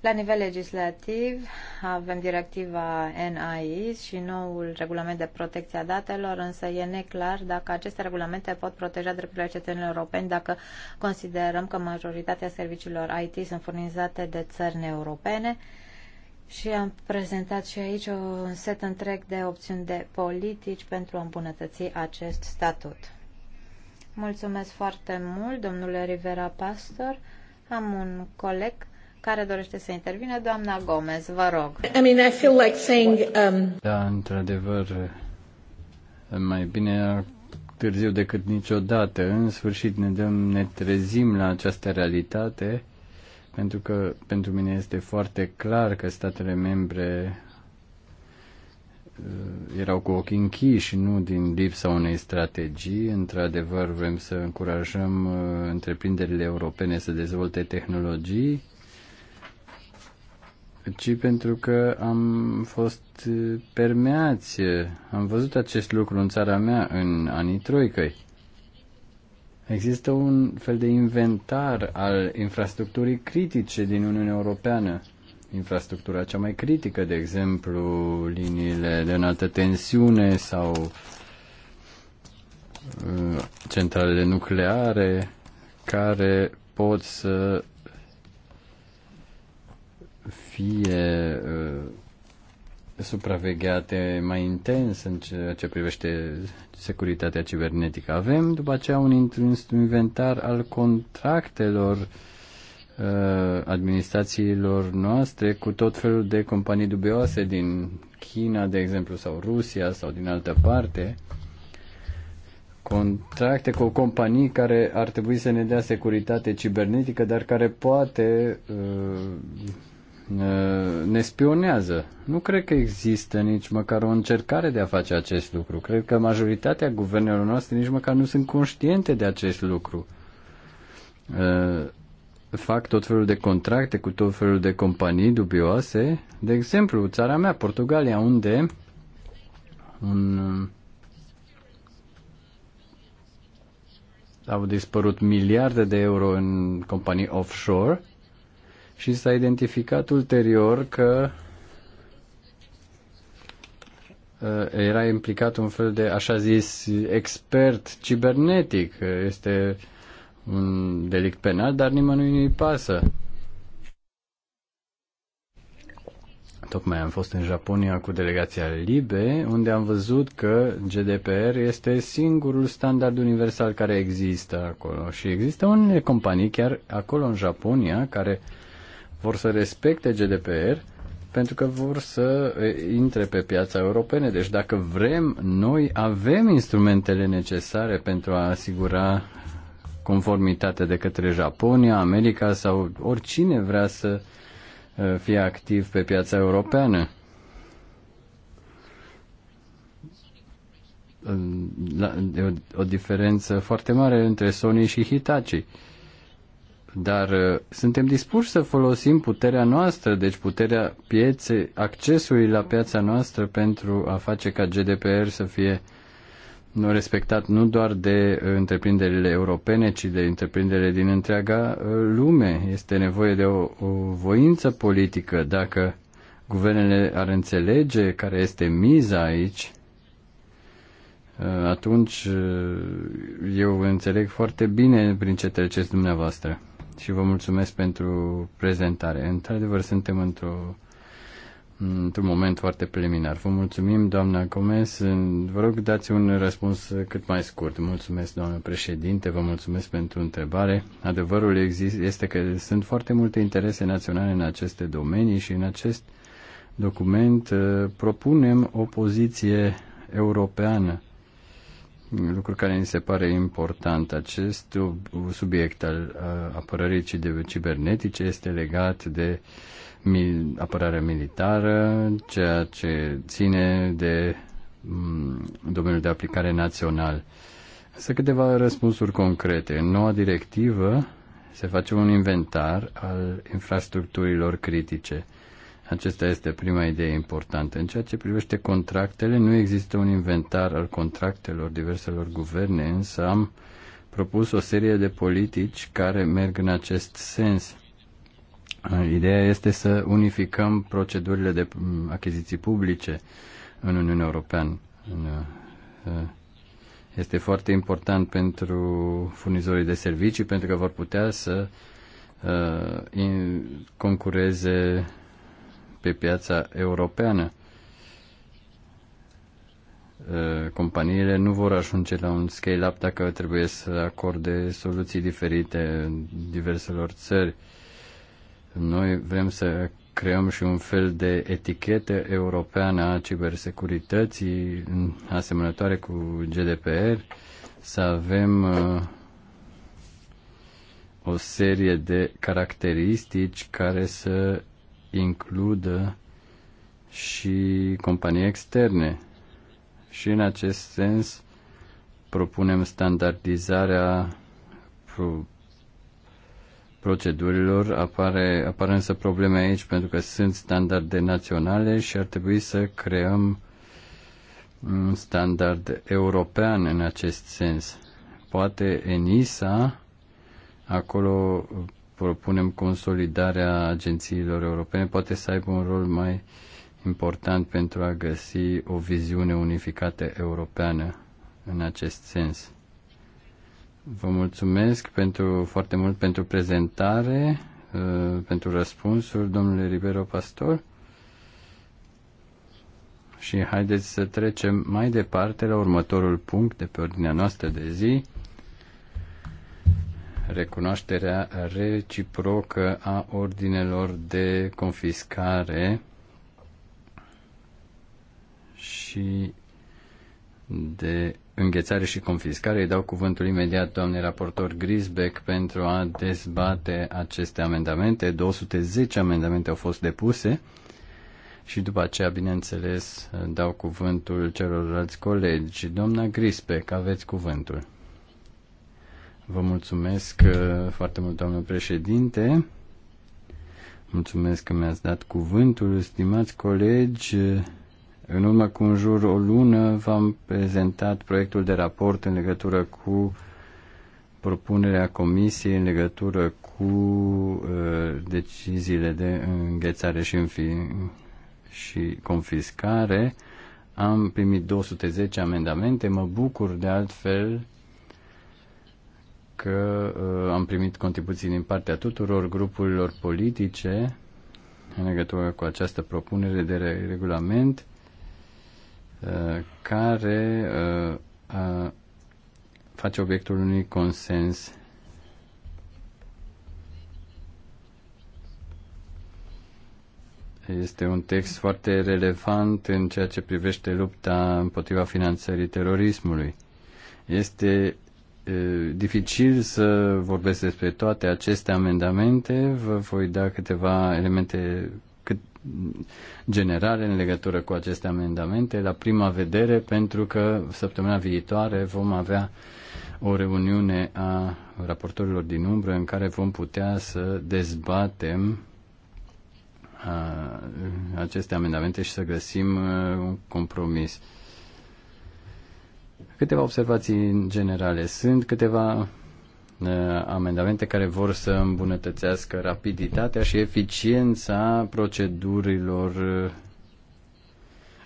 La nivel legislativ avem directiva NAI și noul regulament de protecție a datelor, însă e neclar dacă aceste regulamente pot proteja drepturile cetățenilor europeni dacă considerăm că majoritatea serviciilor IT sunt furnizate de țări europene. europene și am prezentat și aici un set întreg de opțiuni de politici pentru a îmbunătăți acest statut. Mulțumesc foarte mult, domnule Rivera Pastor. Am un coleg care dorește să intervine, doamna Gomez, vă rog. I mean, I feel like saying, um... Da, într-adevăr, mai bine târziu decât niciodată. În sfârșit ne, dăm, ne trezim la această realitate pentru că pentru mine este foarte clar că statele membre uh, erau cu ochii închiși, nu din lipsa unei strategii. Într-adevăr, vrem să încurajăm uh, întreprinderile europene să dezvolte tehnologii, ci pentru că am fost uh, permeați. Am văzut acest lucru în țara mea în anii troicăi. Există un fel de inventar al infrastructurii critice din Uniunea Europeană. Infrastructura cea mai critică, de exemplu, liniile de înaltă tensiune sau uh, centralele nucleare care pot să fie uh, supravegheate mai intens în ceea ce privește securitatea cibernetică. Avem după aceea un inventar al contractelor uh, administrațiilor noastre cu tot felul de companii dubioase din China, de exemplu, sau Rusia sau din altă parte contracte cu companii care ar trebui să ne dea securitate cibernetică, dar care poate uh, ne spionează. Nu cred că există nici măcar o încercare de a face acest lucru. Cred că majoritatea guvernelor noastre nici măcar nu sunt conștiente de acest lucru. Uh, fac tot felul de contracte cu tot felul de companii dubioase. De exemplu, țara mea, Portugalia, unde un, uh, au dispărut miliarde de euro în companii offshore și s-a identificat ulterior că uh, era implicat un fel de, așa zis, expert cibernetic. Este un delict penal, dar nimănui nu-i pasă. Tocmai am fost în Japonia cu delegația Libe, unde am văzut că GDPR este singurul standard universal care există acolo. Și există unele companii chiar acolo în Japonia care uh, vor să respecte GDPR pentru că vor să intre pe piața europene. Deci dacă vrem, noi avem instrumentele necesare pentru a asigura conformitate de către Japonia, America sau oricine vrea să fie activ pe piața europeană. La, o, o diferență foarte mare între Sony și Hitachi. Uh, dar uh, suntem dispuși să folosim puterea noastră, deci puterea pieței, accesului la piața noastră pentru a face ca GDPR să fie respectat nu doar de întreprinderile europene, ci de întreprinderile din întreaga uh, lume. Este nevoie de o, o voință politică. Dacă guvernele ar înțelege care este miza aici, uh, atunci eu înțeleg foarte bine prin ce treceți dumneavoastră și vă mulțumesc pentru prezentare. Într-adevăr, suntem într-o într-un moment foarte preliminar. Vă mulțumim, doamna Comes. Vă rog, dați un răspuns cât mai scurt. Mulțumesc, doamnă președinte, vă mulțumesc pentru întrebare. Adevărul este că sunt foarte multe interese naționale în aceste domenii și în acest document uh, propunem o poziție europeană lucru care mi se pare important. Acest subiect al uh, apărării cibernetice este legat de apărarea militară, ceea ce ține de mm, domeniul de aplicare național. Să câteva răspunsuri concrete. În noua directivă se face un inventar al infrastructurilor critice acesta este prima idee importantă. În ceea ce privește contractele, nu există un inventar al contractelor diverselor guverne, însă am propus o serie de politici care merg în acest sens. Ideea este să unificăm procedurile de achiziții publice în Uniunea Europeană. Este foarte important pentru furnizorii de servicii pentru că vor putea să uh, concureze pe piața europeană. Companiile nu vor ajunge la un scale-up dacă trebuie să acorde soluții diferite în diverselor țări. Noi vrem să creăm și un fel de etichetă europeană a cibersecurității asemănătoare cu GDPR, să avem o serie de caracteristici care să includă și companii externe. Și în acest sens propunem standardizarea procedurilor. Apare, apare însă probleme aici pentru că sunt standarde naționale și ar trebui să creăm un standard european în acest sens. Poate ENISA, acolo propunem consolidarea agențiilor europene poate să aibă un rol mai important pentru a găsi o viziune unificată europeană în acest sens. Vă mulțumesc pentru, foarte mult pentru prezentare, uh, pentru răspunsul domnule Ribero Pastor. Și haideți să trecem mai departe la următorul punct de pe ordinea noastră de zi recunoașterea reciprocă a ordinelor de confiscare și de înghețare și confiscare. Îi dau cuvântul imediat doamnei raportor Grisbeck pentru a dezbate aceste amendamente. 210 amendamente au fost depuse și după aceea, bineînțeles, dau cuvântul celorlalți colegi. Doamna Grisbeck, aveți cuvântul. Vă mulțumesc uh, foarte mult, doamnă președinte. Mulțumesc că mi-ați dat cuvântul, stimați colegi. În urmă cu un jur o lună v-am prezentat proiectul de raport în legătură cu propunerea comisiei în legătură cu uh, deciziile de înghețare și, înfi- și confiscare. Am primit 210 amendamente. Mă bucur de altfel că uh, am primit contribuții din partea tuturor grupurilor politice în legătură cu această propunere de regulament uh, care uh, face obiectul unui consens Este un text foarte relevant în ceea ce privește lupta împotriva finanțării terorismului. Este dificil să vorbesc despre toate aceste amendamente. Vă voi da câteva elemente cât generale în legătură cu aceste amendamente la prima vedere, pentru că săptămâna viitoare vom avea o reuniune a raportorilor din umbră în care vom putea să dezbatem aceste amendamente și să găsim uh, un compromis. Câteva observații generale. Sunt câteva uh, amendamente care vor să îmbunătățească rapiditatea și eficiența procedurilor uh,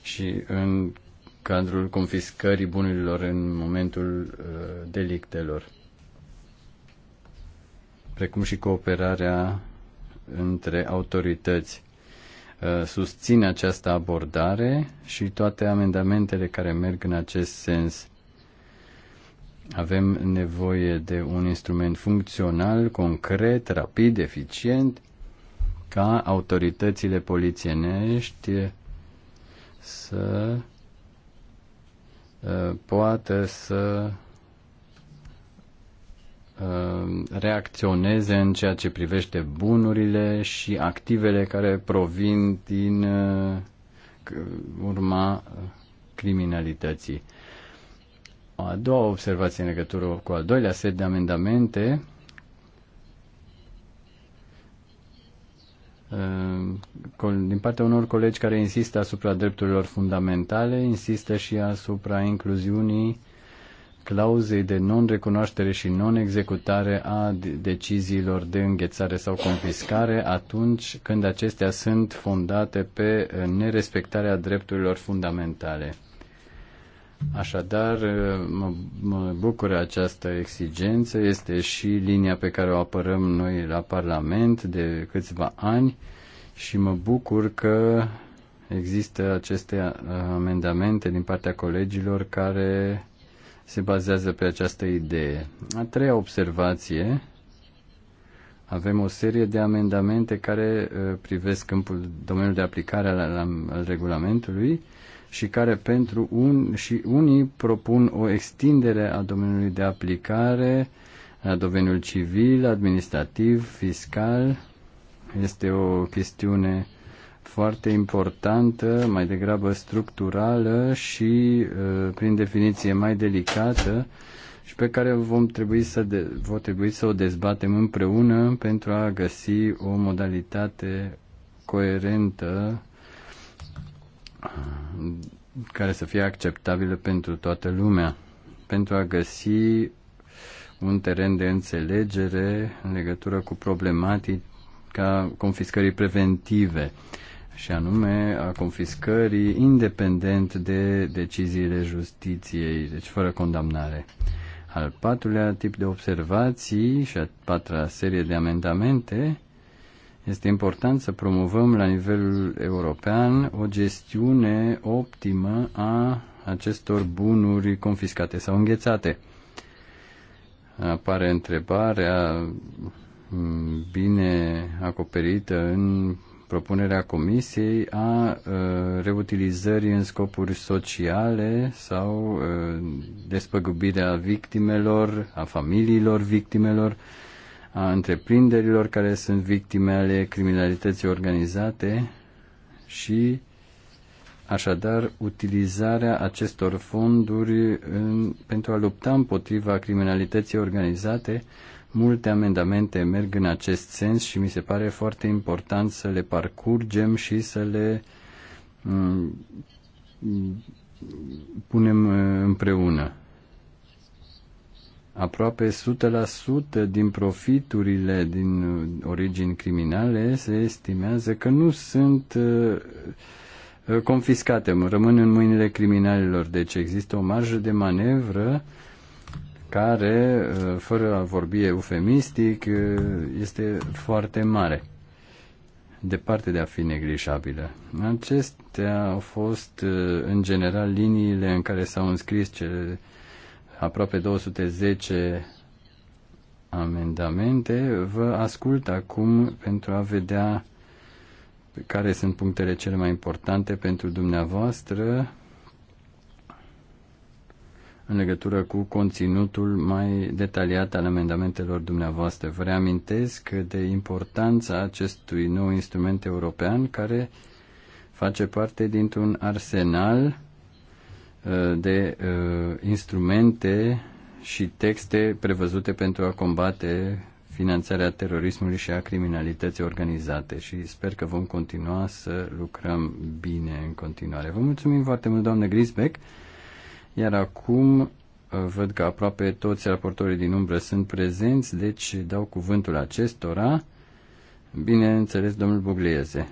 și în cadrul confiscării bunurilor în momentul uh, delictelor, precum și cooperarea între autorități. Susțin această abordare și toate amendamentele care merg în acest sens avem nevoie de un instrument funcțional, concret, rapid, eficient, ca autoritățile polițienești să uh, poată să uh, reacționeze în ceea ce privește bunurile și activele care provin din uh, urma criminalității. O a doua observație în legătură cu al doilea set de amendamente ă, din partea unor colegi care insistă asupra drepturilor fundamentale, insistă și asupra incluziunii clauzei de non-recunoaștere și non-executare a deciziilor de înghețare sau confiscare atunci când acestea sunt fondate pe uh, nerespectarea drepturilor fundamentale. Așadar, uh, mă, mă bucură această exigență, este și linia pe care o apărăm noi la Parlament de câțiva ani și mă bucur că există aceste uh, amendamente din partea colegilor care se bazează pe această idee. A treia observație, avem o serie de amendamente care uh, privesc câmpul, domeniul de aplicare al, al regulamentului și care pentru un, și unii propun o extindere a domeniului de aplicare la domeniul civil, administrativ, fiscal. Este o chestiune foarte importantă, mai degrabă structurală și, uh, prin definiție, mai delicată și pe care vom trebui să de, vom trebui să o dezbatem împreună pentru a găsi o modalitate coerentă care să fie acceptabile pentru toată lumea, pentru a găsi un teren de înțelegere în legătură cu problematica confiscării preventive și anume a confiscării independent de deciziile justiției, deci fără condamnare. Al patrulea tip de observații și a patra serie de amendamente este important să promovăm la nivelul european o gestiune optimă a acestor bunuri confiscate sau înghețate. Apare întrebarea mm, bine acoperită în propunerea Comisiei a uh, reutilizării în scopuri sociale sau uh, despăgubirea victimelor, a familiilor victimelor, a întreprinderilor care sunt victime ale criminalității organizate și așadar utilizarea acestor fonduri în, pentru a lupta împotriva criminalității organizate. Multe amendamente merg în acest sens și mi se pare foarte important să le parcurgem și să le mm, punem mm, împreună aproape 100% din profiturile din uh, origini criminale se estimează că nu sunt uh, uh, confiscate, rămân în mâinile criminalilor. Deci există o marjă de manevră care, fără a vorbi eufemistic, este foarte mare departe de a fi neglijabilă. Acestea au fost, în general, liniile în care s-au înscris cele aproape 210 amendamente. Vă ascult acum pentru a vedea care sunt punctele cele mai importante pentru dumneavoastră în legătură cu conținutul mai detaliat al amendamentelor dumneavoastră. Vă reamintesc de importanța acestui nou instrument european care face parte dintr-un arsenal de uh, instrumente și texte prevăzute pentru a combate finanțarea terorismului și a criminalității organizate și sper că vom continua să lucrăm bine în continuare. Vă mulțumim foarte mult, doamnă Grisbeck, iar acum uh, văd că aproape toți raportorii din umbră sunt prezenți, deci dau cuvântul acestora. Bineînțeles, domnul Bugliese.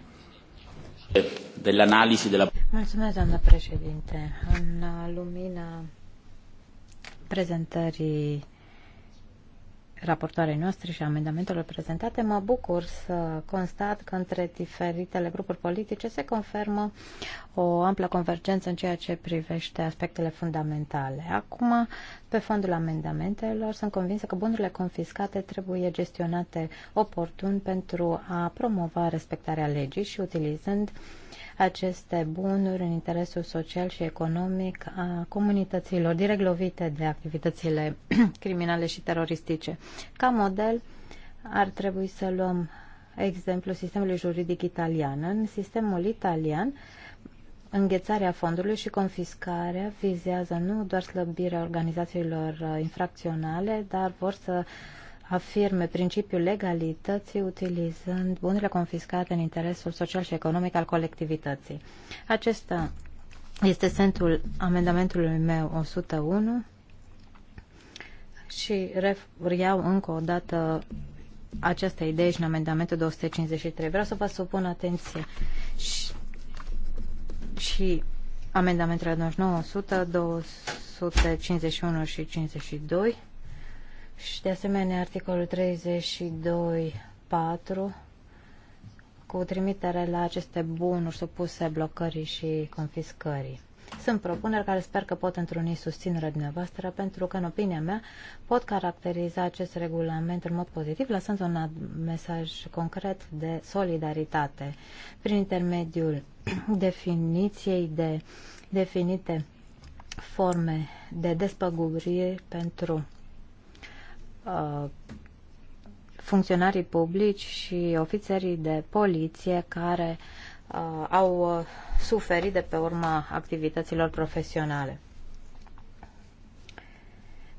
De la de la Mulțumesc, doamnă președinte. În lumina prezentării raportoarei noastre și amendamentelor prezentate, mă bucur să constat că între diferitele grupuri politice se confirmă o amplă convergență în ceea ce privește aspectele fundamentale. Acum, pe fondul amendamentelor, sunt convinsă că bunurile confiscate trebuie gestionate oportun pentru a promova respectarea legii și utilizând uh, aceste bunuri în interesul social și economic a comunităților direct lovite de activitățile criminale și teroristice. Ca model ar trebui să luăm exemplu sistemului juridic italian. În sistemul italian, Înghețarea fondurilor și confiscarea vizează nu doar slăbirea organizațiilor uh, infracționale, dar vor să afirme principiul legalității utilizând bunurile confiscate în interesul social și economic al colectivității. Acesta este sensul amendamentului meu 101 și iau încă o dată această idee și în amendamentul 253. Vreau să vă supun atenție și, și amendamentele 99, 100, 251 și 52 și de asemenea articolul 32.4 cu trimitere la aceste bunuri supuse blocării și confiscării. Sunt propuneri care sper că pot întruni susținerea dumneavoastră pentru că, în opinia mea, pot caracteriza acest regulament în mod pozitiv, lăsând un mesaj concret de solidaritate prin intermediul definiției de definite forme de despăgubiri pentru Uh, funcționarii publici și ofițerii de poliție care uh, au uh, suferit de pe urma activităților profesionale.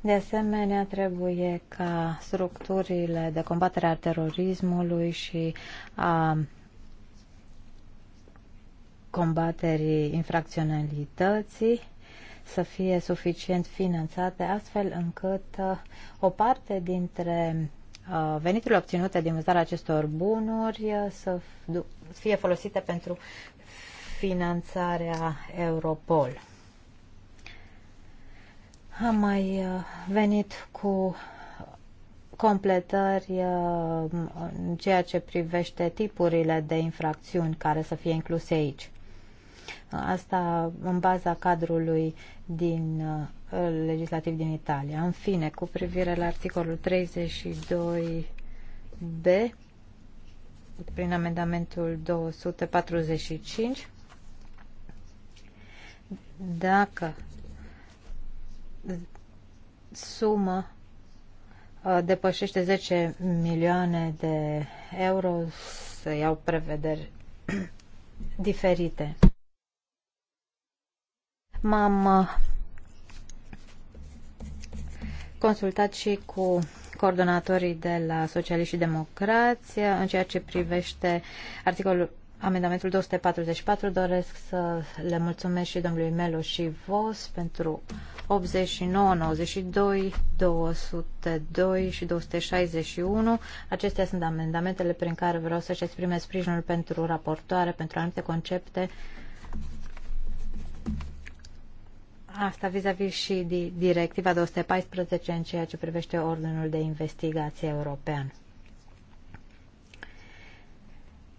De asemenea, trebuie ca structurile de combatere a terorismului și a combaterii infracționalității să fie suficient finanțate, astfel încât uh, o parte dintre uh, veniturile obținute din vânzarea acestor bunuri uh, să fie folosite pentru finanțarea Europol. Am mai venit cu completări în ceea ce privește tipurile de infracțiuni care să fie incluse aici. Asta în baza cadrului din uh, legislativ din Italia. În fine, cu privire la articolul 32b, prin amendamentul 245, dacă sumă uh, depășește 10 milioane de euro, să iau prevederi diferite. M-am uh, consultat și cu coordonatorii de la Socialiști și Democrați uh, în ceea ce privește articolul amendamentul 244. Doresc să le mulțumesc și domnului Melo și Vos pentru 89, 92, 202 și 261. Acestea sunt amendamentele prin care vreau să-și exprime sprijinul pentru raportoare, pentru anumite concepte Asta vis-a-vis -vis și de directiva 214 în ceea ce privește Ordinul de Investigație European.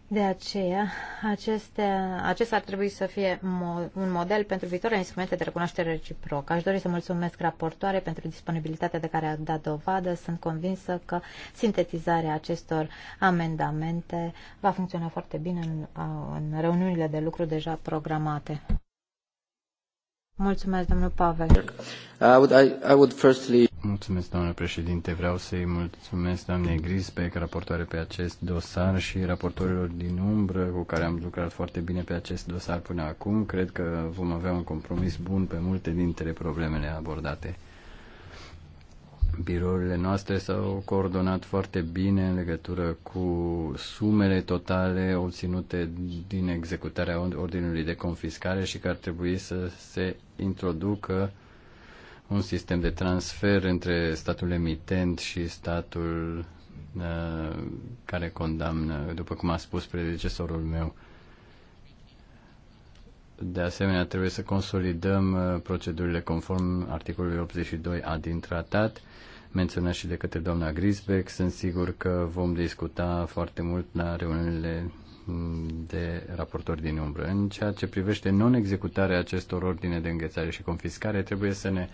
De aceea, aceste, acesta ar trebui să fie mo, un model pentru viitoare instrumente de recunoaștere reciprocă. Aș dori să mulțumesc raportoare pentru disponibilitatea de care a dat dovadă. Sunt convinsă că sintetizarea acestor amendamente va funcționa foarte bine în, în reuniunile de lucru deja programate. Mulțumesc, domnul Pavel. I would, I, I would firstly... Mulțumesc, domnule președinte. Vreau să-i mulțumesc doamnei Grisbeck, raportoare pe acest dosar și raportorilor din umbră cu care am lucrat foarte bine pe acest dosar până acum. Cred că vom avea un compromis bun pe multe dintre problemele abordate. Birourile noastre s-au coordonat foarte bine în legătură cu sumele totale obținute din executarea ordinului de confiscare și că ar trebui să se introducă un sistem de transfer între statul emitent și statul uh, care condamnă, după cum a spus predecesorul meu. De asemenea, trebuie să consolidăm uh, procedurile conform articolului 82a din tratat menționat și de către doamna Grisbeck. Sunt sigur că vom discuta foarte mult la reuniunile de raportori din umbră. În ceea ce privește non-executarea acestor ordine de înghețare și confiscare, trebuie să ne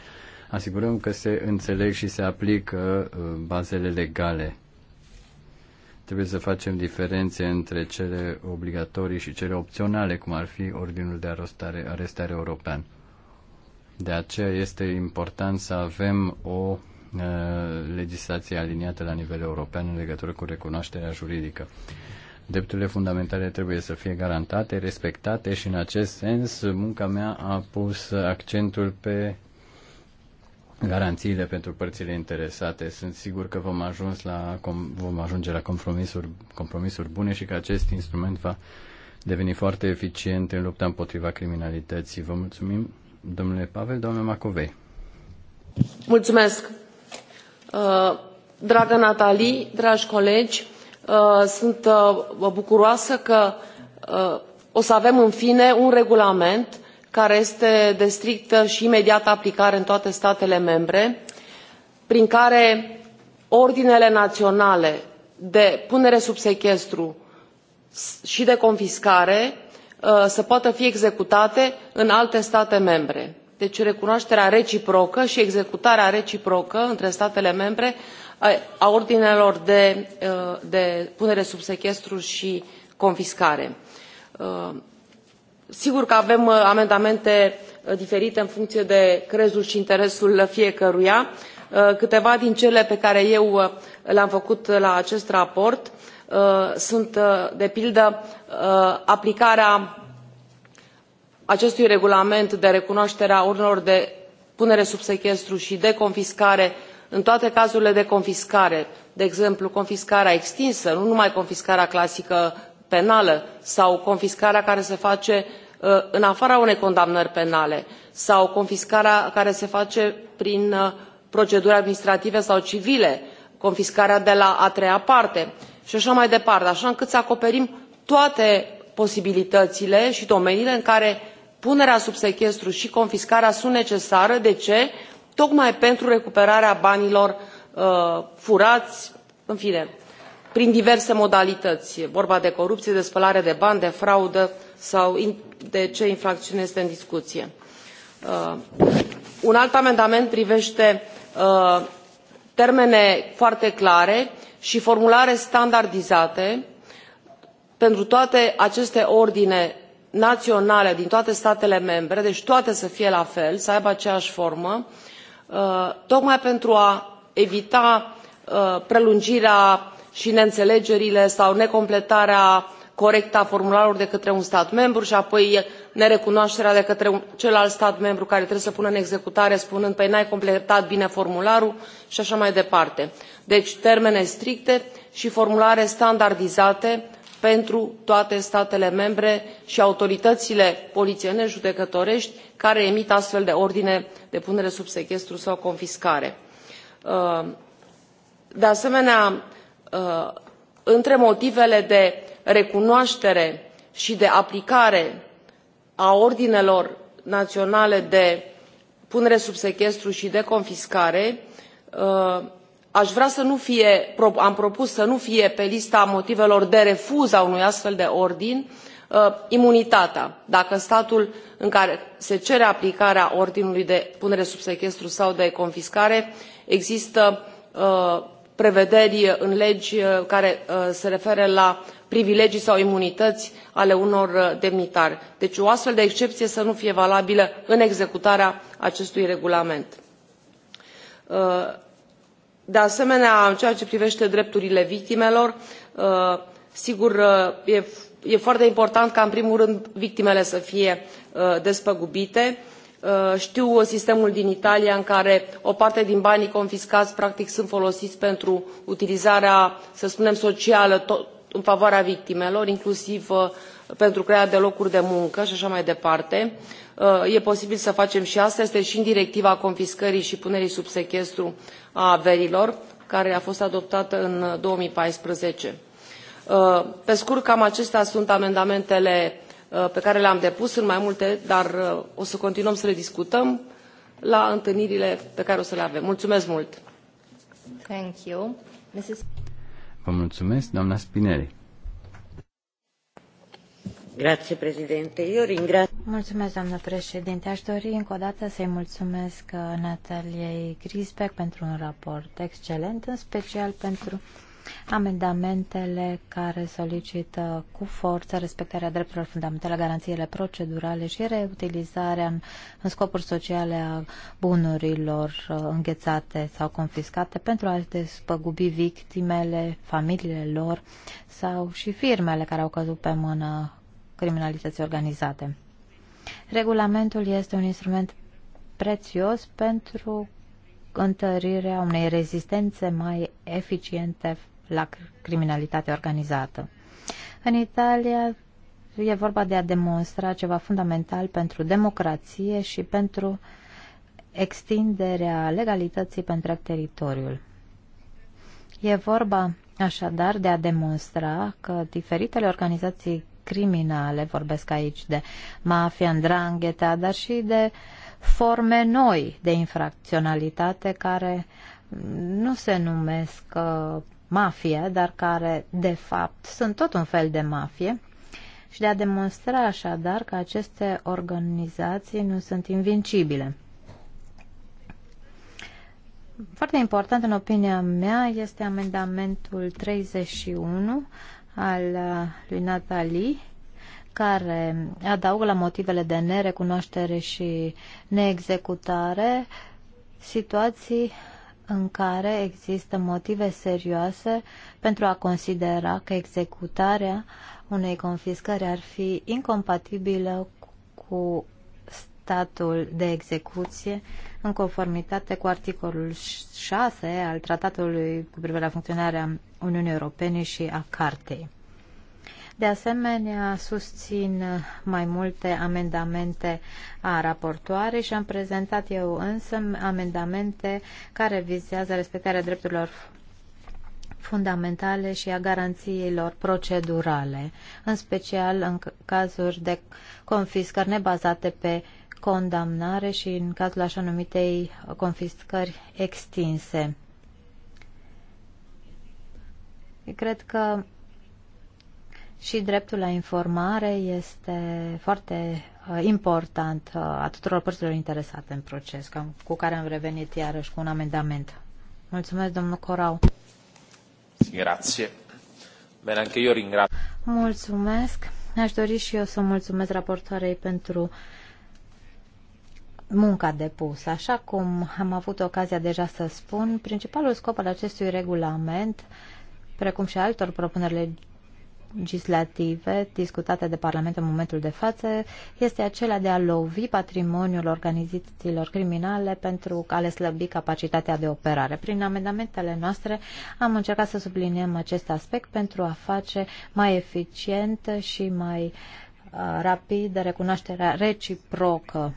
asigurăm că se înțeleg și se aplică uh, bazele legale. Trebuie să facem diferențe între cele obligatorii și cele opționale, cum ar fi ordinul de arestare, arestare european. De aceea este important să avem o Uh, legislație aliniată la nivel european în legătură cu recunoașterea juridică. Drepturile fundamentale trebuie să fie garantate, respectate și în acest sens munca mea a pus accentul pe garanțiile pentru părțile interesate. Sunt sigur că vom, ajuns la, vom ajunge la compromisuri, compromisuri bune și că acest instrument va deveni foarte eficient în lupta împotriva criminalității. Vă mulțumim, domnule Pavel, domnule Macovei. Mulțumesc! Uh, dragă nathalie dragi colegi uh, sunt uh, bucuroasă că o să avem în fine un regulament care este de strictă și imediată aplicare în toate statele membre prin care ordinele naționale de punere sub sechestru și de confiscare să poată fi executate în alte state membre deci recunoașterea reciprocă și executarea reciprocă între statele membre a ordinelor de, punere sub sechestru și confiscare. sigur că avem amendamente diferite în funcție de crezul și interesul fiecăruia câteva din cele pe care eu le am făcut la acest raport sunt de pildă aplicarea acestui regulament de recunoaștere a ordinelor de punere sub sechestru și de confiscare în toate cazurile de confiscare de exemplu confiscarea extinsă nu numai confiscarea clasică penală sau confiscarea care se face uh, în afara unei condamnări penale sau confiscarea care se face prin uh, proceduri administrative sau civile confiscarea de la a treia parte și așa mai departe așa încât să acoperim toate posibilitățile și domeniile în care punerea sub sechestru și confiscarea sunt necesare de ce tocmai pentru recuperarea banilor uh, furați în fine prin diverse modalități e vorba de corupție de spălare de bani de fraudă sau de ce infracțiune este în discuție. Uh, un alt amendament privește uh, termene foarte clare și formulare standardizate pentru toate aceste ordine naționale din toate statele membre deci toate să fie la fel să aibă aceeași formă uh, tocmai pentru a evita uh, prelungirea și neînțelegerile sau necompletarea corectă a formularelor de către un stat membru și apoi nerecunoașterea de către celălalt stat membru care trebuie să pună în executare spunând păi nu ai completat bine formularul și așa mai departe. deci termene stricte și formulare standardizate pentru toate statele membre și autoritățile polițienești judecătorești care emit astfel de ordine de punere sub sechestru sau confiscare. Uh, de asemenea uh, între motivele de recunoaștere și de aplicare a ordinelor naționale de punere sub sechestru și de confiscare uh, aș vrea să nu fie am propus să nu fie pe lista motivelor de refuz a unui astfel de ordin uh, imunitatea dacă statul în care se cere aplicarea ordinului de punere sub sechestru sau de confiscare există uh, prevederi în legi uh, care se referă la privilegii sau imunități ale unor demnitari deci o astfel de excepție să nu fie valabilă în executarea acestui regulament de asemenea în ceea ce privește drepturile victimelor uh, sigur uh, e, e foarte important ca în primul rând victimele să fie uh, despăgubite știu sistemul din italia în care o parte din banii confiscați practic sunt folosiți pentru utilizarea să spunem socială tot, în favoarea victimelor inclusiv pentru crearea de locuri de muncă și așa mai departe. Uh, e posibil să facem și asta este și în directiva confiscării și punerii sub sechestru a averilor care a fost adoptată în uh, două mii paisprezece uh, pe scurt cam acestea sunt amendamentele pe care le am depus sunt mai multe dar o să continuăm să le discutăm la întâlnirile pe care o să le avem. Mulțumesc mult! Thank you. Mrs. Vă mulțumesc, doamna Spinelli. Mulțumesc, doamnă președinte. Aș dori încă o dată să-i mulțumesc uh, Nataliei griesbeck pentru un raport excelent, în special pentru amendamentele care solicită cu forță respectarea drepturilor fundamentale, garanțiile procedurale și reutilizarea în, în scopuri sociale a bunurilor uh, înghețate sau confiscate pentru a despăgubi victimele, familiile lor sau și firmele care au căzut pe mână criminalității organizate. Regulamentul este un instrument prețios pentru întărirea unei rezistențe mai eficiente la criminalitatea organizată. În Italia e vorba de a demonstra ceva fundamental pentru democrație și pentru extinderea legalității pe întreg teritoriul. E vorba așadar de a demonstra că diferitele organizații criminale, vorbesc aici de mafia, îndrangheta, dar și de forme noi de infracționalitate care nu se numesc uh, mafie, dar care de fapt sunt tot un fel de mafie și de a demonstra așadar că aceste organizații nu sunt invincibile. Foarte important, în opinia mea, este amendamentul 31 al uh, lui Natalie care adaugă la motivele de nerecunoaștere și neexecutare situații în care există motive serioase pentru a considera că executarea unei confiscări ar fi incompatibilă cu statul de execuție în conformitate cu articolul 6 al Tratatului cu privire la funcționarea Uniunii Europene și a Cartei. De asemenea, susțin mai multe amendamente a raportoarei și am prezentat eu însă amendamente care vizează respectarea drepturilor fundamentale și a garanțiilor procedurale, în special în cazuri de confiscări nebazate pe uh, condamnare și în cazul așa numitei confiscări extinse. Cred că și dreptul la informare este foarte uh, important uh, a tuturor părților interesate în proces, cu care am revenit iarăși cu un amendament. Mulțumesc, domnul Corau. Grazie. Bine, anche eu ringrazio. Mulțumesc. Aș dori și eu să mulțumesc raportoarei pentru munca depusă. Așa cum am avut ocazia deja să spun, principalul scop al acestui regulament, precum și altor propuneri legislative discutate de Parlament în momentul de față, este acela de a lovi patrimoniul organizațiilor criminale pentru a le slăbi capacitatea de operare. Prin amendamentele noastre am încercat să subliniem acest aspect pentru a face mai eficient și mai uh, rapid recunoașterea reciprocă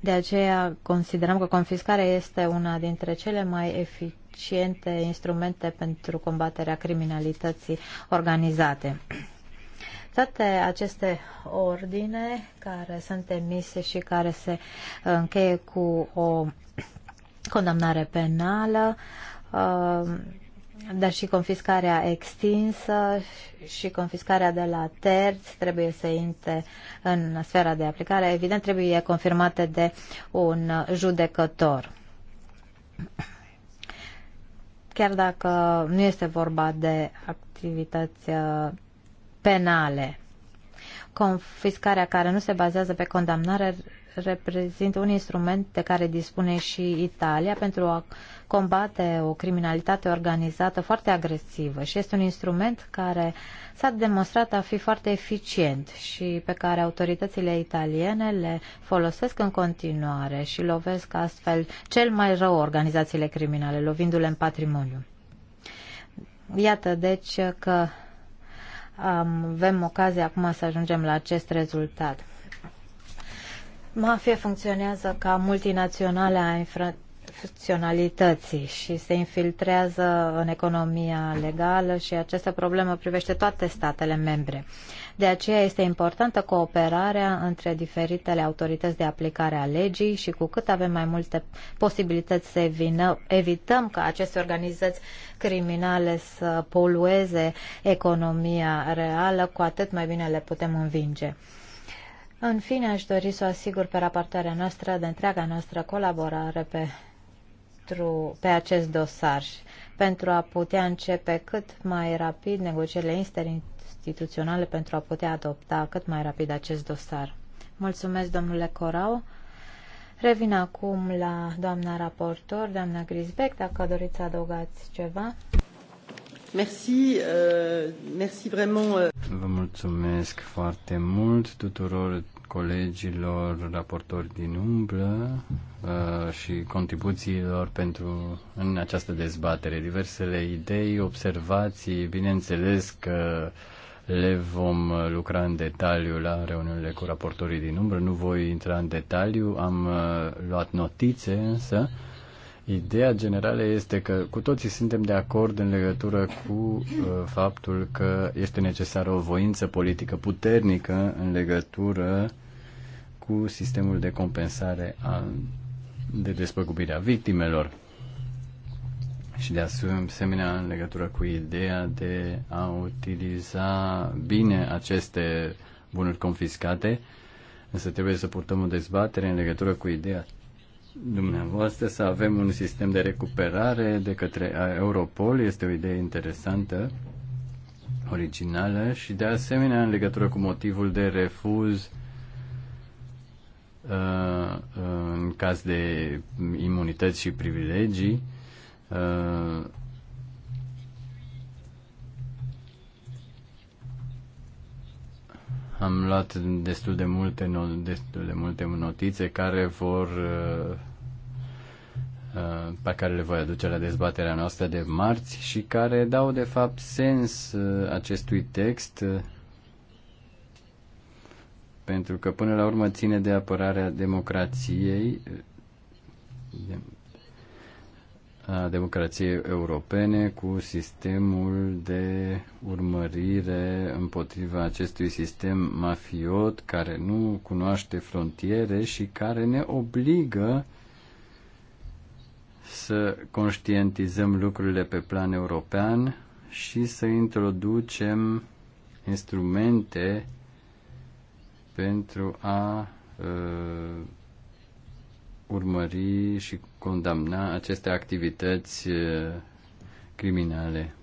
de aceea considerăm că confiscarea este una dintre cele mai eficiente instrumente pentru combaterea criminalității organizate. Toate aceste ordine care sunt emise și care se încheie cu o condamnare penală uh, dar și confiscarea extinsă și confiscarea de la terți trebuie să intre în sfera de aplicare. Evident, trebuie confirmate de un judecător. Chiar dacă nu este vorba de activități uh, penale, confiscarea care nu se bazează pe condamnare reprezintă un instrument de care dispune și Italia pentru a uh, combate o criminalitate organizată foarte agresivă și este un instrument care s-a demonstrat a fi foarte eficient și pe care autoritățile italiene le folosesc în continuare și lovesc astfel cel mai rău organizațiile criminale, lovindu-le în patrimoniu. Iată deci că avem ocazia acum să ajungem la acest rezultat. Mafia funcționează ca multinaționale a infra- infracționalității și se infiltrează în economia legală și această problemă privește toate statele membre. De aceea este importantă cooperarea între diferitele autorități de aplicare a legii și cu cât avem mai multe posibilități să evină, evităm ca aceste organizații criminale să polueze economia reală, cu atât mai bine le putem învinge. În fine, aș dori să o asigur pe raportarea noastră de întreaga noastră colaborare pe pentru, pe acest dosar pentru a putea începe cât mai rapid negocierile interinstituționale pentru a putea adopta cât mai rapid acest dosar. Mulțumesc, domnule Corau. Revin acum la doamna raportor, doamna Grisbeck, dacă doriți să adăugați ceva. Merci, uh, merci vraiment. Euh. Vă mulțumesc foarte mult tuturor colegilor raportori din umbră uh, și contribuțiilor pentru în această dezbatere. Diversele idei, observații, bineînțeles că le vom lucra în detaliu la reuniunile cu raportorii din umbră. Nu voi intra în detaliu, am uh, luat notițe însă. Uh, Ideea generală este că cu toții suntem de acord în legătură cu uh, faptul că este necesară o voință politică puternică în legătură cu sistemul de compensare a, de despăgubire a victimelor și de asemenea în legătură cu ideea de a utiliza bine aceste bunuri confiscate, însă trebuie să purtăm o dezbatere în legătură cu ideea dumneavoastră să avem un sistem de recuperare de către Europol. Este o idee interesantă, originală și de asemenea în legătură cu motivul de refuz uh, uh, în caz de imunități și privilegii. Uh, am luat destul de multe, destul de multe notițe care vor Uh, pe care le voi aduce la dezbaterea noastră de marți și care dau de fapt sens uh, acestui text uh, pentru că până la urmă ține de apărarea democrației a democrației europene cu sistemul de urmărire împotriva acestui sistem mafiot care nu cunoaște frontiere și care ne obligă să conștientizăm lucrurile pe plan european și să introducem instrumente pentru a uh, urmări și condamna aceste activități uh, criminale.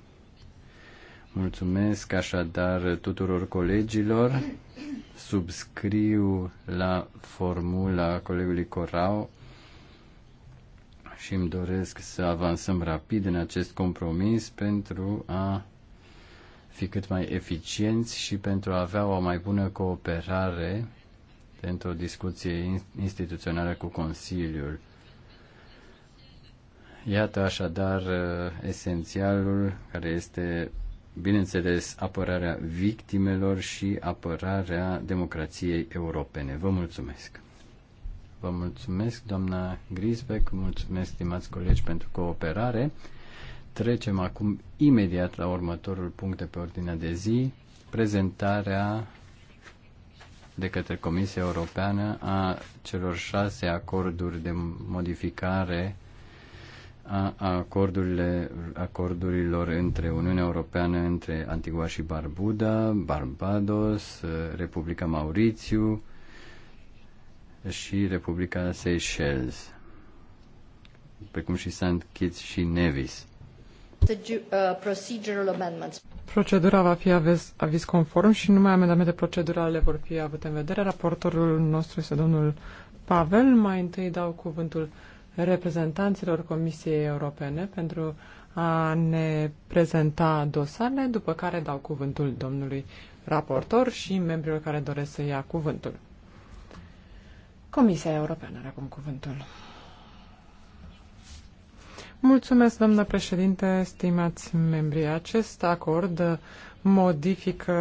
Mulțumesc așadar tuturor colegilor. Subscriu la formula colegului Corau și îmi doresc să avansăm rapid în acest compromis pentru a fi cât mai eficienți și pentru a avea o mai bună cooperare pentru o discuție instituțională cu Consiliul. Iată așadar uh, esențialul care este, bineînțeles, apărarea victimelor și apărarea democrației europene. Vă mulțumesc! Vă mulțumesc, doamna Grisbeck, mulțumesc, stimați colegi, pentru cooperare. Trecem acum imediat la următorul punct de pe ordinea de zi, prezentarea de către Comisia Europeană a celor șase acorduri de modificare a acordurile, acordurilor între Uniunea Europeană, între Antigua și Barbuda, Barbados, Republica Maurițiu, și Republica Seychelles, precum și St. Kitts și Nevis. Uh, Procedura va fi aviz, aviz conform și numai amendamente procedurale vor fi avute în vedere. Raportorul nostru este domnul Pavel. Mai întâi dau cuvântul reprezentanților Comisiei Europene pentru a ne prezenta dosarele, după care dau cuvântul domnului raportor și membrilor care doresc să ia cuvântul. Comisia Europeană are acum cuvântul. Mulțumesc, domnă președinte, stimați membri. Acest acord modifică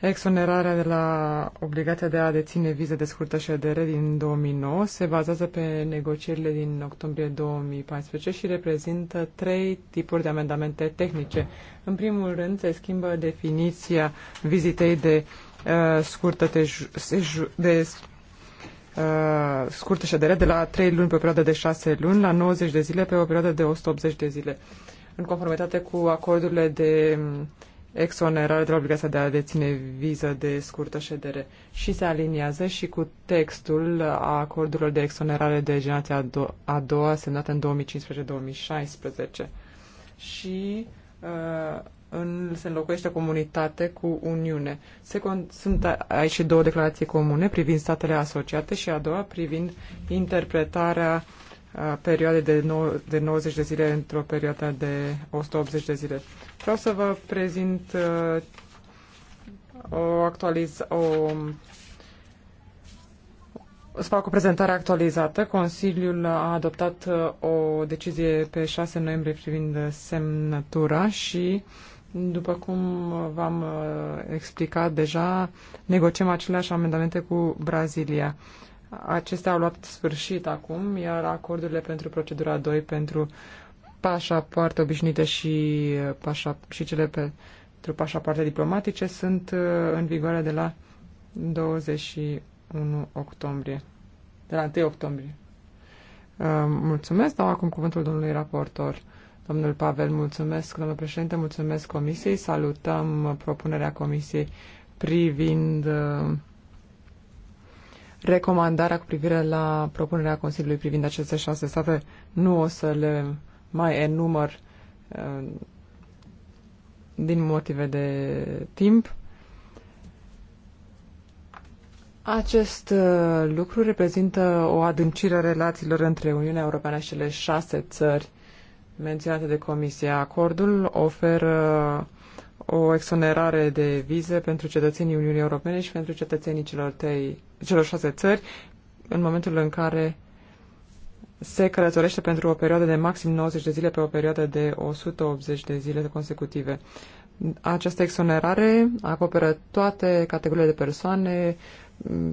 exonerarea de la obligația de a deține vize de scurtă ședere din 2009. Se bazează pe negocierile din octombrie 2014 și reprezintă trei tipuri de amendamente tehnice. În primul rând, se schimbă definiția vizitei de uh, scurtă de, de Uh, scurtă ședere de la 3 luni pe o perioadă de 6 luni la 90 de zile pe o perioadă de 180 de zile, în conformitate cu acordurile de um, exonerare de la obligația de a deține viză de scurtă ședere și se aliniază și cu textul a acordurilor de exonerare de generația a, a doua semnată în 2015-2016 și uh, în, se înlocuiește comunitate cu Uniune. Se con, sunt aici și două declarații comune privind statele asociate și a doua privind interpretarea a, perioadei de, nou, de 90 de zile într-o perioadă de 180 de zile. Vreau să vă prezint a, o actualiz o să fac o prezentare actualizată. Consiliul a adoptat o decizie pe 6 noiembrie privind semnătura și după cum v-am uh, explicat deja, negociem aceleași amendamente cu Brazilia. Acestea au luat sfârșit acum, iar acordurile pentru procedura 2 pentru pașapoarte obișnuite și, uh, pașa, și cele pentru pașapoarte diplomatice sunt uh, în vigoare de la 21 octombrie. De la 1 octombrie. Mulțumesc, dau acum cuvântul domnului raportor. Domnul Pavel, mulțumesc, Domnul președinte, mulțumesc comisiei. Salutăm propunerea comisiei privind uh, recomandarea cu privire la propunerea Consiliului privind aceste șase state. Nu o să le mai enumăr uh, din motive de timp. Acest uh, lucru reprezintă o adâncire a relațiilor între Uniunea Europeană și cele șase țări menționate de comisie. Acordul oferă o exonerare de vize pentru cetățenii Uniunii Europene și pentru cetățenii celor, tăi, celor șase țări în momentul în care se călătorește pentru o perioadă de maxim 90 de zile pe o perioadă de 180 de zile consecutive. Această exonerare acoperă toate categoriile de persoane,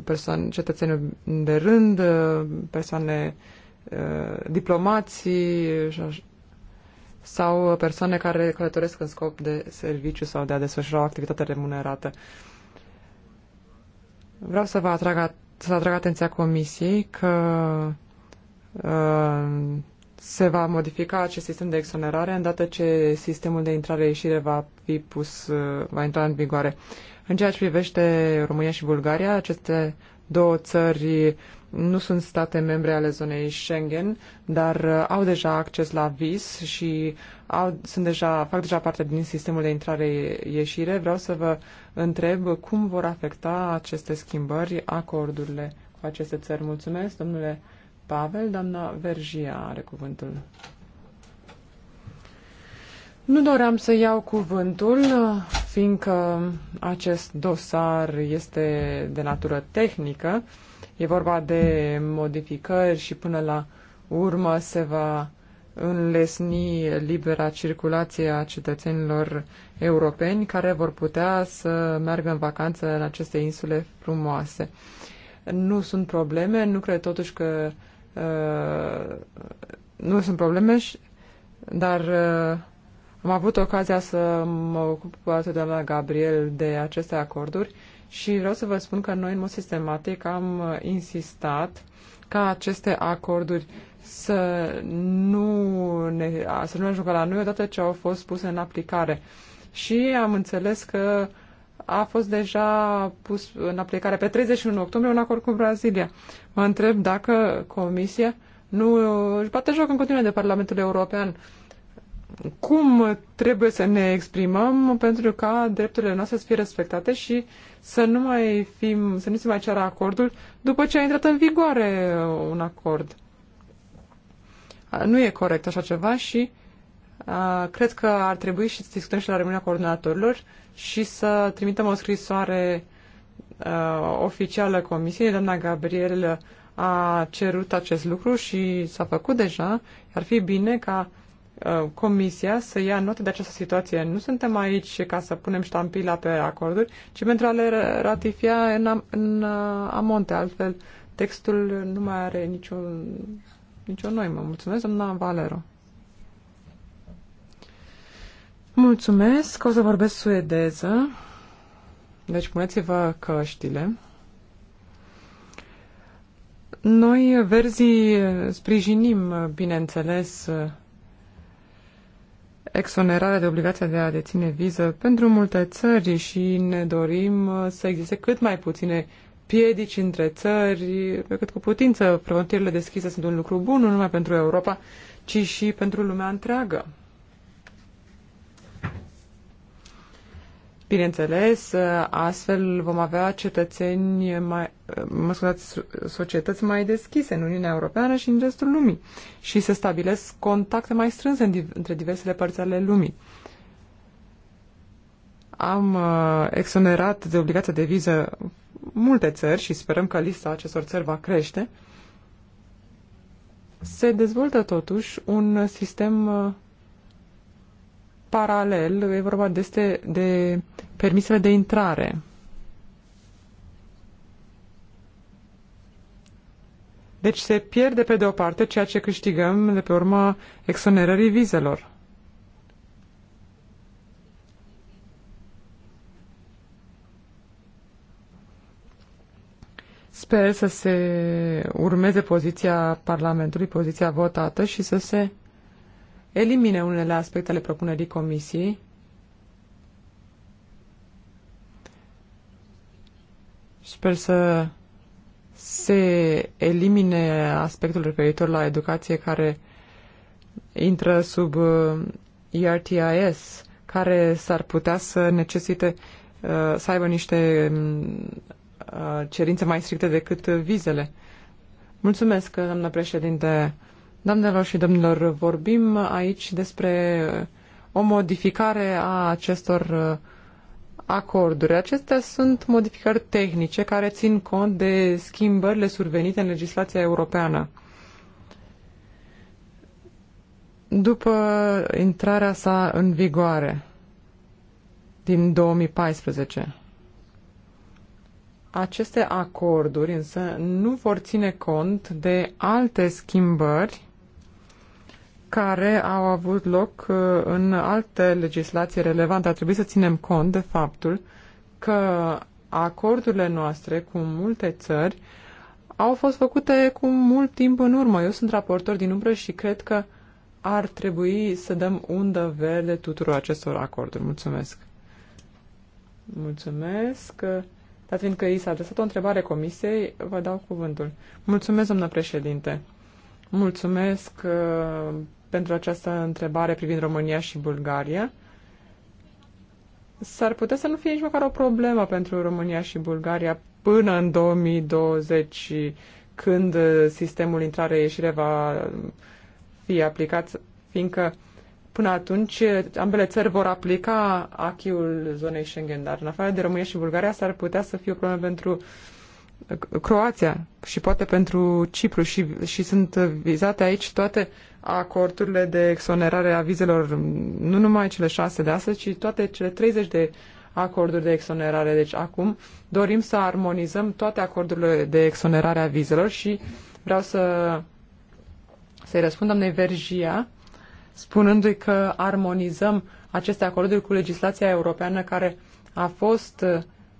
persoane cetățeni de rând, persoane uh, diplomații și sau persoane care călătoresc în scop de serviciu sau de a desfășura o activitate remunerată. Vreau să vă atrag, să atrag atenția Comisiei că uh, se va modifica acest sistem de exonerare îndată ce sistemul de intrare-ieșire va fi pus, uh, va intra în vigoare. În ceea ce privește România și Bulgaria, aceste două țări nu sunt state membre ale zonei Schengen, dar uh, au deja acces la vis și au, sunt deja, fac deja parte din sistemul de intrare-ieșire. Vreau să vă întreb cum vor afecta aceste schimbări acordurile cu aceste țări. Mulțumesc, domnule Pavel. Doamna Vergia are cuvântul. Nu doream să iau cuvântul, fiindcă acest dosar este de natură tehnică, E vorba de modificări și până la urmă se va înlesni libera circulație a cetățenilor europeni care vor putea să meargă în vacanță în aceste insule frumoase. Nu sunt probleme, nu cred totuși că uh, nu sunt probleme, dar uh, am avut ocazia să mă ocup cu doamna Gabriel de aceste acorduri și vreau să vă spun că noi, în mod sistematic, am uh, insistat ca aceste acorduri să nu, ne, să nu ajungă la noi odată ce au fost puse în aplicare. Și am înțeles că a fost deja pus în aplicare pe 31 octombrie un acord cu Brazilia. Mă întreb dacă Comisia nu își bate joc în continuare de Parlamentul European cum trebuie să ne exprimăm pentru ca drepturile noastre să fie respectate și să nu mai fim, să nu se mai ceară acordul după ce a intrat în vigoare uh, un acord. Nu e corect așa ceva și uh, cred că ar trebui și să discutăm și la reuniunea coordonatorilor și să trimitem o scrisoare uh, oficială comisiei. Doamna Gabriel a cerut acest lucru și s-a făcut deja. Ar fi bine ca Uh, comisia să ia note de această situație. Nu suntem aici ca să punem ștampila pe acorduri, ci pentru a le ratifica în, am, în uh, amonte. Altfel, textul nu mai are niciun, nicio noimă. Mulțumesc, doamna Valero. Mulțumesc, o să vorbesc suedeză. Deci puneți-vă căștile. Noi, verzii, sprijinim, bineînțeles, exonerarea de obligația de a deține viză pentru multe țări și ne dorim uh, să existe cât mai puține piedici între țări, pe cât cu putință frontierele deschise sunt un lucru bun, nu numai pentru Europa, ci și pentru lumea întreagă. Bineînțeles, astfel vom avea cetățeni mai, mă scuzați, societăți mai deschise în Uniunea Europeană și în restul lumii și să stabilesc contacte mai strânse între diversele părți ale lumii. Am uh, exonerat de obligația de viză multe țări și sperăm că lista acestor țări va crește. Se dezvoltă totuși un sistem uh, paralel, e vorba de, este de permisele de intrare. Deci se pierde pe de o parte ceea ce câștigăm de pe urma exonerării vizelor. Sper să se urmeze poziția Parlamentului, poziția votată și să se elimine unele aspecte ale propunerii comisiei Sper să se elimine aspectul referitor la educație care intră sub uh, ERTIS, care s-ar putea să necesite uh, să aibă niște um, uh, cerințe mai stricte decât vizele. Mulțumesc, doamnă președinte. Doamnelor și domnilor, vorbim aici despre o modificare a acestor uh, acorduri. Acestea sunt modificări tehnice care țin cont de schimbările survenite în legislația europeană. După intrarea sa în vigoare din 2014, aceste acorduri însă nu vor ține cont de alte schimbări care au avut loc uh, în alte legislații relevante. Ar trebui să ținem cont de faptul că acordurile noastre cu multe țări au fost făcute cu mult timp în urmă. Eu sunt raportor din umbră și cred că ar trebui să dăm undă verde tuturor acestor acorduri. Mulțumesc! Mulțumesc! Dar fiindcă i s-a adresat o întrebare comisiei, vă dau cuvântul. Mulțumesc, doamnă președinte! Mulțumesc uh, pentru această întrebare privind România și Bulgaria. S-ar putea să nu fie nici măcar o problemă pentru România și Bulgaria până în 2020, când sistemul intrare-ieșire va fi aplicat, fiindcă până atunci ambele țări vor aplica achiul zonei Schengen, dar în afară de România și Bulgaria s-ar putea să fie o problemă pentru Croația și poate pentru Cipru și, și sunt vizate aici toate acordurile de exonerare a vizelor, nu numai cele șase de astăzi, ci toate cele 30 de acorduri de exonerare. Deci acum dorim să armonizăm toate acordurile de exonerare a vizelor și vreau să să-i răspund doamnei Vergia, spunându-i că armonizăm aceste acorduri cu legislația europeană care a fost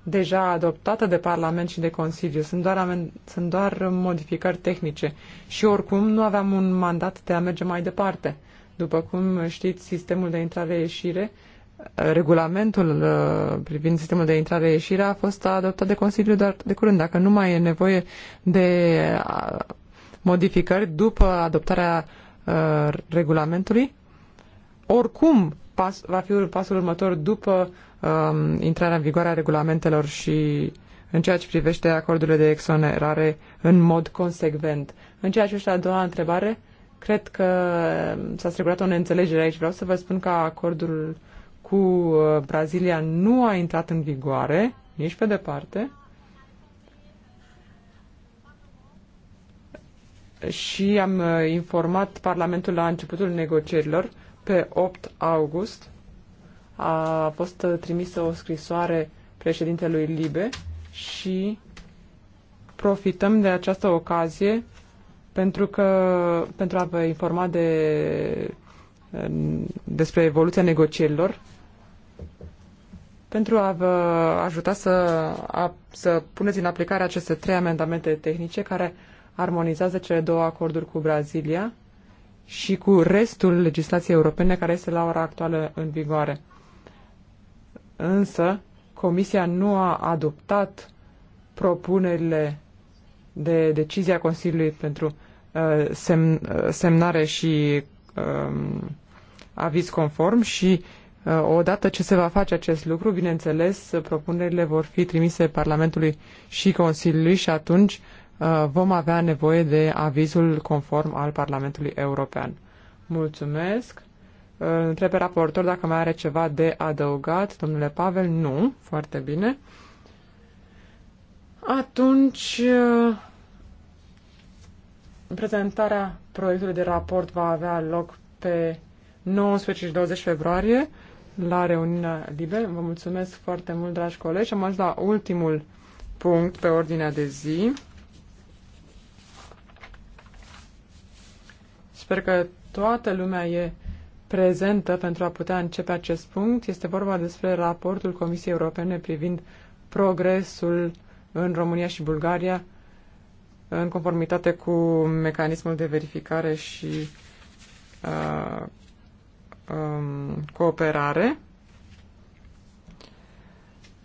deja adoptată de Parlament și de Consiliu. Sunt doar, amen- sunt doar modificări tehnice și oricum nu aveam un mandat de a merge mai departe. După cum știți, sistemul de intrare-ieșire, regulamentul uh, privind sistemul de intrare-ieșire a fost adoptat de Consiliu doar de curând. Dacă nu mai e nevoie de uh, modificări după adoptarea uh, regulamentului, oricum pas, va fi pasul următor după um, intrarea în vigoare a regulamentelor și în ceea ce privește acordurile de exonerare în mod consecvent. În ceea ce este a doua întrebare, cred că s-a strecurat o neînțelegere aici. Vreau să vă spun că acordul cu uh, Brazilia nu a intrat în vigoare, nici pe departe. Și am uh, informat Parlamentul la începutul negocierilor pe 8 august a fost trimisă o scrisoare președintelui Libe și profităm de această ocazie pentru, că, pentru a vă informa de, despre evoluția negocierilor, pentru a vă ajuta să, a, să puneți în aplicare aceste trei amendamente tehnice care armonizează cele două acorduri cu Brazilia și cu restul legislației europene care este la ora actuală în vigoare. Însă, Comisia nu a adoptat propunerile de decizia Consiliului pentru uh, semn, uh, semnare și uh, aviz conform și uh, odată ce se va face acest lucru, bineînțeles, propunerile vor fi trimise Parlamentului și Consiliului și atunci uh, vom avea nevoie de avizul conform al Parlamentului European. Mulțumesc! Uh, între pe raportor dacă mai are ceva de adăugat. Domnule Pavel, nu. Foarte bine. Atunci, uh, prezentarea proiectului de raport va avea loc pe 19 și 20 februarie la reuniunea Libe. Vă mulțumesc foarte mult, dragi colegi. Am ajuns la ultimul punct pe ordinea de zi. Sper că toată lumea e prezentă pentru a putea începe acest punct. Este vorba despre raportul Comisiei Europene privind progresul în România și Bulgaria în conformitate cu mecanismul de verificare și uh, um, cooperare.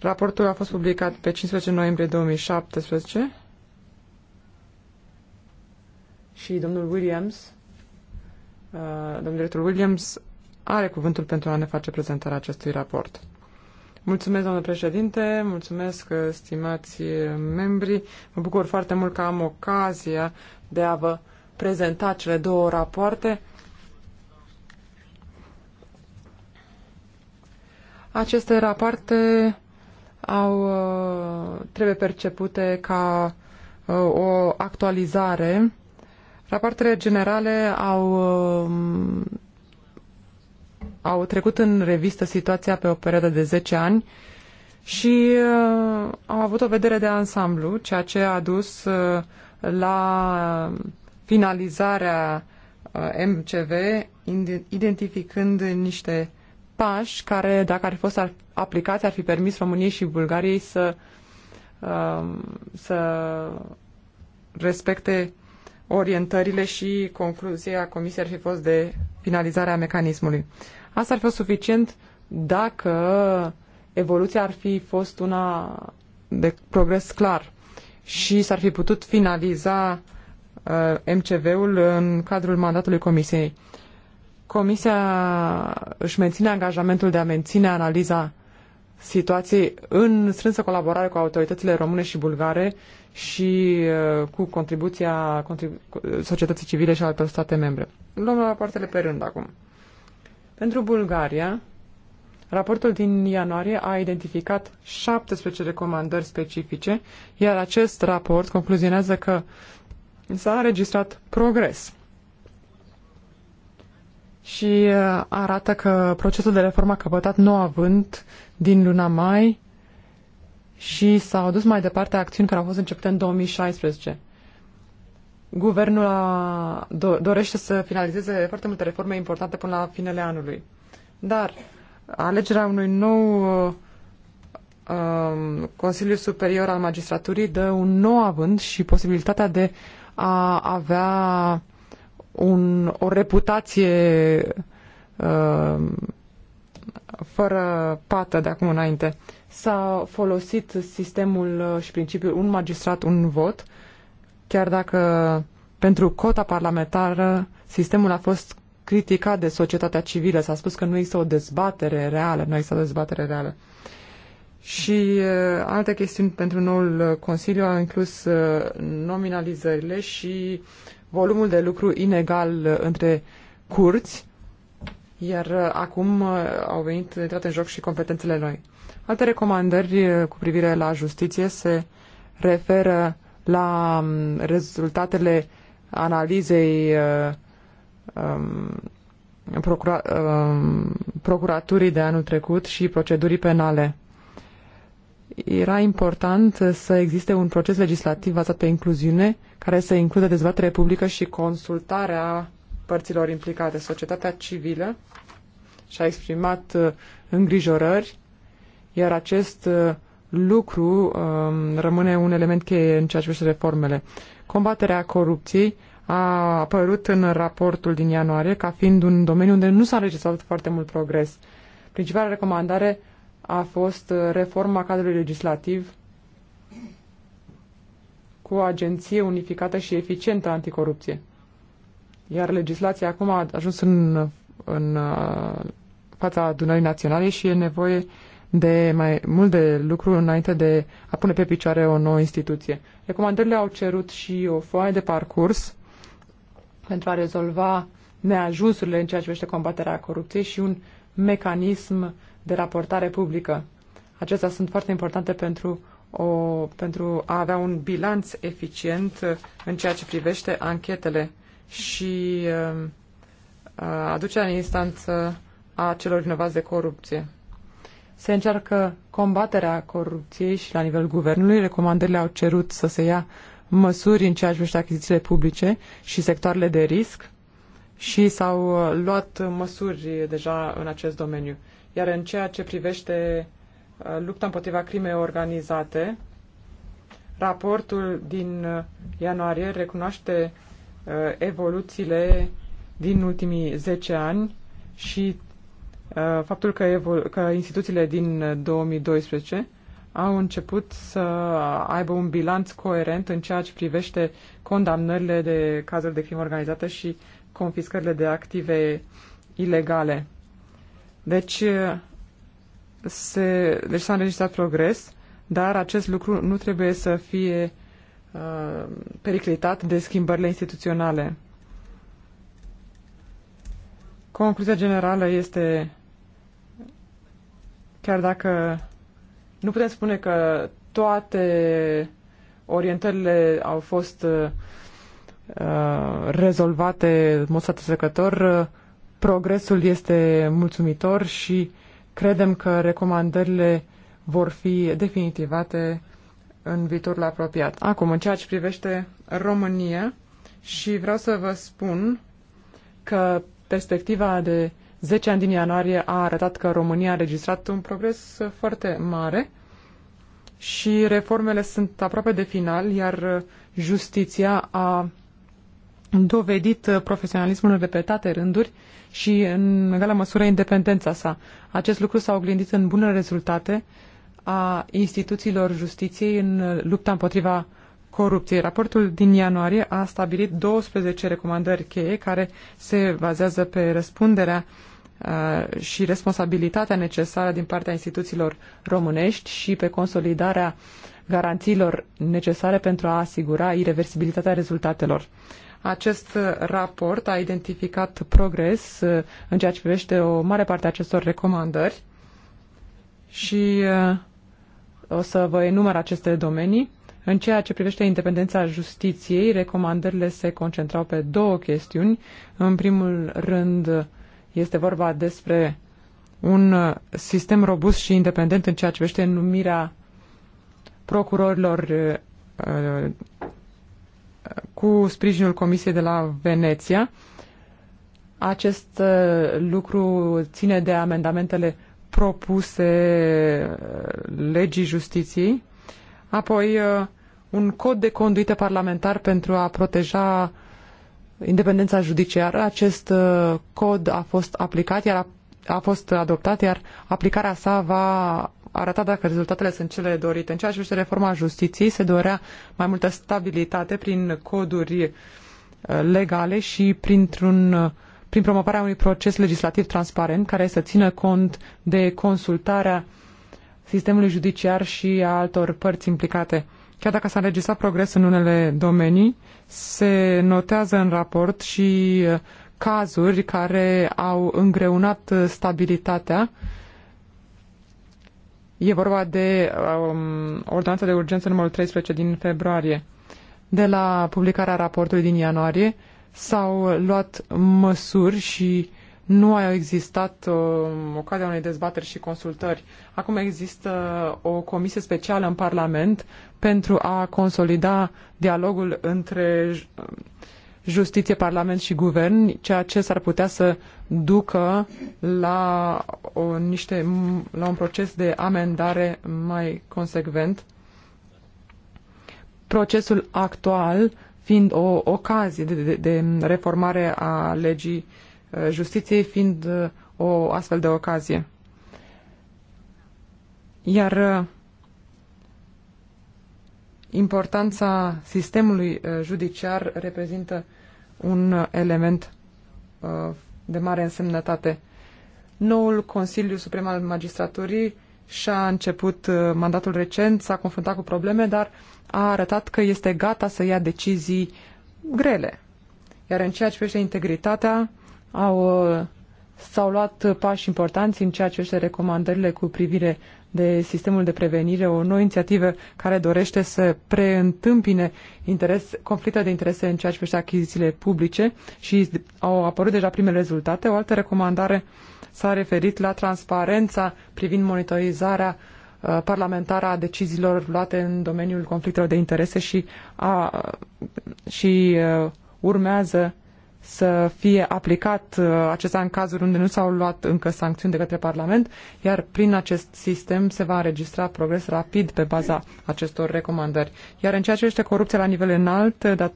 Raportul a fost publicat pe 15 noiembrie 2017 și domnul Williams Uh, domnul director Williams are cuvântul pentru a ne face prezentarea acestui raport. Mulțumesc, domnule președinte, mulțumesc, uh, stimați uh, membri. Mă bucur foarte mult că am ocazia de a vă prezenta cele două rapoarte. Aceste rapoarte au, trebuie percepute ca o actualizare Rapoartele generale au, um, au trecut în revistă situația pe o perioadă de 10 ani și uh, au avut o vedere de ansamblu, ceea ce a dus uh, la finalizarea uh, MCV, identificând niște pași care, dacă ar fi fost aplicați, ar fi permis României și Bulgariei să, să respecte orientările și concluzia Comisiei ar fi fost de finalizarea mecanismului. Asta ar fi fost suficient dacă evoluția ar fi fost una de progres clar și s-ar fi putut finaliza uh, MCV-ul în cadrul mandatului Comisiei. Comisia își menține angajamentul de a menține analiza situației în strânsă colaborare cu autoritățile române și bulgare și uh, cu contribuția contribu uh, societății civile și altor state membre. Luăm rapoartele pe rând acum. Pentru Bulgaria, raportul din ianuarie a identificat 17 recomandări specifice, iar acest raport concluzionează că s-a înregistrat progres și uh, arată că procesul de reformă a căpătat nou avânt din luna mai și s-au dus mai departe acțiuni care au fost începute în 2016. Guvernul a, do, dorește să finalizeze foarte multe reforme importante până la finele anului. Dar alegerea unui nou uh, um, Consiliu Superior al Magistraturii dă un nou avânt și posibilitatea de a avea un, o reputație uh, fără pată de acum înainte. S-a folosit sistemul și principiul un magistrat, un vot, chiar dacă pentru cota parlamentară sistemul a fost criticat de societatea civilă. S-a spus că nu există o dezbatere reală, nu există o dezbatere reală. Și uh, alte chestiuni pentru noul Consiliu au inclus uh, nominalizările și volumul de lucru inegal între curți, iar uh, acum uh, au venit intrat în joc și competențele noi. Alte recomandări uh, cu privire la justiție se referă la um, rezultatele analizei um, procura, um, procuraturii de anul trecut și procedurii penale. Era important să existe un proces legislativ bazat pe incluziune, care să includă dezbatere publică și consultarea părților implicate. Societatea civilă și-a exprimat uh, îngrijorări, iar acest uh, lucru um, rămâne un element cheie în ceea ce privește reformele. Combaterea corupției a apărut în raportul din ianuarie ca fiind un domeniu unde nu s-a înregistrat foarte mult progres. Principala recomandare a fost uh, reforma cadrului legislativ cu o agenție unificată și eficientă anticorupție. Iar legislația acum a ajuns în, în uh, fața adunării naționale și e nevoie de mai mult de lucru înainte de a pune pe picioare o nouă instituție. Recomandările au cerut și o foaie de parcurs pentru a rezolva neajunsurile în ceea ce privește combaterea corupției și un mecanism de raportare publică. Acestea sunt foarte importante pentru, o, pentru a avea un bilanț eficient în ceea ce privește anchetele și um, aducerea în instanță a celor vinovați de corupție. Se încearcă combaterea corupției și la nivel guvernului. Recomandările au cerut să se ia măsuri în ceea ce privește achizițiile publice și sectoarele de risc și s-au uh, luat măsuri deja în acest domeniu. Iar în ceea ce privește uh, lupta împotriva crimei organizate, raportul din uh, ianuarie recunoaște Uh, evoluțiile din ultimii 10 ani și uh, faptul că, că instituțiile din 2012 au început să aibă un bilanț coerent în ceea ce privește condamnările de cazuri de crimă organizată și confiscările de active ilegale. Deci, uh, se, deci s-a înregistrat progres, dar acest lucru nu trebuie să fie Uh, periclitat de schimbările instituționale. Concluzia generală este, chiar dacă nu putem spune că toate orientările au fost uh, rezolvate în mod satisfăcător, uh, progresul este mulțumitor și credem că recomandările vor fi definitivate în viitorul apropiat. Acum, în ceea ce privește România, și vreau să vă spun că perspectiva de 10 ani din ianuarie a arătat că România a registrat un progres foarte mare și reformele sunt aproape de final, iar justiția a dovedit profesionalismul în repetate rânduri și în egală măsură independența sa. Acest lucru s-a oglindit în bune rezultate a instituțiilor justiției în lupta împotriva corupției. Raportul din ianuarie a stabilit 12 recomandări cheie care se bazează pe răspunderea și responsabilitatea necesară din partea instituțiilor românești și pe consolidarea garanțiilor necesare pentru a asigura irreversibilitatea rezultatelor. Acest raport a identificat progres în ceea ce privește o mare parte a acestor recomandări și o să vă enumăr aceste domenii. În ceea ce privește independența justiției, recomandările se concentrau pe două chestiuni. În primul rând, este vorba despre un sistem robust și independent în ceea ce privește numirea procurorilor uh, uh, cu sprijinul Comisiei de la Veneția. Acest uh, lucru ține de amendamentele propuse uh, legii justiției, apoi uh, un cod de conduită parlamentar pentru a proteja independența judiciară. Acest uh, cod a fost aplicat, iar a, fost adoptat, iar aplicarea sa va arăta dacă rezultatele sunt cele dorite. În ceea ce privește reforma justiției, se dorea mai multă stabilitate prin coduri legale și printr-un prin promovarea unui proces legislativ transparent care să țină cont de consultarea sistemului judiciar și a altor părți implicate. Chiar dacă s-a înregistrat progres în unele domenii, se notează în raport și uh, cazuri care au îngreunat uh, stabilitatea. E vorba de um, ordonanța de urgență numărul 13 din februarie. De la publicarea raportului din ianuarie, s-au luat măsuri și nu a existat uh, ocazia unei dezbateri și consultări. Acum există o comisie specială în Parlament pentru a consolida dialogul între justiție, Parlament și guvern, ceea ce s-ar putea să ducă la, o, niște, la un proces de amendare mai consecvent. Procesul actual fiind o ocazie de, de, de reformare a legii uh, justiției, fiind uh, o astfel de ocazie. Iar uh, importanța sistemului judiciar reprezintă un element de mare însemnătate. Noul Consiliu Suprem al Magistraturii și-a început uh, mandatul recent, s-a confruntat cu probleme, dar a arătat că este gata să ia decizii grele. Iar în ceea ce privește integritatea, au, uh, s-au luat pași importanți în ceea ce privește recomandările cu privire de sistemul de prevenire, o nouă inițiativă care dorește să preîntâmpine interes, conflicte de interese în ceea ce privește achizițiile publice și au apărut deja primele rezultate. O altă recomandare s-a referit la transparența privind monitorizarea uh, parlamentară a deciziilor luate în domeniul conflictelor de interese și, a, și uh, urmează să fie aplicat uh, acesta în cazuri unde nu s-au luat încă sancțiuni de către Parlament, iar prin acest sistem se va înregistra progres rapid pe baza acestor recomandări. Iar în ceea ce este corupția la nivel înalt, uh, dat,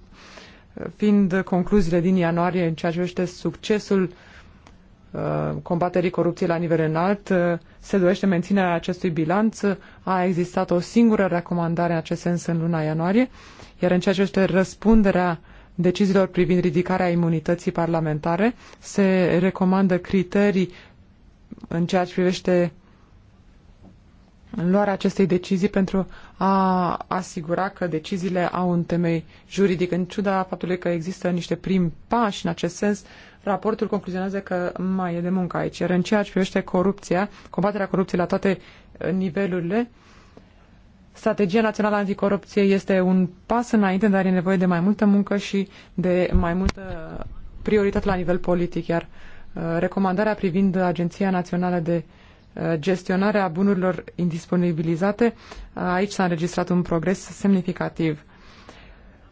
uh, fiind concluziile din ianuarie în ceea ce este succesul combaterii corupției la nivel înalt, se dorește menținerea acestui bilanț. A existat o singură recomandare în acest sens în luna ianuarie, iar în ceea ce este răspunderea uh, deciziilor privind ridicarea imunității parlamentare se recomandă criterii în ceea ce privește luarea acestei decizii pentru a asigura că deciziile au un temei juridic. În ciuda faptului că există niște prim pași în acest sens, raportul concluzionează că mai e de muncă aici. Iar în ceea ce privește corupția, combaterea corupției la toate nivelurile, uh, Strategia Națională Anticorupție este un pas înainte, dar e nevoie de mai multă muncă și de mai multă prioritate la nivel politic, iar uh, recomandarea privind Agenția Națională de uh, Gestionare a Bunurilor Indisponibilizate, uh, aici s-a înregistrat un progres semnificativ.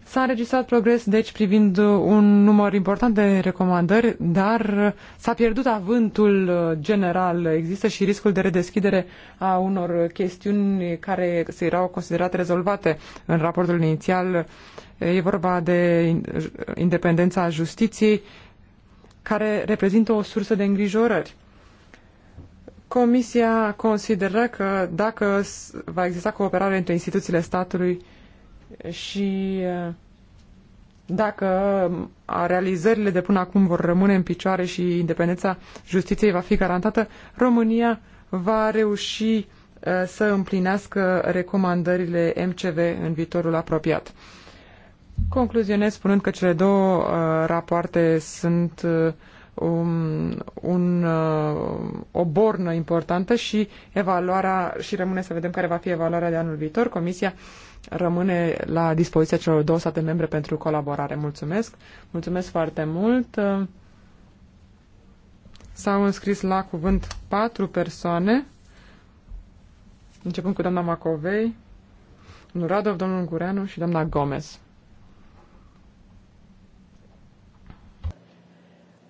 S-a înregistrat progres, deci, privind uh, un număr important de recomandări, dar uh, s-a pierdut avântul uh, general. Există și riscul de redeschidere a unor chestiuni care se erau considerate rezolvate în raportul inițial. E vorba de independența justiției, care reprezintă o sursă de îngrijorări. Comisia consideră că dacă va exista cooperare între instituțiile statului, și uh, dacă um, realizările de până acum vor rămâne în picioare și independența justiției va fi garantată, România va reuși uh, să împlinească recomandările MCV în viitorul apropiat. Concluzionez spunând că cele două uh, rapoarte sunt um, un, un, o bornă importantă și evaluarea, și rămâne să vedem care va fi evaluarea de anul viitor. Comisia uh, rămâne la dispoziția celor două state membre pentru colaborare. Mulțumesc! Mulțumesc foarte mult! S-au înscris la cuvânt patru persoane, începând cu doamna Macovei, domnul Radov, domnul Gureanu și doamna Gomez.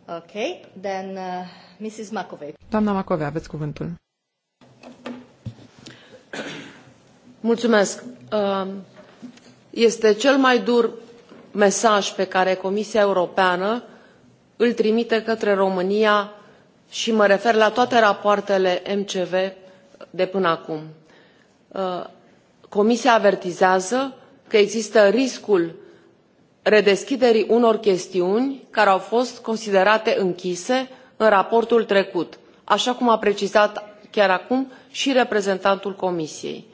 Ok, then uh, Mrs. Macovei. Doamna Macovei, aveți cuvântul. Mulțumesc Um, este cel mai dur mesaj pe care comisia europeană îl trimite către românia și mă refer la toate rapoartele mcv de până acum. Uh, comisia avertizează că există riscul redeschiderii unor chestiuni care au fost considerate închise în raportul trecut așa cum a precizat chiar acum și reprezentantul comisiei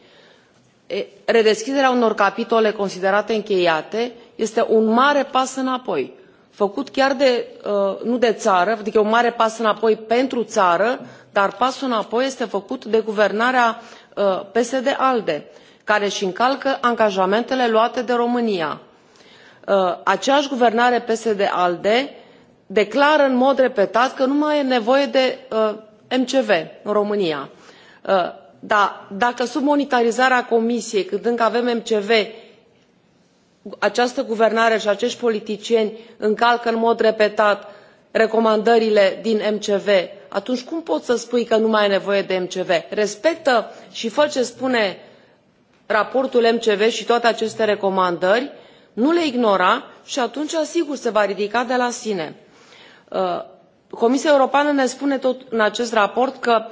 redeschiderea unor capitole considerate încheiate este un mare pas înapoi făcut chiar de uh, nu de țară adică e un mare pas înapoi pentru țară dar pasul înapoi este făcut de guvernarea uh, psd alde care își încalcă angajamentele luate de românia. Uh, aceeași guvernare psd alde declară în mod repetat că nu mai e nevoie de mcv în românia dar dacă sub monitorizarea comisiei când încă avem mcv această guvernare și acești politicieni încalcă în mod repetat recomandările din mcv atunci cum poți să spui că nu mai e nevoie de mcv? respectă și fă ce spune raportul mcv și toate aceste recomandări nu le ignora și atunci sigur se va ridica de la sine. Uh, comisia europeană ne spune tot în acest raport că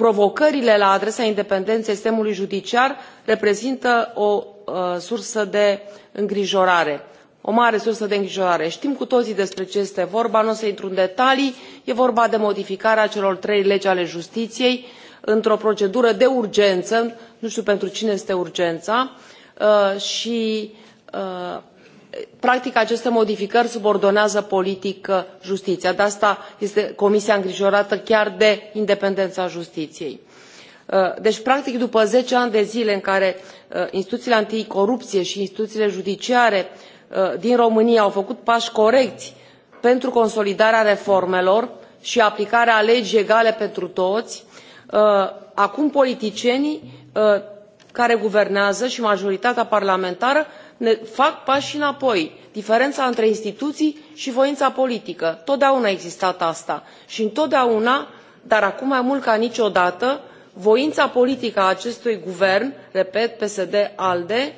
provocările la adresa independenței sistemului judiciar reprezintă o uh, sursă de îngrijorare o mare sursă de îngrijorare. știm cu toții despre ce este vorba nu o să intru în detalii e vorba de modificarea celor trei legi ale justiției într o procedură de urgență nu știu pentru cine este urgența uh, și uh, practic aceste modificări subordonează politic uh, justiția de asta este comisia îngrijorată chiar de independența justiției. Uh, deci practic după zece ani de zile în care uh, instituțiile anticorupție și instituțiile judiciare din românia au făcut pași corecți pentru consolidarea reformelor și aplicarea legii egale pentru toți acum politicienii care guvernează și majoritatea parlamentară ne fac pași înapoi diferența între instituții și voința politică totdeauna a existat asta și întotdeauna dar acum mai mult ca niciodată voința politică a acestui guvern repet psd alde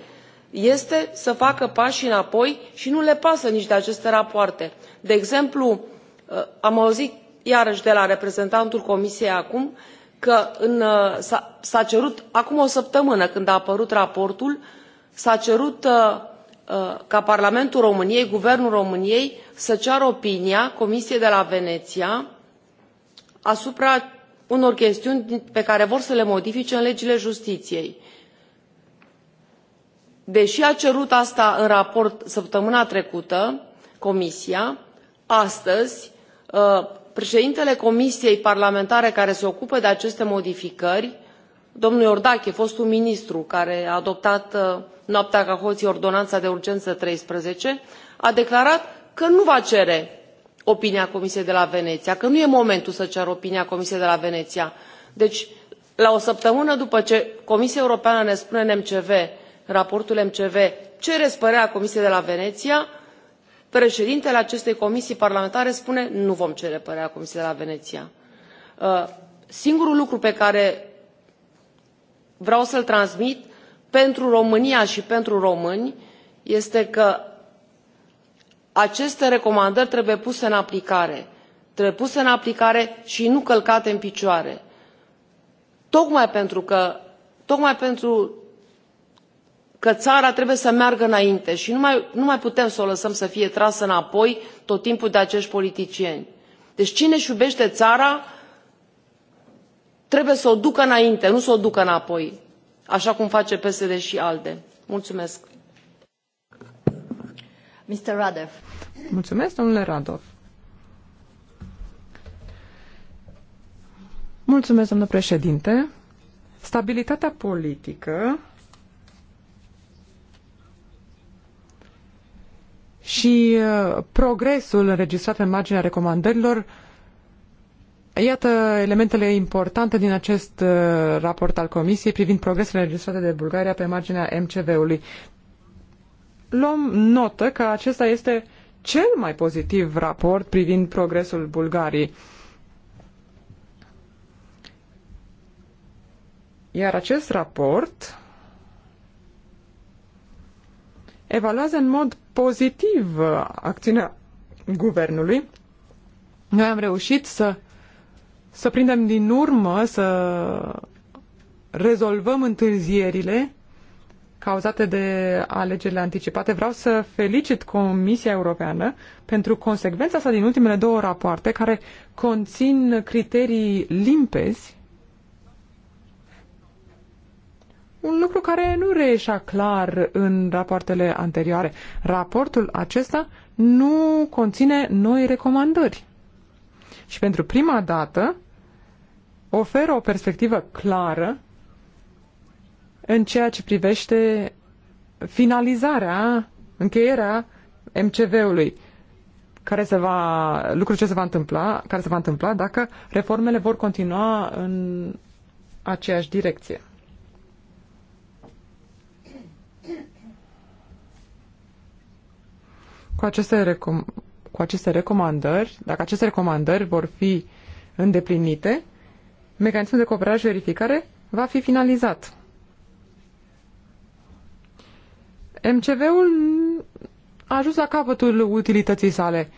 este să facă pași înapoi și nu le pasă nici de aceste rapoarte. de exemplu uh, am auzit iarăși de la reprezentantul comisiei acum că uh, s a cerut acum o săptămână când a apărut raportul s a cerut uh, uh, ca parlamentul româniei guvernul româniei să ceară opinia comisiei de la veneția asupra unor chestiuni pe care vor să le modifice în legile justiției. deși a cerut asta în raport săptămâna trecută comisia astăzi uh, președintele comisiei parlamentare care se ocupă de aceste modificări domnul iordache fostul ministru care a adoptat uh, noaptea ca hoții ordonanța de urgență treisprezece a declarat că nu va cere opinia comisiei de la veneția că nu e momentul să ceară opinia comisiei de la veneția. deci la o săptămână după ce comisia europeană ne spune în mcv în raportul mcv cereți părerea comisiei de la veneția președintele acestei comisii parlamentare spune nu vom cere părerea comisiei de la veneția. Uh, singurul lucru pe care vreau să l transmit pentru românia și pentru români este că aceste recomandări trebuie puse în aplicare trebuie puse în aplicare și nu călcate în picioare tocmai pentru că tocmai pentru că țara trebuie să meargă înainte și nu mai, nu mai putem să o lăsăm să fie trasă înapoi tot timpul de acești politicieni. deci cine își iubește țara trebuie să o ducă înainte nu să o ducă înapoi așa cum face psd și alde. mulțumesc. Mr. Radev. Mulțumesc, domnule Radov. Mulțumesc, domnule președinte. Stabilitatea politică și uh, progresul înregistrat pe marginea recomandărilor Iată elementele importante din acest uh, raport al Comisiei privind progresele înregistrate de Bulgaria pe marginea MCV-ului. Luăm notă că acesta este cel mai pozitiv raport privind progresul Bulgariei. Iar acest raport evaluează în mod pozitiv acțiunea guvernului. Noi am reușit să să prindem din urmă, să rezolvăm întârzierile cauzate de alegerile anticipate. Vreau să felicit Comisia Europeană pentru consecvența sa din ultimele două rapoarte care conțin criterii limpezi un lucru care nu reieșea clar în rapoartele anterioare. Raportul acesta nu conține noi recomandări și pentru prima dată oferă o perspectivă clară în ceea ce privește finalizarea, încheierea MCV-ului care se va, lucru ce se va întâmpla, care se va întâmpla dacă reformele vor continua în aceeași direcție. Cu aceste recom- cu aceste recomandări, dacă aceste recomandări vor fi îndeplinite, mecanismul de cooperare și verificare va fi finalizat. MCV-ul a ajuns la capătul utilității sale,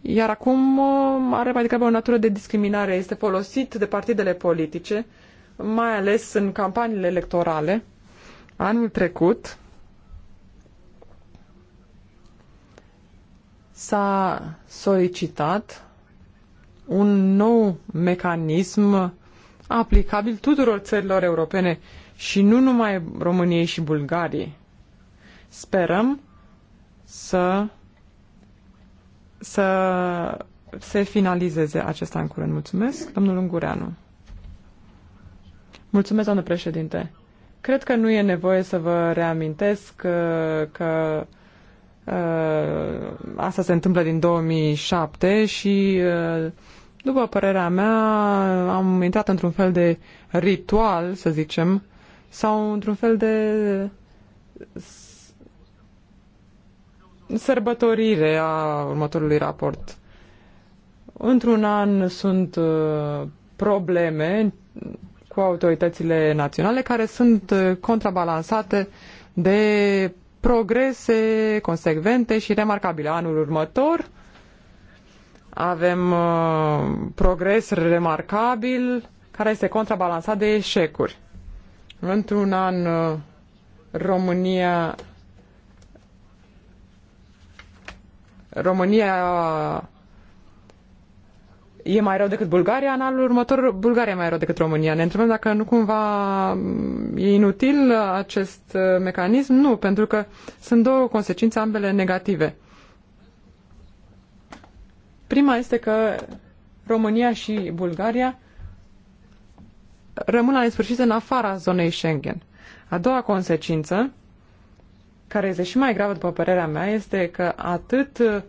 iar acum uh, are mai degrabă o natură de discriminare. Este folosit de partidele politice, mai ales în campaniile electorale. Anul trecut, s-a solicitat un nou mecanism aplicabil tuturor țărilor europene și nu numai României și Bulgariei. Sperăm să, să se finalizeze acesta în curând. Mulțumesc, domnul Ungureanu. Mulțumesc, doamnă președinte. Cred că nu e nevoie să vă reamintesc uh, că, că Uh, asta se întâmplă din 2007 și, uh, după părerea mea, am intrat într-un fel de ritual, să zicem, sau într-un fel de sărbătorire a următorului raport. Într-un an sunt uh, probleme cu autoritățile naționale care sunt contrabalansate de progrese consecvente și remarcabile. Anul următor avem uh, progres remarcabil care este contrabalansat de eșecuri. Într-un an uh, România România e mai rău decât Bulgaria, în anul următor Bulgaria e mai rău decât România. Ne întrebăm dacă nu cumva mm, e inutil uh, acest uh, mecanism. Nu, pentru că sunt două consecințe, ambele negative. Prima este că România și Bulgaria rămân la nesfârșit în afara zonei Schengen. A doua consecință, care este și mai gravă după părerea mea, este că atât uh,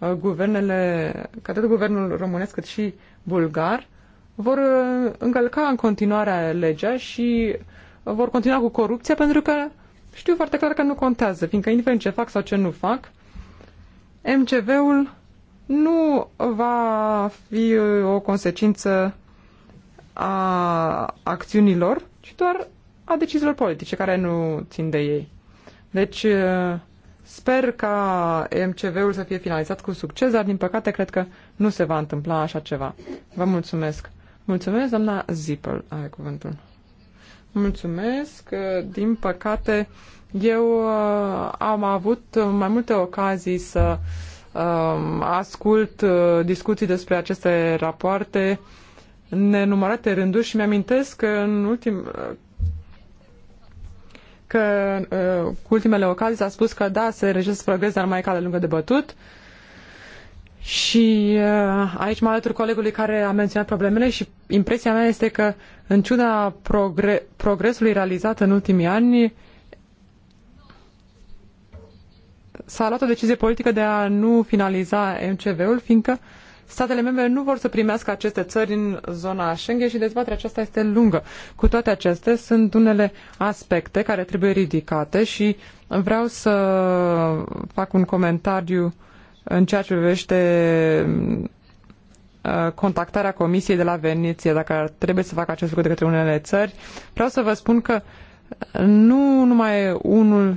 Uh, guvernele, că atât guvernul românesc cât și bulgar, vor uh, încălca în continuare legea și uh, vor continua cu corupția pentru că știu foarte clar că nu contează, fiindcă indiferent ce fac sau ce nu fac, MCV-ul nu va fi o consecință a acțiunilor, ci doar a deciziilor politice care nu țin de ei. Deci, Sper ca MCV-ul să fie finalizat cu succes, dar din păcate cred că nu se va întâmpla așa ceva. Vă mulțumesc. Mulțumesc, doamna Zipel are cuvântul. Mulțumesc. Din păcate, eu uh, am avut mai multe ocazii să um, ascult uh, discuții despre aceste rapoarte nenumărate rânduri și mi-amintesc că în ultim, că uh, cu ultimele ocazii s-a spus că da, se registrează progres, dar mai e cale lungă de bătut. Și uh, aici mă alătur colegului care a menționat problemele și impresia mea este că, în ciuda progre- progresului realizat în ultimii ani, s-a luat o decizie politică de a nu finaliza MCV-ul, fiindcă uh, statele membre nu vor să primească aceste țări în zona Schengen și dezbaterea aceasta este lungă. Cu toate acestea, sunt unele aspecte care trebuie ridicate și vreau să fac un comentariu în ceea ce privește uh, contactarea Comisiei de la Veneția, dacă trebuie să facă acest lucru de către unele țări. Vreau să vă spun că nu numai unul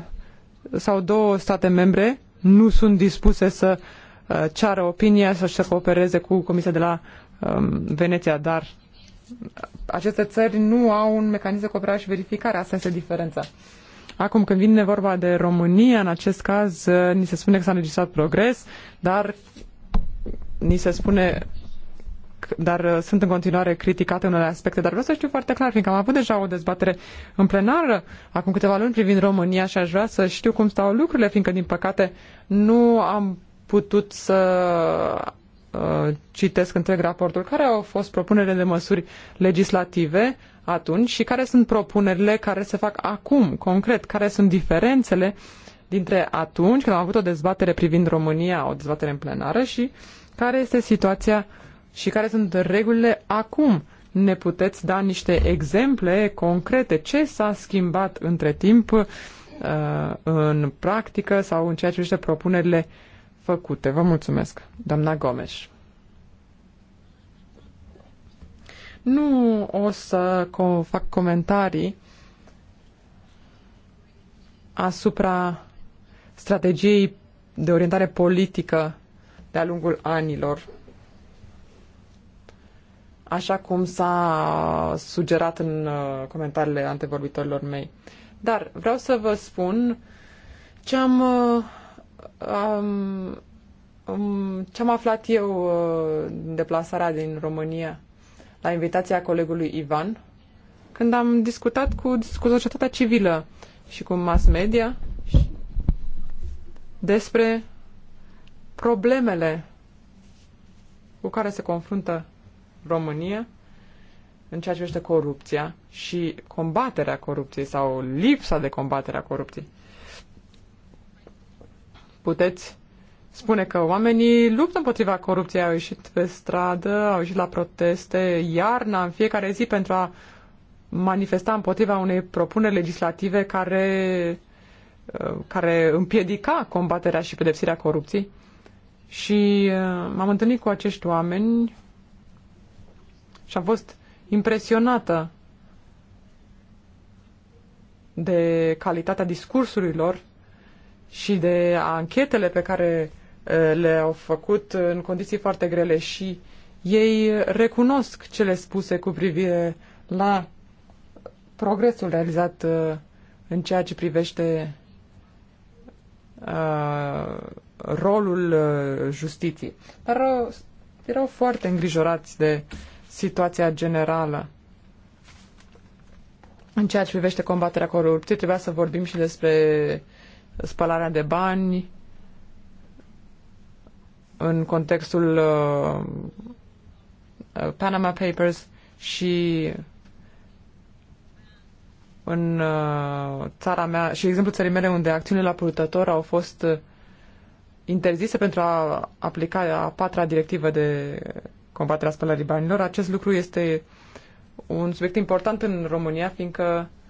sau două state membre nu sunt dispuse să uh, Uh, ceară opinia, să se coopereze cu Comisia de la um, Veneția, dar aceste țări nu au un mecanism de cooperare și verificare, asta este diferența. Acum, când vine vorba de România, în acest caz, uh, ni se spune că s-a înregistrat progres, dar ni se spune dar uh, sunt în continuare criticate unele aspecte, dar vreau să știu foarte clar, fiindcă am avut deja o dezbatere în plenară acum câteva luni privind România și aș vrea să știu cum stau lucrurile, fiindcă, din păcate, nu am putut să uh, citesc întreg raportul, care au fost propunerile de măsuri legislative atunci și care sunt propunerile care se fac acum, concret, care sunt diferențele dintre atunci când am avut o dezbatere privind România, o dezbatere în plenară și care este situația și care sunt regulile acum. Ne puteți da niște exemple concrete ce s-a schimbat între timp uh, în practică sau în ceea ce privește propunerile uh, făcute. Vă mulțumesc, doamna Gomes. Nu o să fac comentarii asupra strategiei de orientare politică de-a lungul anilor, așa cum s-a sugerat în uh, comentariile antevorbitorilor mei. Dar vreau să vă spun ce am uh, Um, um, ce-am aflat eu în uh, deplasarea din România la invitația colegului Ivan, când am discutat cu, cu societatea civilă și cu mass media despre problemele cu care se confruntă România în ceea ce privește corupția și combaterea corupției sau lipsa de combaterea corupției puteți spune că oamenii luptă împotriva corupției, au ieșit pe stradă, au ieșit la proteste iarna, în fiecare zi, pentru a manifesta împotriva unei propuneri legislative care, uh, care împiedica combaterea și pedepsirea corupției. Și uh, m-am întâlnit cu acești oameni și am fost impresionată de calitatea discursurilor și de anchetele pe care le-au făcut în condiții foarte grele și ei recunosc cele spuse cu privire la progresul realizat în ceea ce privește rolul justiției. Dar erau foarte îngrijorați de situația generală în ceea ce privește combaterea corupției. Trebuia să vorbim și despre spălarea de bani în contextul uh, uh, Panama Papers și în uh, țara mea și exemplu țării mele unde acțiunile la purtător au fost uh, interzise pentru a aplica a patra directivă de combaterea spălării banilor. Acest lucru este un subiect important în România, fiindcă uh,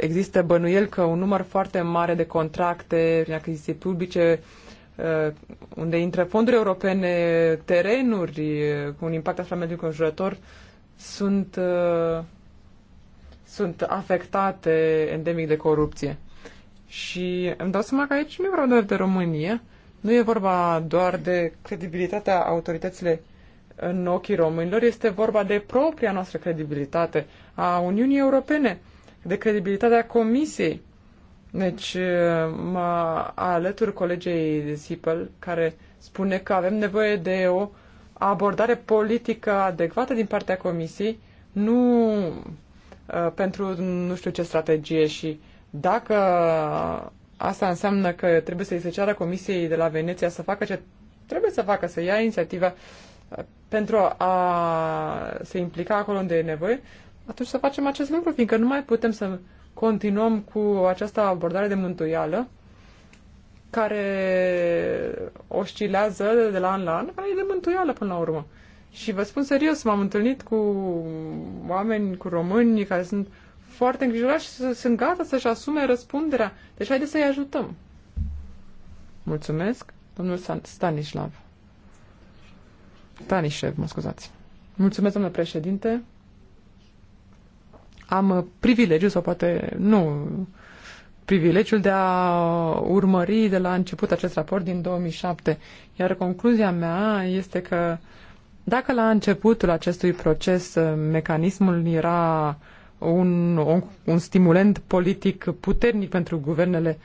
există bănuiel că un număr foarte mare de contracte prin achiziții publice uh, unde intră fonduri europene, terenuri uh, cu un impact asupra mediului conjurător, sunt, uh, sunt afectate endemic de corupție. Și îmi dau seama că aici nu e vorba doar de România, nu e vorba doar de credibilitatea autorităților în ochii românilor, este vorba de propria noastră credibilitate a Uniunii Europene de credibilitatea comisiei. Deci uh, mă alătur colegei Sipel, care spune că avem nevoie de o abordare politică adecvată din partea comisiei, nu uh, pentru nu știu ce strategie și dacă asta înseamnă că trebuie să-i se ceară comisiei de la Veneția să facă ce trebuie să facă, să ia inițiativa uh, pentru a se implica acolo unde e nevoie, atunci să facem acest lucru, fiindcă nu mai putem să continuăm cu această abordare de mântuială care oscilează de la an la an, care e de mântuială până la urmă. Și vă spun serios, m-am întâlnit cu oameni, cu români care sunt foarte îngrijorați și sunt gata să-și asume răspunderea. Deci haideți să-i ajutăm. Mulțumesc, domnul Stanislav. Stanishev, mă scuzați. Mulțumesc, domnule președinte am privilegiu sau poate nu privilegiul de a urmări de la început acest raport din 2007. Iar concluzia mea este că dacă la începutul acestui proces mecanismul era un, un, un stimulent politic puternic pentru guvernele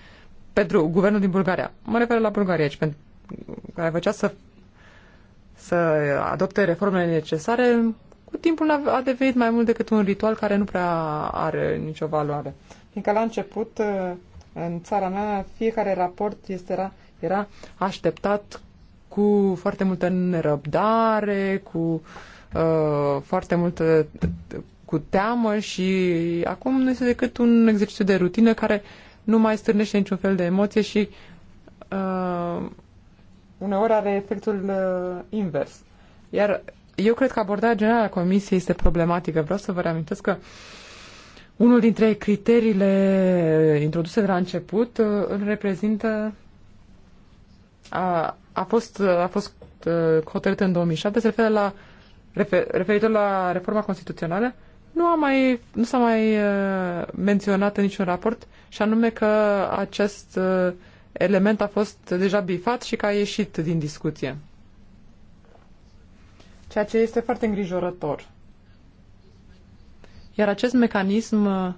pentru guvernul din Bulgaria. Mă refer la Bulgaria aici, pentru care făcea să, să adopte reformele necesare cu timpul a devenit mai mult decât un ritual care nu prea are nicio valoare. Fiindcă la început, uh, în țara mea, fiecare raport este, era, era așteptat cu foarte multă nerăbdare, cu uh, foarte multă cu teamă și acum nu este decât un exercițiu de rutină care nu mai stârnește niciun fel de emoție și uh, uneori are efectul uh, invers. Iar eu cred că abordarea generală a Comisiei este problematică. Vreau să vă reamintesc că unul dintre criteriile introduse de la început uh, îl reprezintă a, a fost, uh, a fost uh, hotărât în 2007, se referă la refer, referitor la reforma constituțională, nu, a mai, nu s-a mai menționat în niciun raport și anume că acest element a fost deja bifat și că a ieșit din discuție ceea ce este foarte îngrijorător. Iar acest mecanism uh,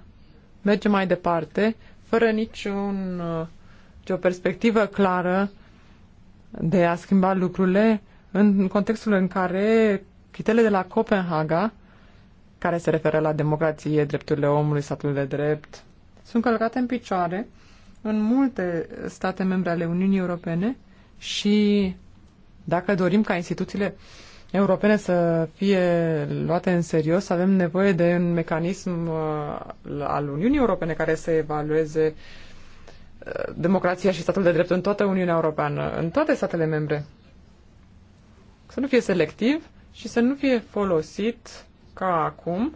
merge mai departe, fără niciun, uh, nicio perspectivă clară de a schimba lucrurile în contextul în care chitele de la Copenhaga, care se referă la democrație, drepturile omului, statul de drept, sunt călcate în picioare în multe state membre ale Uniunii Europene și dacă dorim ca instituțiile europene să fie luate în serios, avem nevoie de un mecanism uh, al Uniunii Europene care să evalueze uh, democrația și statul de drept în toată Uniunea Europeană, în toate statele membre. Să nu fie selectiv și să nu fie folosit ca acum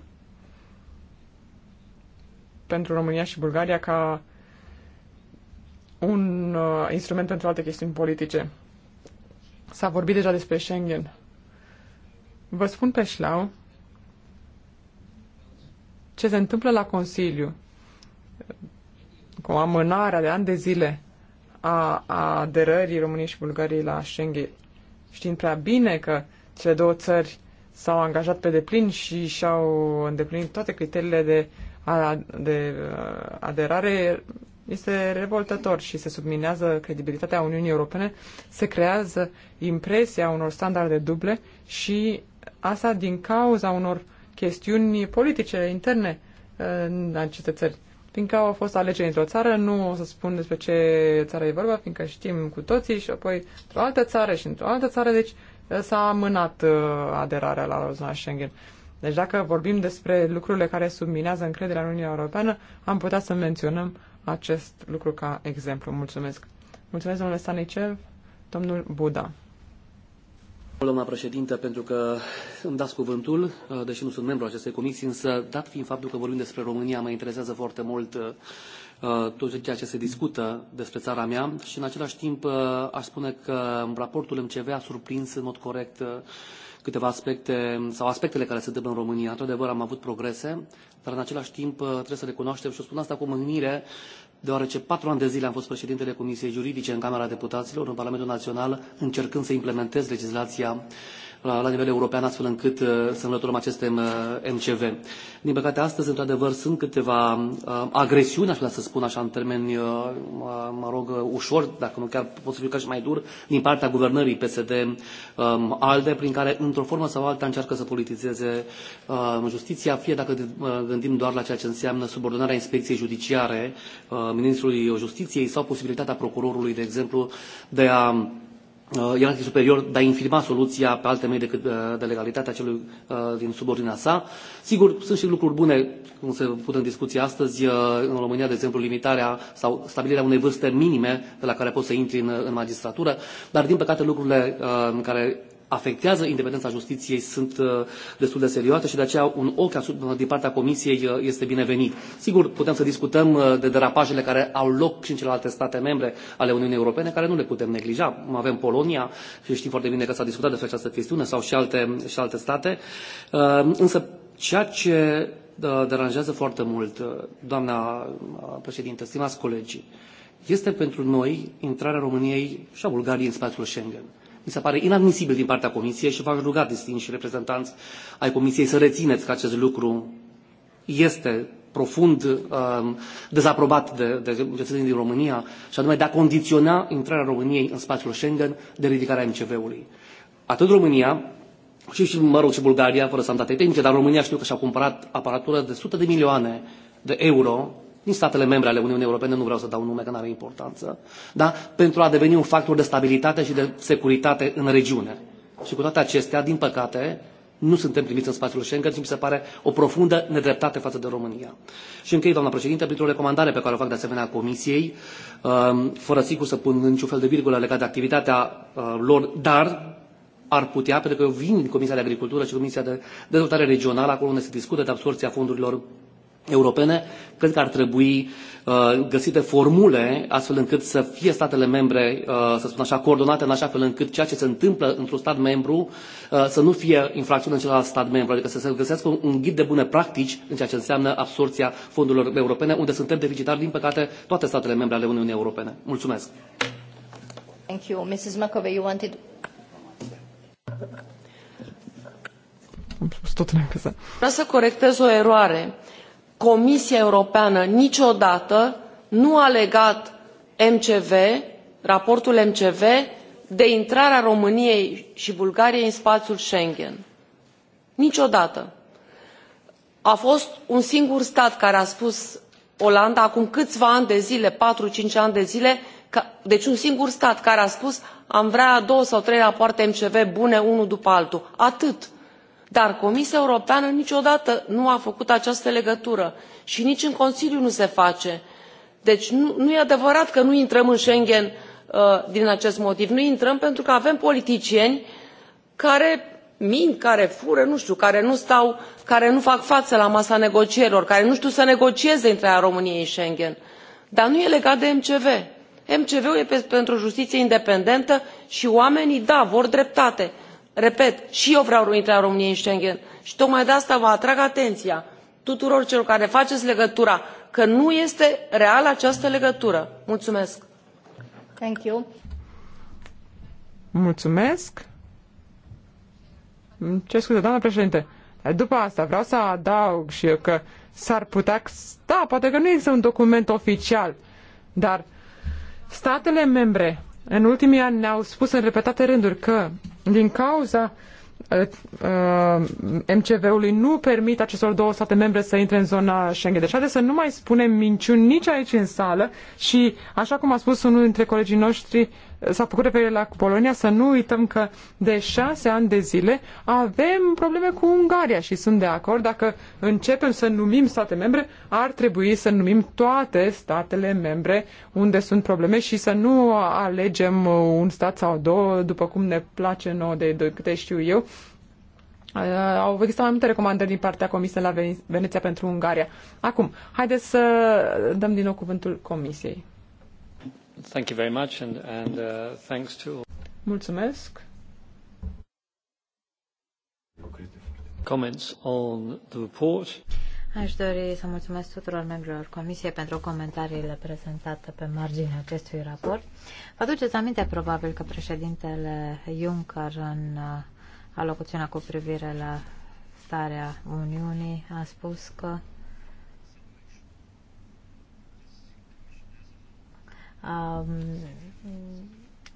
pentru România și Bulgaria ca un uh, instrument pentru alte chestiuni politice. S-a vorbit deja despre Schengen. Vă spun pe șlau ce se întâmplă la Consiliu cu amânarea de ani de zile a, a aderării României și Bulgariei la Schengen. Știind prea bine că cele două țări s-au angajat pe deplin și și-au îndeplinit toate criteriile de, a, de a uh, aderare, este revoltător și se subminează credibilitatea Uniunii Europene, se creează impresia unor standarde duble și asta din cauza unor chestiuni politice interne uh, în aceste țări. Fiindcă au fost alegeri într-o țară, nu o să spun despre ce țară e vorba, fiindcă știm cu toții și apoi într-o altă țară și într-o altă țară, deci uh, s-a amânat uh, aderarea la zona Schengen. Deci dacă vorbim despre lucrurile care subminează încrederea în Uniunea Europeană, am putea să menționăm acest lucru ca exemplu. Mulțumesc. Mulțumesc, domnule Stanicev, domnul Buda. Doamna președintă, pentru că îmi dați cuvântul, uh, deși nu sunt membru acestei comisii, însă dat fiind faptul că vorbim despre România, mă interesează foarte mult uh, uh, tot ceea ce se discută despre țara mea și în același timp aș spune că raportul MCV a surprins în mod corect câteva aspecte sau aspectele care se întâmplă în România. Într-adevăr, am avut progrese, dar în același timp trebuie să recunoaștem și o spun asta cu mâhnire deoarece patru ani de zile am fost președintele Comisiei Juridice în Camera Deputaților, în Parlamentul Național, încercând să implementez legislația uh, la, la nivel european, astfel încât uh, să înlăturăm aceste MCV. Uh, din păcate, astăzi, într-adevăr, sunt câteva uh, agresiuni, aș vrea să spun așa, în termeni, mă rog, ușor, dacă nu chiar pot să fiu ca și mai dur, din partea guvernării PSD-ALDE, um, prin care, într-o formă sau alta, încearcă să politizeze um, justiția, fie dacă gândim doar la ceea ce înseamnă subordonarea inspecției judiciare ministrului justiției sau posibilitatea procurorului, de exemplu, de a ierarhii uh, superior de a infirma soluția pe alte mei decât uh, de legalitatea celui uh, din subordinea sa. Sigur, sunt și lucruri bune, cum se put în discuție astăzi, în România, de exemplu, limitarea sau stabilirea unei vârste minime de la care poți să intri în, în magistratură, dar, din păcate, lucrurile care afectează independența justiției sunt uh, destul de serioase și de aceea un ochi asupra din partea Comisiei uh, este binevenit. Sigur, putem să discutăm uh, de derapajele care au loc și în celelalte state membre ale Uniunii Europene, care nu le putem neglija. Avem Polonia și știm foarte bine că s-a discutat despre această chestiune sau și alte, și alte state. Însă ceea ce deranjează foarte mult, doamna președintă, stimați colegi, este pentru noi intrarea României și a Bulgariei în spațiul Schengen. Mi se pare inadmisibil din partea Comisiei și v-aș ruga, distinși reprezentanți ai Comisiei, să rețineți că acest lucru este profund um, dezaprobat de, de cetățenii din România, și anume de a condiționa intrarea României în spațiul Schengen de ridicarea MCV-ului. Atât România, și, și, mă rog, și Bulgaria, fără să am date tehnice, dar România știu că și-a cumpărat aparatură de sute de milioane de euro din statele membre ale Uniunii Europene, nu vreau să dau nume, că nu are importanță, da? pentru a deveni un factor de stabilitate și de securitate în regiune. Și cu toate acestea, din păcate, nu suntem primiți în spațiul Schengen și mi se pare o profundă nedreptate față de România. Și închei, doamna președinte, printr-o recomandare pe care o fac de asemenea Comisiei, um, fără sigur să pun niciun fel de virgulă legat de activitatea uh, lor, dar ar putea, pentru că eu vin din Comisia de Agricultură și Comisia de Dezvoltare Regională, acolo unde se discută de absorția fondurilor europene, cred că ar trebui uh, găsite formule astfel încât să fie statele membre, uh, să spun așa, coordonate în așa fel încât ceea ce se întâmplă într-un stat membru uh, să nu fie infracțiune în celălalt stat membru, adică să se găsească un ghid de bune practici în ceea ce înseamnă absorția fondurilor europene, unde suntem deficitari, din păcate, toate statele membre ale Uniunii Europene. Mulțumesc! Thank you. Mrs. McAvey, you wanted... Vreau să corectez o eroare comisia europeană niciodată nu a legat mcv raportul mcv de intrarea româniei și bulgariei în spațiul schengen niciodată. a fost un singur stat care a spus olanda acum câțiva ani de zile patru cinci ani de zile deci un singur stat care a spus am vrea două sau trei rapoarte mcv bune unul după altul atât dar comisia europeană niciodată nu a făcut această legătură și nici în consiliu nu se face deci nu, e adevărat că nu intrăm în schengen uh, din acest motiv nu intrăm pentru că avem politicieni care mint care fură nu știu care nu stau care nu fac față la masa negocierilor care nu știu să negocieze intrarea româniei în schengen dar nu e legat de mcv mcv ul e pentru justiție independentă și oamenii da vor dreptate repet și eu vreau intrarea româniei în schengen și tocmai de asta vă atrag atenția tuturor celor care faceți legătura că nu este reală această legătură. mulțumesc. Thank you. Mulțumesc. Ce scuze, doamnă președinte. După asta vreau să adaug și eu că s-ar putea... Da, poate că nu există un document oficial, dar statele membre în ultimii ani ne-au spus în repetate rânduri că din cauza uh, uh, MCV-ului nu permit acestor două state membre să intre în zona Schengen. Deci haideți să nu mai spunem minciuni nici aici în sală și, așa cum a spus unul dintre colegii noștri, s-a făcut referire la Polonia, să nu uităm că de șase ani de zile avem probleme cu Ungaria și sunt de acord. Dacă începem să numim state membre, ar trebui să numim toate statele membre unde sunt probleme și să nu alegem un stat sau două după cum ne place nouă de, de câte știu eu. Uh, au existat mai multe recomandări din partea Comisiei la Veneția pentru Ungaria. Acum, haideți să dăm din nou cuvântul Comisiei. Thank you very much and, and uh, thanks to... Mulțumesc. Comments on the report. Aș dori să mulțumesc tuturor membrilor Comisiei pentru comentariile prezentate pe marginea acestui raport. Vă aduceți aminte probabil că președintele Juncker în uh, alocuțiunea cu privire la starea Uniunii a spus că Um,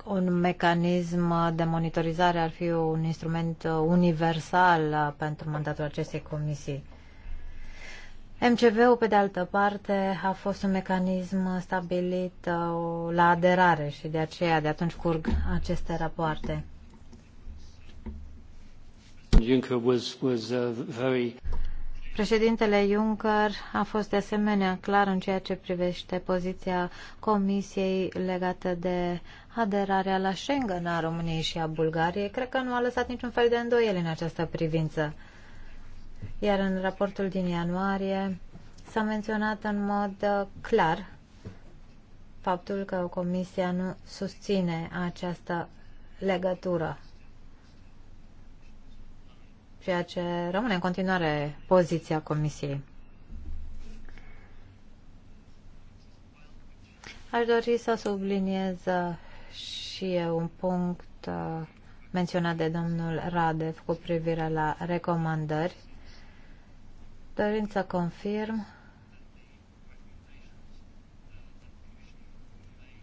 un mecanism de monitorizare ar fi un instrument universal pentru mandatul acestei comisii. MCV-ul, pe de altă parte, a fost un mecanism stabilit uh, la aderare și de aceea de atunci curg aceste rapoarte. Juncker was, was, uh, very... Președintele Juncker a fost de asemenea clar în ceea ce privește poziția Comisiei legată de aderarea la Schengen a României și a Bulgariei. Cred că nu a lăsat niciun fel de îndoieli în această privință. Iar în raportul din ianuarie s-a menționat în mod uh, clar faptul că Comisia nu susține această legătură ceea ce rămâne în continuare poziția Comisiei. Aș dori să subliniez și eu un punct uh, menționat de domnul Radev cu privire la recomandări. Dorind să confirm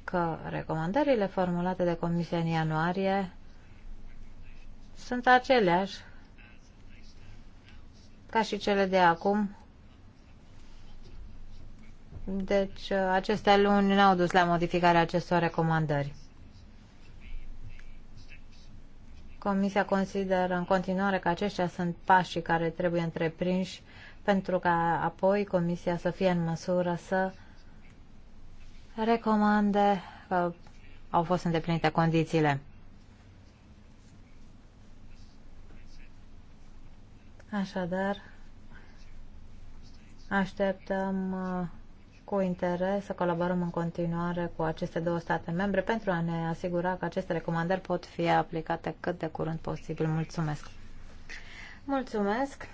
că recomandările formulate de Comisia în ianuarie sunt aceleași ca și cele de acum. Deci, uh, aceste luni n-au dus la modificarea acestor recomandări. Comisia consideră în continuare că aceștia sunt pașii care trebuie întreprinși pentru ca apoi Comisia să fie în măsură să recomande că au fost îndeplinite condițiile. Așadar, așteptăm uh, cu interes să colaborăm în continuare cu aceste două state membre pentru a ne asigura că aceste recomandări pot fi aplicate cât de curând posibil. Mulțumesc! Mulțumesc!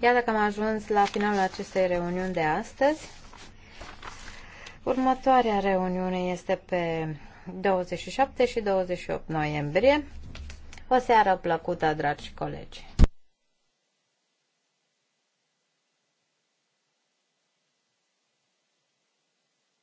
Iată că am ajuns la finalul acestei reuniuni de astăzi. Următoarea reuniune este pe 27 și 28 noiembrie. O seară plăcută, dragi colegi!